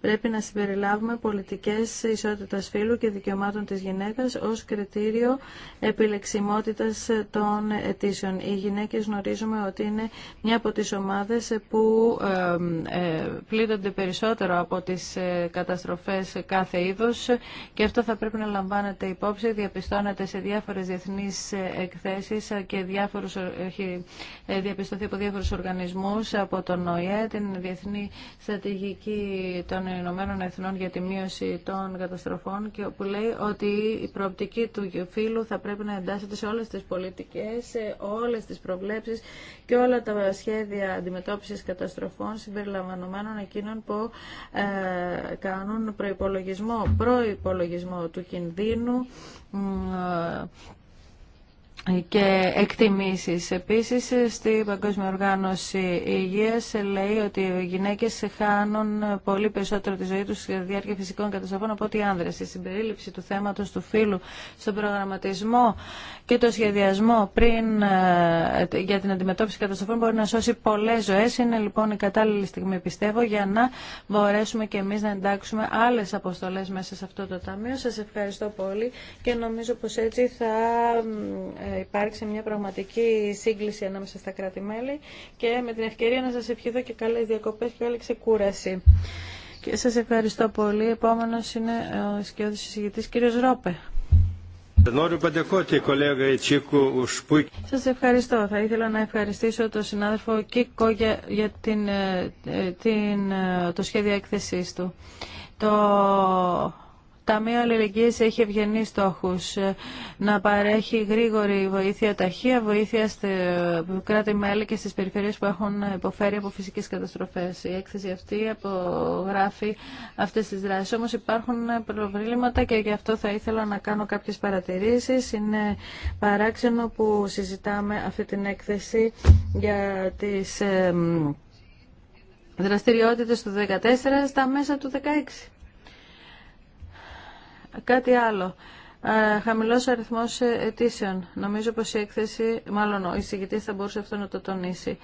πρέπει να συμπεριλάβουμε πολιτικές ισότητας φύλου και δικαιωμάτων της γυναίκας ως κριτήριο επιλεξιμότητας των αιτήσεων. Οι γυναίκες γνωρίζουμε ότι είναι μια από τις ομάδες που ε, ε, πλήττονται περισσότερο από τις καταστροφές κάθε είδους και αυτό θα πρέπει να λαμβάνεται υπόψη, διαπιστώνεται σε διάφορες διεθνείς εκθέσεις και διάφορους διαπιστωθεί από διάφορους οργανισμούς, από τον ΟΗΕ, την Διεθνή Στρατηγική των Ηνωμένων Εθνών για τη Μείωση των Καταστροφών και που λέει ότι η προοπτική του φύλου θα πρέπει να εντάσσεται σε όλες τις πολιτικές, σε όλες τις προβλέψεις και όλα τα σχέδια αντιμετώπισης καταστροφών συμπεριλαμβανομένων εκείνων που ε, κάνουν προϋπολογισμό, προϋπολογισμό του κινδύνου, και εκτιμήσεις. Επίσης, στη Παγκόσμια Οργάνωση Υγείας λέει ότι οι γυναίκες χάνουν πολύ περισσότερο τη ζωή τους στη διάρκεια φυσικών καταστροφών από ότι οι άνδρες. Η συμπερίληψη του θέματος του φύλου στον προγραμματισμό και το σχεδιασμό πριν ε, για την αντιμετώπιση καταστροφών μπορεί να σώσει πολλές ζωές. Είναι λοιπόν η κατάλληλη στιγμή, πιστεύω, για να μπορέσουμε και εμείς να εντάξουμε άλλες αποστολές μέσα σε αυτό το ταμείο. Σας ευχαριστώ πολύ και νομίζω πως έτσι θα ε, υπάρξει μια πραγματική σύγκληση ανάμεσα στα κράτη-μέλη και με την ευκαιρία να σας ευχηθώ και καλές διακοπές και καλή ξεκούραση. Και σας ευχαριστώ πολύ. Επόμενος είναι ο σκιώδης συζητητής κύριος Ρόπε. Σας ευχαριστώ. Θα ήθελα να ευχαριστήσω τον συνάδελφο Κίκο για, για την, ε, ε, την, ε, το σχέδιο έκθεσής του. Το Ταμείο αλληλεγγύη έχει ευγενεί στόχου να παρέχει γρήγορη βοήθεια, ταχεία βοήθεια στα κράτη-μέλη και στι περιφερειέ που έχουν υποφέρει από φυσικέ καταστροφέ. Η έκθεση αυτή απογράφει αυτέ τι δράσει, όμω υπάρχουν προβλήματα και γι' αυτό θα ήθελα να κάνω κάποιε παρατηρήσει. Είναι παράξενο που συζητάμε αυτή την έκθεση για τι δραστηριότητες του 2014 στα μέσα του 2016. Κάτι άλλο. Χαμηλό αριθμό αιτήσεων. Νομίζω πως η έκθεση, μάλλον ο εισηγητή θα μπορούσε αυτό να το τονίσει.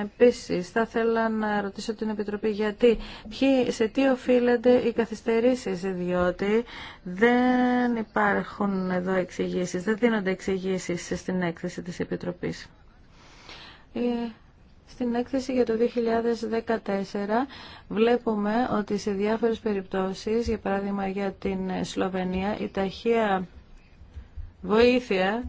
Επίση, θα ήθελα να ρωτήσω την Επιτροπή γιατί, σε τι οφείλονται οι καθυστερήσει διότι δεν υπάρχουν εδώ εξηγήσει, δεν δίνονται εξηγήσει στην έκθεση της επιτροπή. Ε, στην έκθεση για το 2014 βλέπουμε ότι σε διάφορες περιπτώσεις, για παράδειγμα για την Σλοβενία, η ταχεία βοήθεια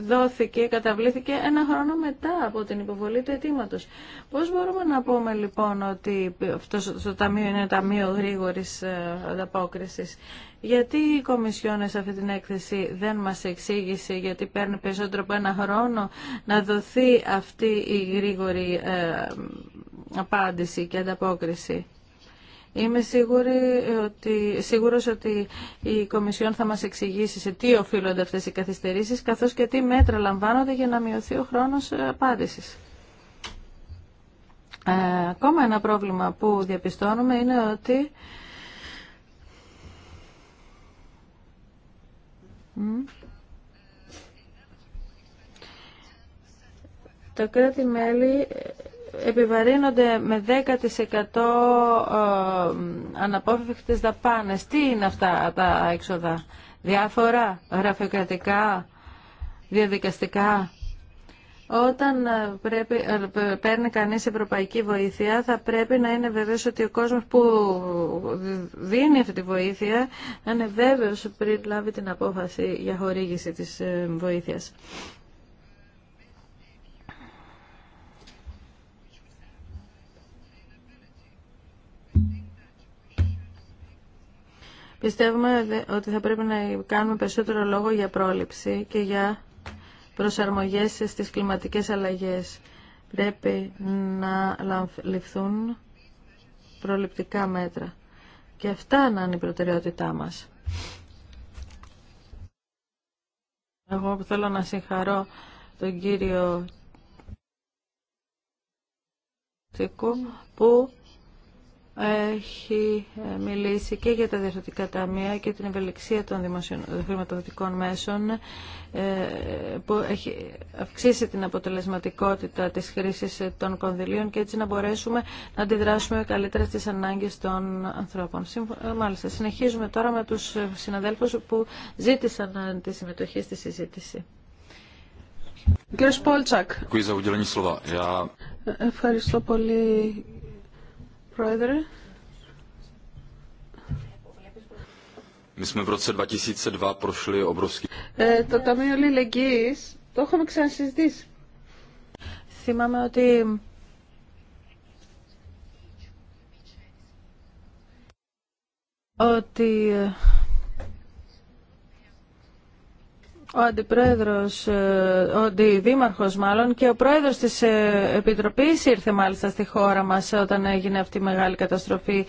δόθηκε, καταβλήθηκε ένα χρόνο μετά από την υποβολή του αιτήματος. Πώς μπορούμε να πούμε λοιπόν ότι αυτό το ταμείο είναι ένα ταμείο γρήγορης ε, ανταπόκρισης. Γιατί η Κομισιόν σε αυτή την έκθεση δεν μας εξήγησε γιατί παίρνει περισσότερο από ένα χρόνο να δοθεί αυτή η γρήγορη ε, απάντηση και ανταπόκριση. Είμαι σίγουρη ότι, σίγουρος ότι η Κομισιόν θα μας εξηγήσει σε τι οφείλονται αυτές οι καθυστερήσεις, καθώς και τι μέτρα λαμβάνονται για να μειωθεί ο χρόνος απάντησης. Ε, ακόμα ένα πρόβλημα που διαπιστώνουμε είναι ότι... το κράτη-μέλη επιβαρύνονται με 10% ε, αναπόφευκτες δαπάνες. Τι είναι αυτά τα έξοδα. Διάφορα, γραφειοκρατικά, διαδικαστικά. Όταν ε, πρέπει, ε, παίρνει κανείς ευρωπαϊκή βοήθεια θα πρέπει να είναι βέβαιος ότι ο κόσμος που δίνει αυτή τη βοήθεια να είναι βέβαιος πριν λάβει την απόφαση για χορήγηση της βοήθειας. Πιστεύουμε ότι θα πρέπει να κάνουμε περισσότερο λόγο για πρόληψη και για προσαρμογές στις κλιματικές αλλαγές. Πρέπει να ληφθούν προληπτικά μέτρα. Και αυτά να είναι η προτεραιότητά μας. Εγώ θέλω να συγχαρώ τον κύριο που έχει ε, μιλήσει και για τα διαρθρωτικά ταμεία και την ευελιξία των δημοσιο... χρηματοδοτικών μέσων ε, που έχει αυξήσει την αποτελεσματικότητα της χρήσης ε, των κονδυλίων και έτσι να μπορέσουμε να αντιδράσουμε καλύτερα στις ανάγκες των ανθρώπων. Μάλιστα, συνεχίζουμε τώρα με τους συναδέλφους που ζήτησαν τη συμμετοχή στη συζήτηση. Ευχαριστώ πολύ Πρόεδρε. Ε, το Ταμείο Λιλεγγύης το έχουμε ξανασυζητήσει. Θυμάμαι ότι ότι ε, ο αντιπρόεδρος, ε, ο αντιδήμαρχος μάλλον και ο πρόεδρος της ε, Επιτροπής ήρθε μάλιστα στη χώρα μας όταν έγινε αυτή η μεγάλη καταστροφή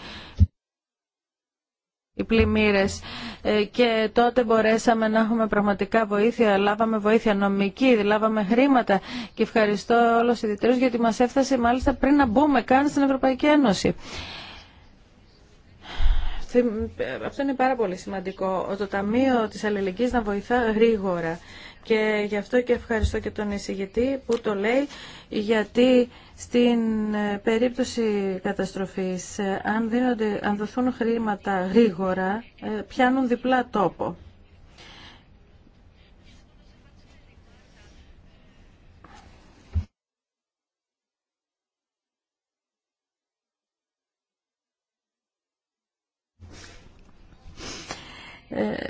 οι πλημμύρες ε, και τότε μπορέσαμε να έχουμε πραγματικά βοήθεια, λάβαμε βοήθεια νομική, λάβαμε χρήματα και ευχαριστώ όλους διτρούς γιατί μας έφτασε μάλιστα πριν να μπούμε καν στην Ευρωπαϊκή Ένωση. Αυτό είναι πάρα πολύ σημαντικό. Το Ταμείο της Αλληλεγγύης να βοηθά γρήγορα. Και γι' αυτό και ευχαριστώ και τον εισηγητή που το λέει, γιατί στην ε, περίπτωση καταστροφής, ε, αν, δίνονται, αν δοθούν χρήματα γρήγορα, ε, πιάνουν διπλά τόπο. Ε,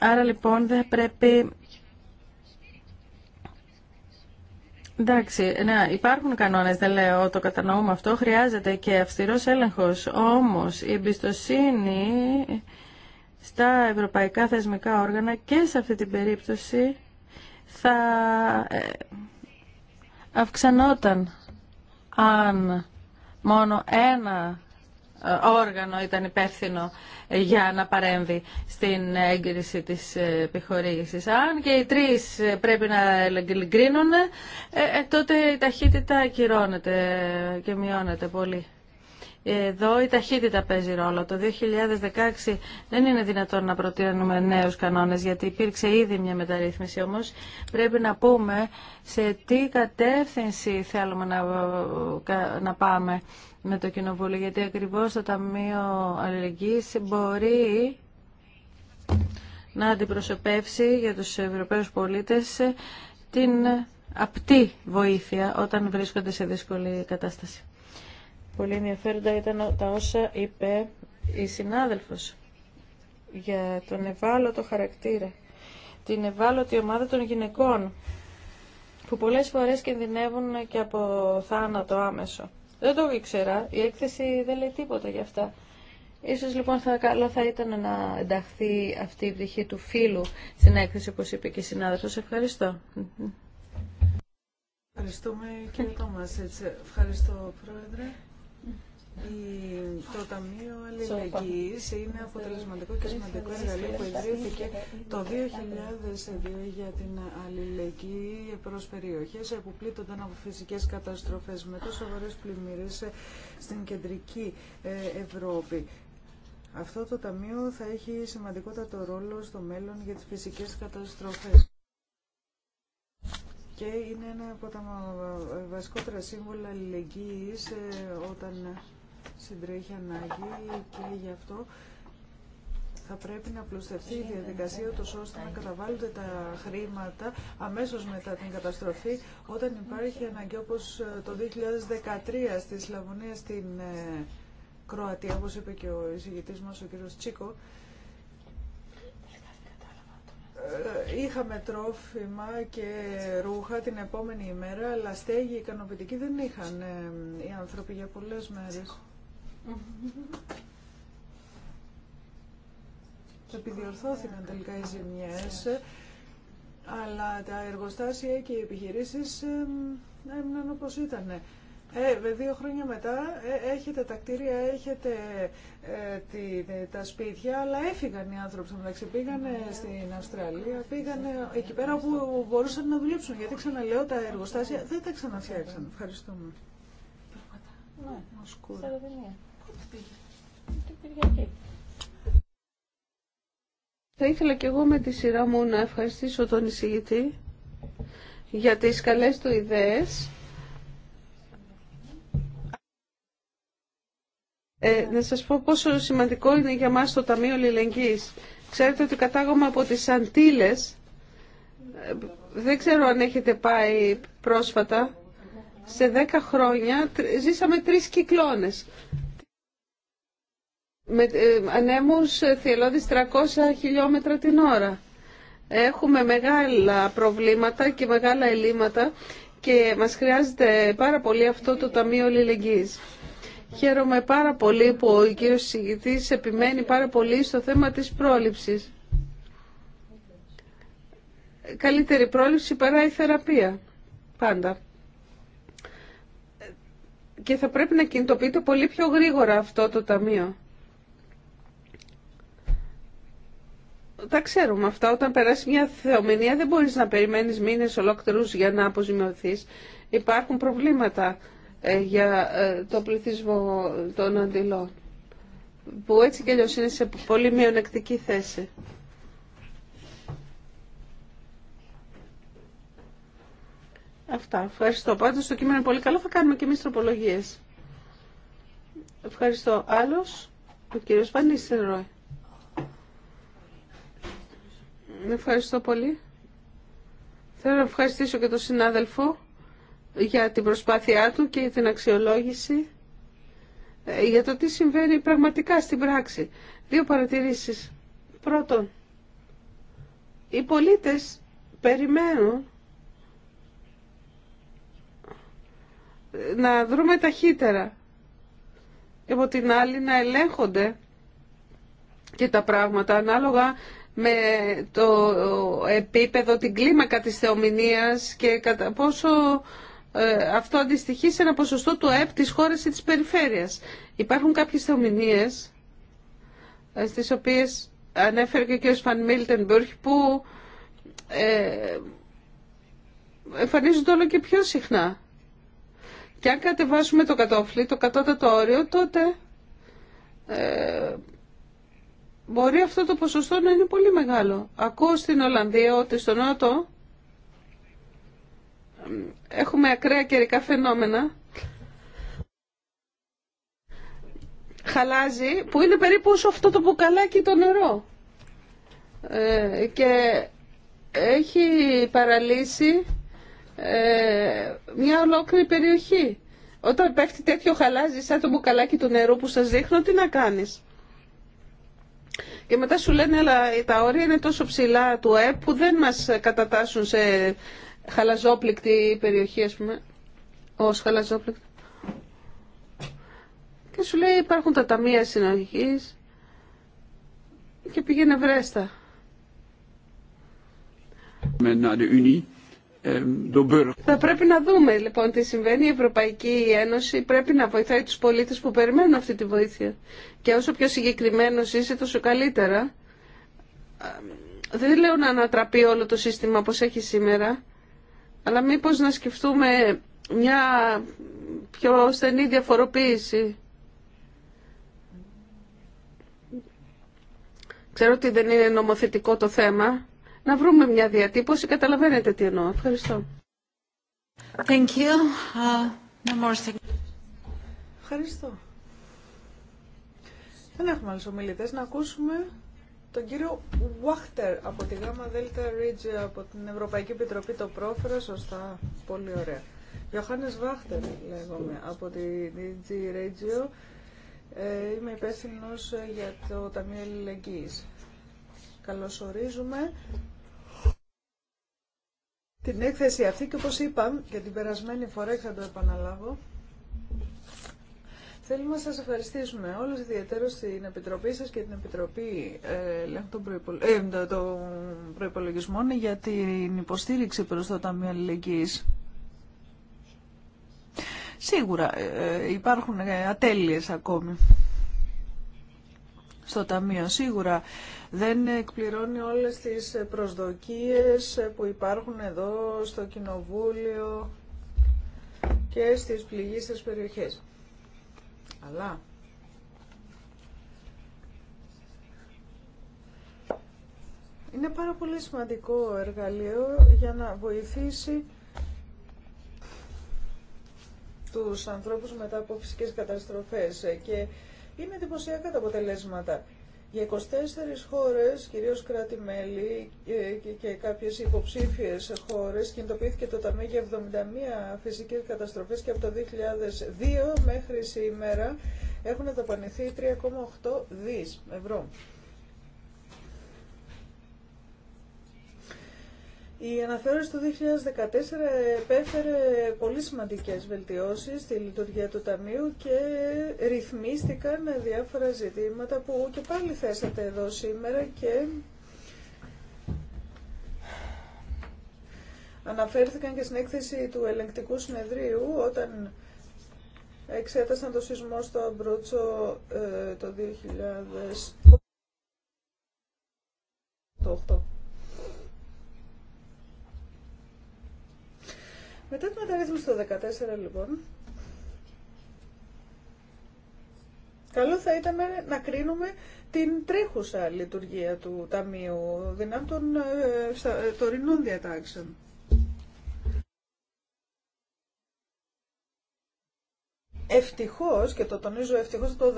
άρα λοιπόν δεν πρέπει Εντάξει, ναι, υπάρχουν κανόνες, δεν λέω, το κατανοούμε αυτό, χρειάζεται και αυστηρός έλεγχος. Όμως η εμπιστοσύνη στα ευρωπαϊκά θεσμικά όργανα και σε αυτή την περίπτωση θα ε, αυξανόταν αν μόνο ένα όργανο ήταν υπεύθυνο για να παρέμβει στην έγκριση της επιχορήγησης. Αν και οι τρεις πρέπει να εγκρίνουν, ε, ε, τότε η ταχύτητα ακυρώνεται και μειώνεται πολύ. Εδώ η ταχύτητα παίζει ρόλο. Το 2016 δεν είναι δυνατόν να προτείνουμε νέους κανόνες, γιατί υπήρξε ήδη μια μεταρρύθμιση. Όμως πρέπει να πούμε σε τι κατεύθυνση θέλουμε να πάμε με το Κοινοβούλιο, γιατί ακριβώς το Ταμείο Αλληλεγγύης μπορεί να αντιπροσωπεύσει για τους Ευρωπαίους πολίτες την απτή βοήθεια όταν βρίσκονται σε δύσκολη κατάσταση. Πολύ ενδιαφέροντα ήταν τα όσα είπε η συνάδελφος για τον ευάλωτο χαρακτήρα, την ευάλωτη ομάδα των γυναικών που πολλές φορές κινδυνεύουν και από θάνατο άμεσο. Δεν το ήξερα. Η έκθεση δεν λέει τίποτα γι' αυτά. Ίσως λοιπόν θα, καλό θα ήταν να ενταχθεί αυτή η πτυχή του φίλου στην έκθεση, όπως είπε και η συνάδελφος. Ευχαριστώ. Ευχαριστούμε το μας. Ευχαριστώ πρόεδρε. Το Ταμείο Αλληλεγγύης είναι αποτελεσματικό και σημαντικό εργαλείο που ιδρύθηκε το 2002 για την αλληλεγγύη προς περιοχές που πλήττονταν από φυσικές καταστροφές με τόσο σοβαρές πλημμύρες στην κεντρική ε, Ευρώπη. Αυτό το Ταμείο θα έχει σημαντικότατο ρόλο στο μέλλον για τις φυσικές καταστροφές και είναι ένα από τα βασικότερα σύμβολα αλληλεγγύης ε, όταν συντρέχει ανάγκη και γι' αυτό θα πρέπει να πλουστευτεί η διαδικασία ούτως ώστε να καταβάλλονται τα χρήματα αμέσως μετά την καταστροφή όταν υπάρχει αναγκή όπως ε, το 2013 στη Σλαβωνία στην ε, Κροατία όπως είπε και ο εισηγητής μας ο κύριος Τσίκο ε, Είχαμε τρόφιμα και ρούχα την επόμενη ημέρα, αλλά στέγη ικανοποιητική δεν είχαν οι άνθρωποι για πολλές μέρες. Επιδιορθώθηκαν τελικά οι ζημιές, αλλά τα εργοστάσια και οι επιχειρήσεις έμειναν όπως ήταν. Ε, δύο χρόνια μετά ε, έχετε τα κτίρια, έχετε ε, τα σπίτια, αλλά έφυγαν οι άνθρωποι Πήγανε στην Αυστραλία, πήγανε εκεί πέρα που μπορούσαν να δουλέψουν. Γιατί ξαναλέω τα εργοστάσια δεν τα ξαναφτιάξαν. Ευχαριστούμε. Ναι, θα ήθελα και εγώ με τη σειρά μου να ευχαριστήσω τον εισηγητή για τις καλές του ιδέες. Ε, να σας πω πόσο σημαντικό είναι για μας το Ταμείο Λιλεγγύης. Ξέρετε ότι κατάγομαι από τις Αντίλες. Ε, δεν ξέρω αν έχετε πάει πρόσφατα. Σε 10 χρόνια ζήσαμε τρεις κυκλώνες με ε, ανέμους ε, θελώδης 300 χιλιόμετρα την ώρα. Έχουμε μεγάλα προβλήματα και μεγάλα ελλείμματα και μας χρειάζεται πάρα πολύ αυτό το Ταμείο Λιλεγγύης. Χαίρομαι πάρα πολύ που ο κύριος συγητής επιμένει πάρα πολύ στο θέμα της πρόληψης. Καλύτερη πρόληψη παρά η θεραπεία, πάντα. Και θα πρέπει να κινητοποιείται πολύ πιο γρήγορα αυτό το Ταμείο. τα ξέρουμε αυτά. Όταν περάσει μια θεομηνία δεν μπορείς να περιμένεις μήνες ολόκληρους για να αποζημιωθείς. Υπάρχουν προβλήματα ε, για ε, το πληθυσμό των αντιλών που έτσι και αλλιώς είναι σε πολύ μειονεκτική θέση. Αυτά. Ευχαριστώ. Πάντως το κείμενο είναι πολύ καλό. Θα κάνουμε και εμείς τροπολογίες. Ευχαριστώ. Άλλος, ο κύριος Βανίστερ Ρόι. Ευχαριστώ πολύ. Θέλω να ευχαριστήσω και τον συνάδελφο για την προσπάθειά του και την αξιολόγηση ε, για το τι συμβαίνει πραγματικά στην πράξη. Δύο παρατηρήσεις. Πρώτον, οι πολίτες περιμένουν να δρούμε ταχύτερα και από την άλλη να ελέγχονται και τα πράγματα ανάλογα με το επίπεδο, την κλίμακα της θεομηνίας και κατά πόσο ε, αυτό αντιστοιχεί σε ένα ποσοστό του επ της χώρας ή της περιφέρειας. Υπάρχουν κάποιες θεομηνίες ε, στις οποίες ανέφερε και ο κ. Φαν Μίλτενμπουργκ που ε, εμφανίζονται όλο και πιο συχνά. Και αν κατεβάσουμε το κατόφλι, το κατώτατο όριο, τότε ε, μπορεί αυτό το ποσοστό να είναι πολύ μεγάλο. Ακούω στην Ολλανδία ότι στο Νότο έχουμε ακραία καιρικά φαινόμενα. Χαλάζει, που είναι περίπου όσο αυτό το μπουκαλάκι το νερό. Ε, και έχει παραλύσει ε, μια ολόκληρη περιοχή. Όταν πέφτει τέτοιο χαλάζι σαν το μπουκαλάκι του νερού που σας δείχνω, τι να κάνεις. Και μετά σου λένε, αλλά τα όρια είναι τόσο ψηλά του ΕΠ που δεν μας κατατάσσουν σε χαλαζόπληκτη περιοχή, ας πούμε. Ως χαλαζόπληκτη. Και σου λέει υπάρχουν τα ταμεία συνοχή και πήγαινε βρέστα. Θα πρέπει να δούμε λοιπόν τι συμβαίνει. Η Ευρωπαϊκή Ένωση πρέπει να βοηθάει τους πολίτες που περιμένουν αυτή τη βοήθεια. Και όσο πιο συγκεκριμένο είσαι τόσο καλύτερα. Δεν λέω να ανατραπεί όλο το σύστημα όπως έχει σήμερα, αλλά μήπως να σκεφτούμε μια πιο στενή διαφοροποίηση. Ξέρω ότι δεν είναι νομοθετικό το θέμα, να βρούμε μια διατύπωση. Καταλαβαίνετε τι εννοώ. Ευχαριστώ. Thank you. Uh, no more Ευχαριστώ. Δεν έχουμε άλλους ομιλητές. Να ακούσουμε τον κύριο Βάχτερ από τη ΓΑΜΑ ΔΕΛΤΑ Ridge από την Ευρωπαϊκή Επιτροπή. Το πρόφερα σωστά. Πολύ ωραία. Ιωάννης Βάχτερ λέγομαι από τη DG Radio. Ε, είμαι υπεύθυνο για το Ταμείο Ελληνικής καλωσορίζουμε την έκθεση αυτή και όπως είπα και την περασμένη φορά θα το επαναλάβω Θέλουμε να σας ευχαριστήσουμε όλους ιδιαίτερως στην Επιτροπή σας και την Επιτροπή ε, ε, των Προϋπολογισμών για την υποστήριξη προς το Ταμείο Αλληλεγγύης. Σίγουρα ε, ε, υπάρχουν ατέλειες ακόμη στο Ταμείο. Σίγουρα δεν εκπληρώνει όλες τις προσδοκίες που υπάρχουν εδώ στο Κοινοβούλιο και στις πληγήσεις περιοχές. Αλλά είναι πάρα πολύ σημαντικό εργαλείο για να βοηθήσει τους ανθρώπους μετά από φυσικές καταστροφές και είναι εντυπωσιακά τα αποτελέσματα. Για 24 χώρες, κυρίως κράτη-μέλη ε, και κάποιες υποψήφιες χώρες, κινητοποιήθηκε το Ταμείο για 71 φυσικές καταστροφές και από το 2002 μέχρι σήμερα έχουν δαπανηθεί 3,8 δις ευρώ. Η αναθεώρηση του 2014 επέφερε πολύ σημαντικές βελτιώσεις στη λειτουργία του Ταμείου και ρυθμίστηκαν διάφορα ζητήματα που και πάλι θέσατε εδώ σήμερα και αναφέρθηκαν και στην έκθεση του ελεγκτικού συνεδρίου όταν εξέτασαν το σεισμό στο Αμπρούτσο ε, το 2008. Μετά τη μεταρρύθμι στο 14, λοιπόν, καλό θα ήταν να κρίνουμε την τρέχουσα λειτουργία του Ταμείου δυνάμεων των ε, ε, τωρινών διατάξεων. Ευτυχώς, και το τονίζω ευτυχώς το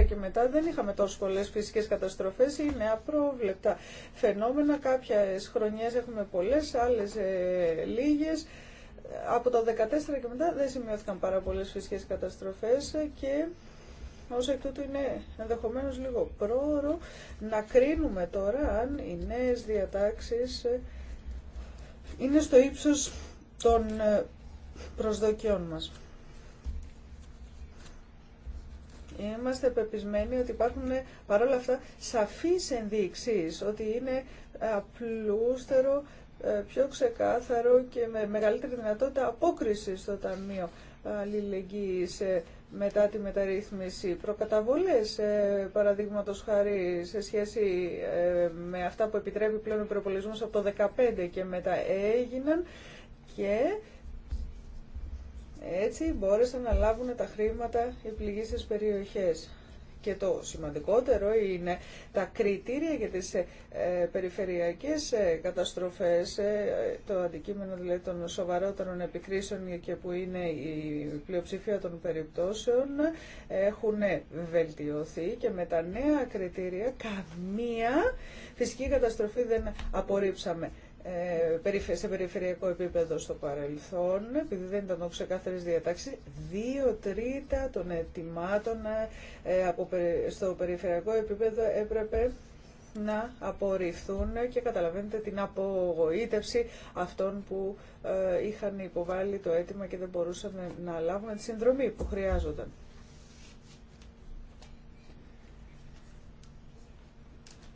2014 και μετά δεν είχαμε τόσο πολλές φυσικές καταστροφές, είναι απρόβλεπτα φαινόμενα. Κάποιες χρονιές έχουμε πολλές, άλλες ε, λίγες από το 2014 και μετά δεν σημειώθηκαν πάρα πολλέ φυσικέ καταστροφές και ως εκ τούτου είναι ενδεχομένως λίγο πρόωρο να κρίνουμε τώρα αν οι νέε διατάξει είναι στο ύψος των ε, προσδοκιών μας. Είμαστε πεπισμένοι ότι υπάρχουν ε, παρόλα αυτά σαφείς ενδείξεις ότι είναι απλούστερο ε, πιο ξεκάθαρο και με μεγαλύτερη δυνατότητα απόκριση στο Ταμείο Αλληλεγγύης ε, μετά τη μεταρρύθμιση. Προκαταβολές, ε, παραδείγματο χάρη, σε σχέση με αυτά που επιτρέπει πλέον ο προπολογισμός από το 2015 και μετά έγιναν και έτσι μπόρεσαν να λάβουν τα χρήματα οι πληγήσεις περιοχές. Και το σημαντικότερο είναι τα κριτήρια για τις ε, περιφερειακές ε, καταστροφές, ε, το αντικείμενο δηλαδή των σοβαρότερων επικρίσεων και που είναι η πλειοψηφία των περιπτώσεων, έχουν βελτιωθεί και με τα νέα κριτήρια καμία φυσική καταστροφή δεν απορρίψαμε. Ε, σε περιφερειακό επίπεδο στο παρελθόν, επειδή δεν ήταν ξεκάθαρες διατάξεις, δύο τρίτα των ετοιμάτων ε, ε, από, στο περιφερειακό επίπεδο έπρεπε να απορριφθούν και καταλαβαίνετε την απογοήτευση αυτών που είχαν υποβάλει το αίτημα και δεν μπορούσαν να λάβουν τη συνδρομή που χρειάζονταν.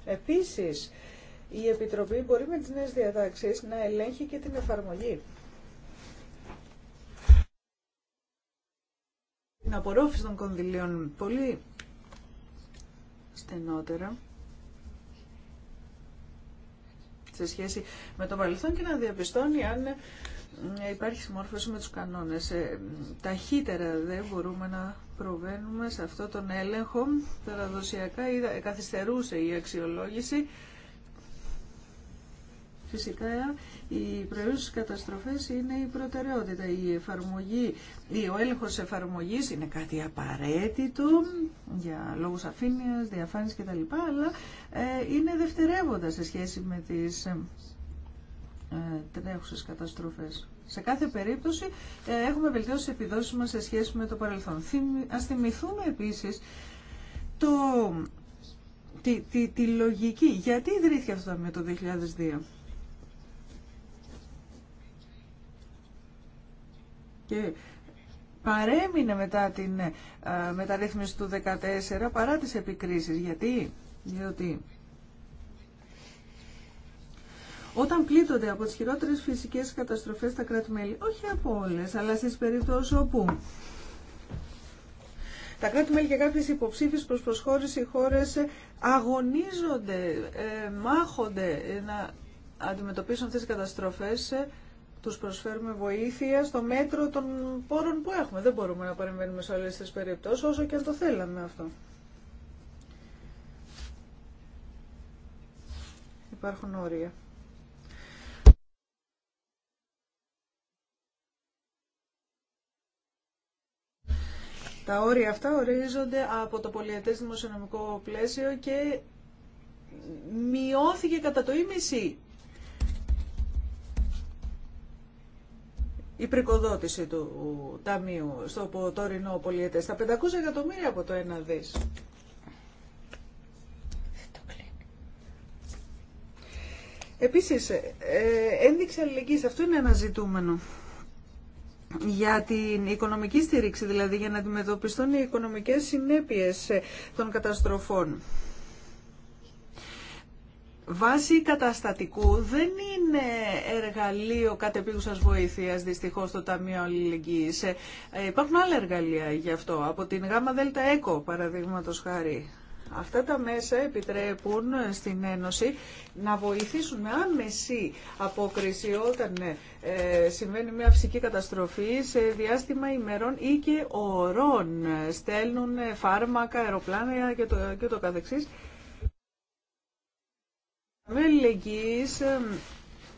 Επίσης, η Επιτροπή μπορεί με τις νέες διατάξεις να ελέγχει και την εφαρμογή. Την απορρόφηση των κονδυλίων πολύ στενότερα σε σχέση με το παρελθόν και να διαπιστώνει αν ε, υπάρχει συμμόρφωση με τους κανόνες. Ε, ταχύτερα δεν μπορούμε να προβαίνουμε σε αυτό τον έλεγχο. Παραδοσιακά καθυστερούσε η αξιολόγηση Φυσικά οι προϊόντες καταστροφές είναι η προτεραιότητα. Η εφαρμογή, ο έλεγχος εφαρμογής είναι κάτι απαραίτητο για λόγους αφήνειας, διαφάνειας κτλ. Αλλά ε, είναι δευτερεύοντα σε σχέση με τις ε, τρέχουσες καταστροφές. Σε κάθε περίπτωση ε, έχουμε βελτιώσει τις επιδόσεις μας σε σχέση με το παρελθόν. Α θυμηθούμε επίσης το, τη, τη, τη λογική. Γιατί ιδρύθηκε αυτό το το 2002. και παρέμεινε μετά την ε, μεταρρύθμιση του 2014 παρά τις επικρίσεις. Γιατί, όταν πλήττονται από τις χειρότερες φυσικές καταστροφές τα κράτη-μέλη, όχι από όλες, αλλά στις περιπτώσεις όπου τα κράτη-μέλη και κάποιες υποψήφιες προς προσχώρηση χώρες αγωνίζονται, ε, μάχονται να αντιμετωπίσουν αυτές τις καταστροφές ε, τους προσφέρουμε βοήθεια στο μέτρο των πόρων που έχουμε. Δεν μπορούμε να παρεμβαίνουμε σε όλες τις περιπτώσεις, όσο και αν το θέλαμε αυτό. Υπάρχουν όρια. Τα όρια αυτά ορίζονται από το πολιετές δημοσιονομικό πλαίσιο και μειώθηκε κατά το ίμιση η πρικοδότηση του Ταμείου στο τωρινό πολιετές, στα 500 εκατομμύρια από το 1 δις. Επίσης, ε, ένδειξη αλληλεγγύη αυτό είναι ένα ζητούμενο για την οικονομική στήριξη, δηλαδή για να αντιμετωπιστούν οι οικονομικέ συνέπειες ε, των καταστροφών βάση καταστατικού δεν είναι εργαλείο κατεπίγουσας βοήθειας δυστυχώς το Ταμείο Αλληλεγγύης. Ε, υπάρχουν άλλα εργαλεία γι' αυτό, από την ΓΑΜΑ ΔΕΛΤΑ ΕΚΟ παραδείγματος χάρη. Αυτά τα μέσα επιτρέπουν στην Ένωση να βοηθήσουν με άμεση απόκριση όταν ε, συμβαίνει μια φυσική καταστροφή σε διάστημα ημερών ή και ωρών. Στέλνουν φάρμακα, αεροπλάνα και το, και το καθεξής αλληλεγγύης ε,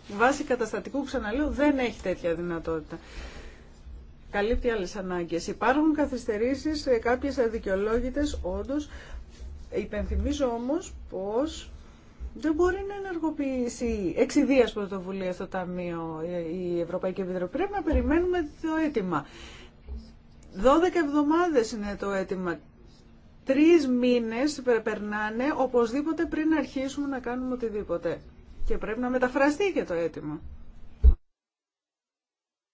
βάση καταστατικού ξαναλέω δεν έχει τέτοια δυνατότητα. Καλύπτει άλλε ανάγκες. Υπάρχουν καθυστερήσεις ε, κάποιες αδικαιολόγητες όντως. Υπενθυμίζω όμως πως δεν μπορεί να ενεργοποιήσει εξιδίας πρωτοβουλία στο Ταμείο ε, η Ευρωπαϊκή Επιτροπή. Πρέπει να περιμένουμε το αίτημα. 12 εβδομάδες είναι το αίτημα. Τρεις μήνες περνάνε οπωσδήποτε πριν αρχίσουμε να κάνουμε οτιδήποτε. Και πρέπει να μεταφραστεί και το αίτημα.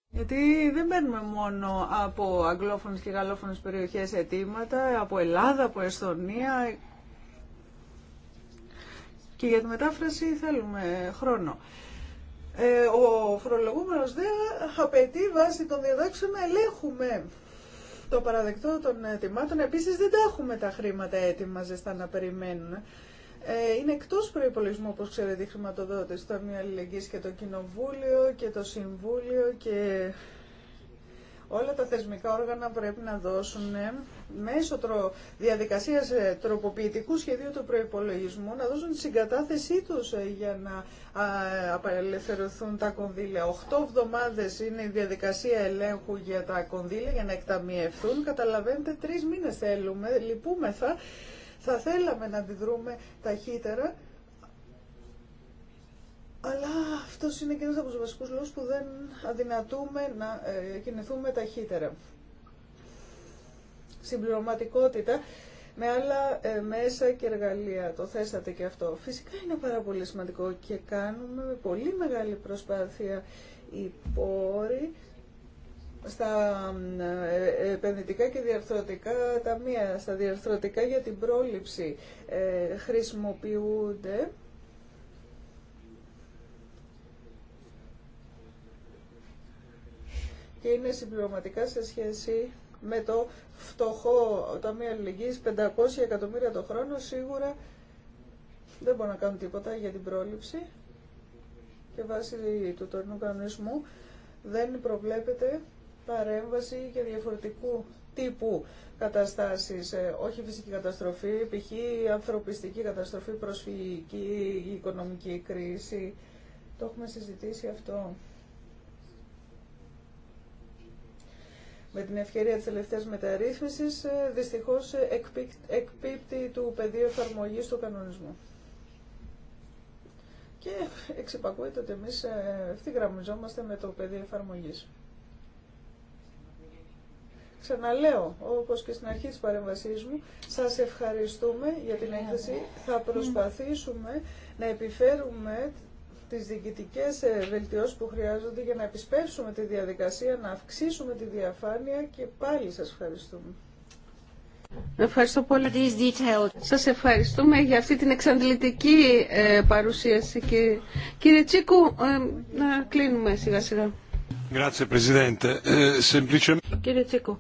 Γιατί δεν παίρνουμε μόνο από αγγλόφωνες και γαλλόφωνες περιοχές αιτήματα, από Ελλάδα, από Εστονία. Και για τη μετάφραση θέλουμε χρόνο. Ε, ο φορολογούμενος δεν απαιτεί βάσει των διατάξεων να ελέγχουμε το παραδεκτό των ετοιμάτων. Επίσης δεν τα έχουμε τα χρήματα έτοιμα ζεστά να περιμένουν. Ε, είναι εκτός προϋπολογισμού, όπως ξέρετε, η χρηματοδότηση, το Ταμείο Αλληλεγγύης και το Κοινοβούλιο και το Συμβούλιο και όλα τα θεσμικά όργανα πρέπει να δώσουν ε, μέσω τρο, διαδικασίας ε, τροποποιητικού σχεδίου του προϋπολογισμού να δώσουν τη συγκατάθεσή τους ε, για να απελευθερωθούν τα κονδύλια. Οχτώ εβδομάδες είναι η διαδικασία ελέγχου για τα κονδύλια για να εκταμιευθούν. Καταλαβαίνετε, τρεις μήνες θέλουμε, λυπούμεθα. Θα θέλαμε να αντιδρούμε ταχύτερα αλλά αυτό είναι και ένα από του βασικού λόγου που δεν αδυνατούμε να ε, κινηθούμε ταχύτερα. Συμπληρωματικότητα με άλλα ε, μέσα και εργαλεία. Το θέσατε και αυτό. Φυσικά είναι πάρα πολύ σημαντικό και κάνουμε με πολύ μεγάλη προσπάθεια οι πόροι στα ε, επενδυτικά και διαρθρωτικά ταμεία, στα διαρθρωτικά για την πρόληψη ε, χρησιμοποιούνται και είναι συμπληρωματικά σε σχέση με το φτωχό Ταμείο Αλληλεγγύης, 500 εκατομμύρια το χρόνο, σίγουρα δεν μπορούν να κάνουν τίποτα για την πρόληψη και βάσει του τωρινού κανονισμού δεν προβλέπεται παρέμβαση και διαφορετικού τύπου καταστάσεις, ε, όχι φυσική καταστροφή, π.χ. ανθρωπιστική καταστροφή, προσφυγική, οικονομική κρίση. Το έχουμε συζητήσει αυτό. με την ευκαιρία της τελευταίας μεταρρύθμισης, ε, δυστυχώς ε, εκπίπτει του πεδίου εφαρμογής του κανονισμού. Και εξυπακούεται ότι εμείς ε, ευθυγραμμιζόμαστε με το πεδίο εφαρμογής. Ξαναλέω, όπως και στην αρχή της παρέμβασής μου, σας ευχαριστούμε για την έκθεση. Θα προσπαθήσουμε να επιφέρουμε τις διοικητικές ε, βελτιώσεις που χρειάζονται για να επισπεύσουμε τη διαδικασία, να αυξήσουμε τη διαφάνεια και πάλι σας ευχαριστούμε. Ευχαριστώ πολύ. Σας ευχαριστούμε για αυτή την εξαντλητική ε, παρουσίαση. Και... Κύριε Τσίκου, ε, να κλείνουμε σιγά σιγά. Κύριε Τσίκου,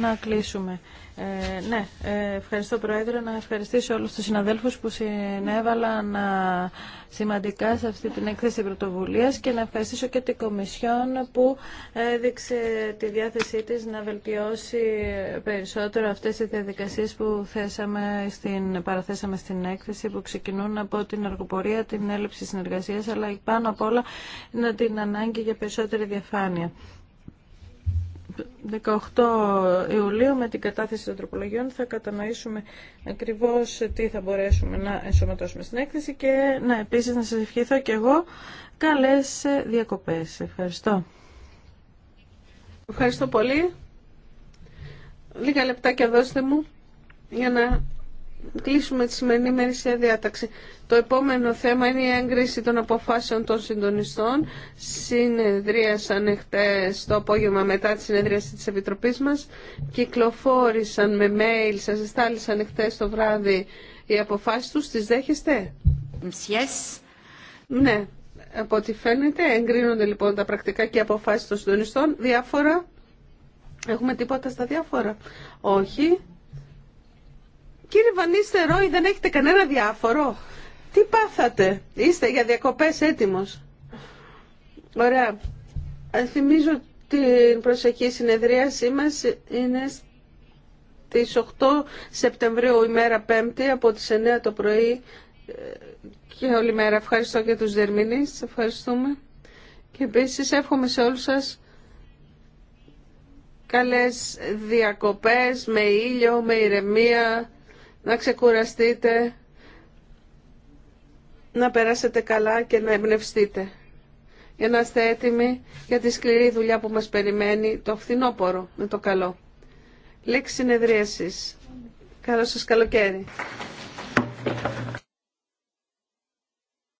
να κλείσουμε. Ε, ναι, ε, ευχαριστώ Πρόεδρε. Να ευχαριστήσω όλους τους συναδέλφους που συνέβαλαν ε, σημαντικά σε αυτή την έκθεση πρωτοβουλίας και να ευχαριστήσω και την Κομισιόν που έδειξε τη διάθεσή της να βελτιώσει περισσότερο αυτές οι διαδικασίες που θέσαμε στην, παραθέσαμε στην έκθεση που ξεκινούν από την αργοπορία, την έλλειψη συνεργασίας αλλά πάνω απ' όλα την ανάγκη για περισσότερη διαφάνεια. 18 Ιουλίου με την κατάθεση των τροπολογιών θα κατανοήσουμε ακριβώς τι θα μπορέσουμε να ενσωματώσουμε στην έκθεση και να επίσης να σας ευχηθώ και εγώ καλές διακοπές. Ευχαριστώ. Ευχαριστώ πολύ. Λίγα λεπτάκια δώστε μου για να κλείσουμε τη σημερινή μέρη σε διάταξη. Το επόμενο θέμα είναι η έγκριση των αποφάσεων των συντονιστών. Συνεδρίασαν εχθές το απόγευμα μετά τη συνεδρίαση της Επιτροπής μας. Κυκλοφόρησαν με mail, σας εστάλησαν εχθές το βράδυ οι αποφάσεις τους. Τις δέχεστε? Yes. Ναι. Από ό,τι φαίνεται εγκρίνονται λοιπόν τα πρακτικά και οι αποφάσεις των συντονιστών. Διάφορα. Έχουμε τίποτα στα διάφορα. Όχι. Κύριε Βανίστερο, Ρόι, δεν έχετε κανένα διάφορο. Τι πάθατε. Είστε για διακοπές έτοιμος. Ωραία. Ε, θυμίζω την προσεχή συνεδρίασή μας είναι στις 8 Σεπτεμβρίου ημέρα 5η από τις 9 το πρωί ε, και όλη μέρα. Ευχαριστώ και τους Δερμηνείς. Ευχαριστούμε. Και επίσης εύχομαι σε όλους σας καλές διακοπές με ήλιο, με ηρεμία να ξεκουραστείτε, να περάσετε καλά και να εμπνευστείτε. Για να είστε έτοιμοι για τη σκληρή δουλειά που μας περιμένει το φθινόπωρο με το καλό. Λέξη συνεδρίασης. Καλό σας καλοκαίρι.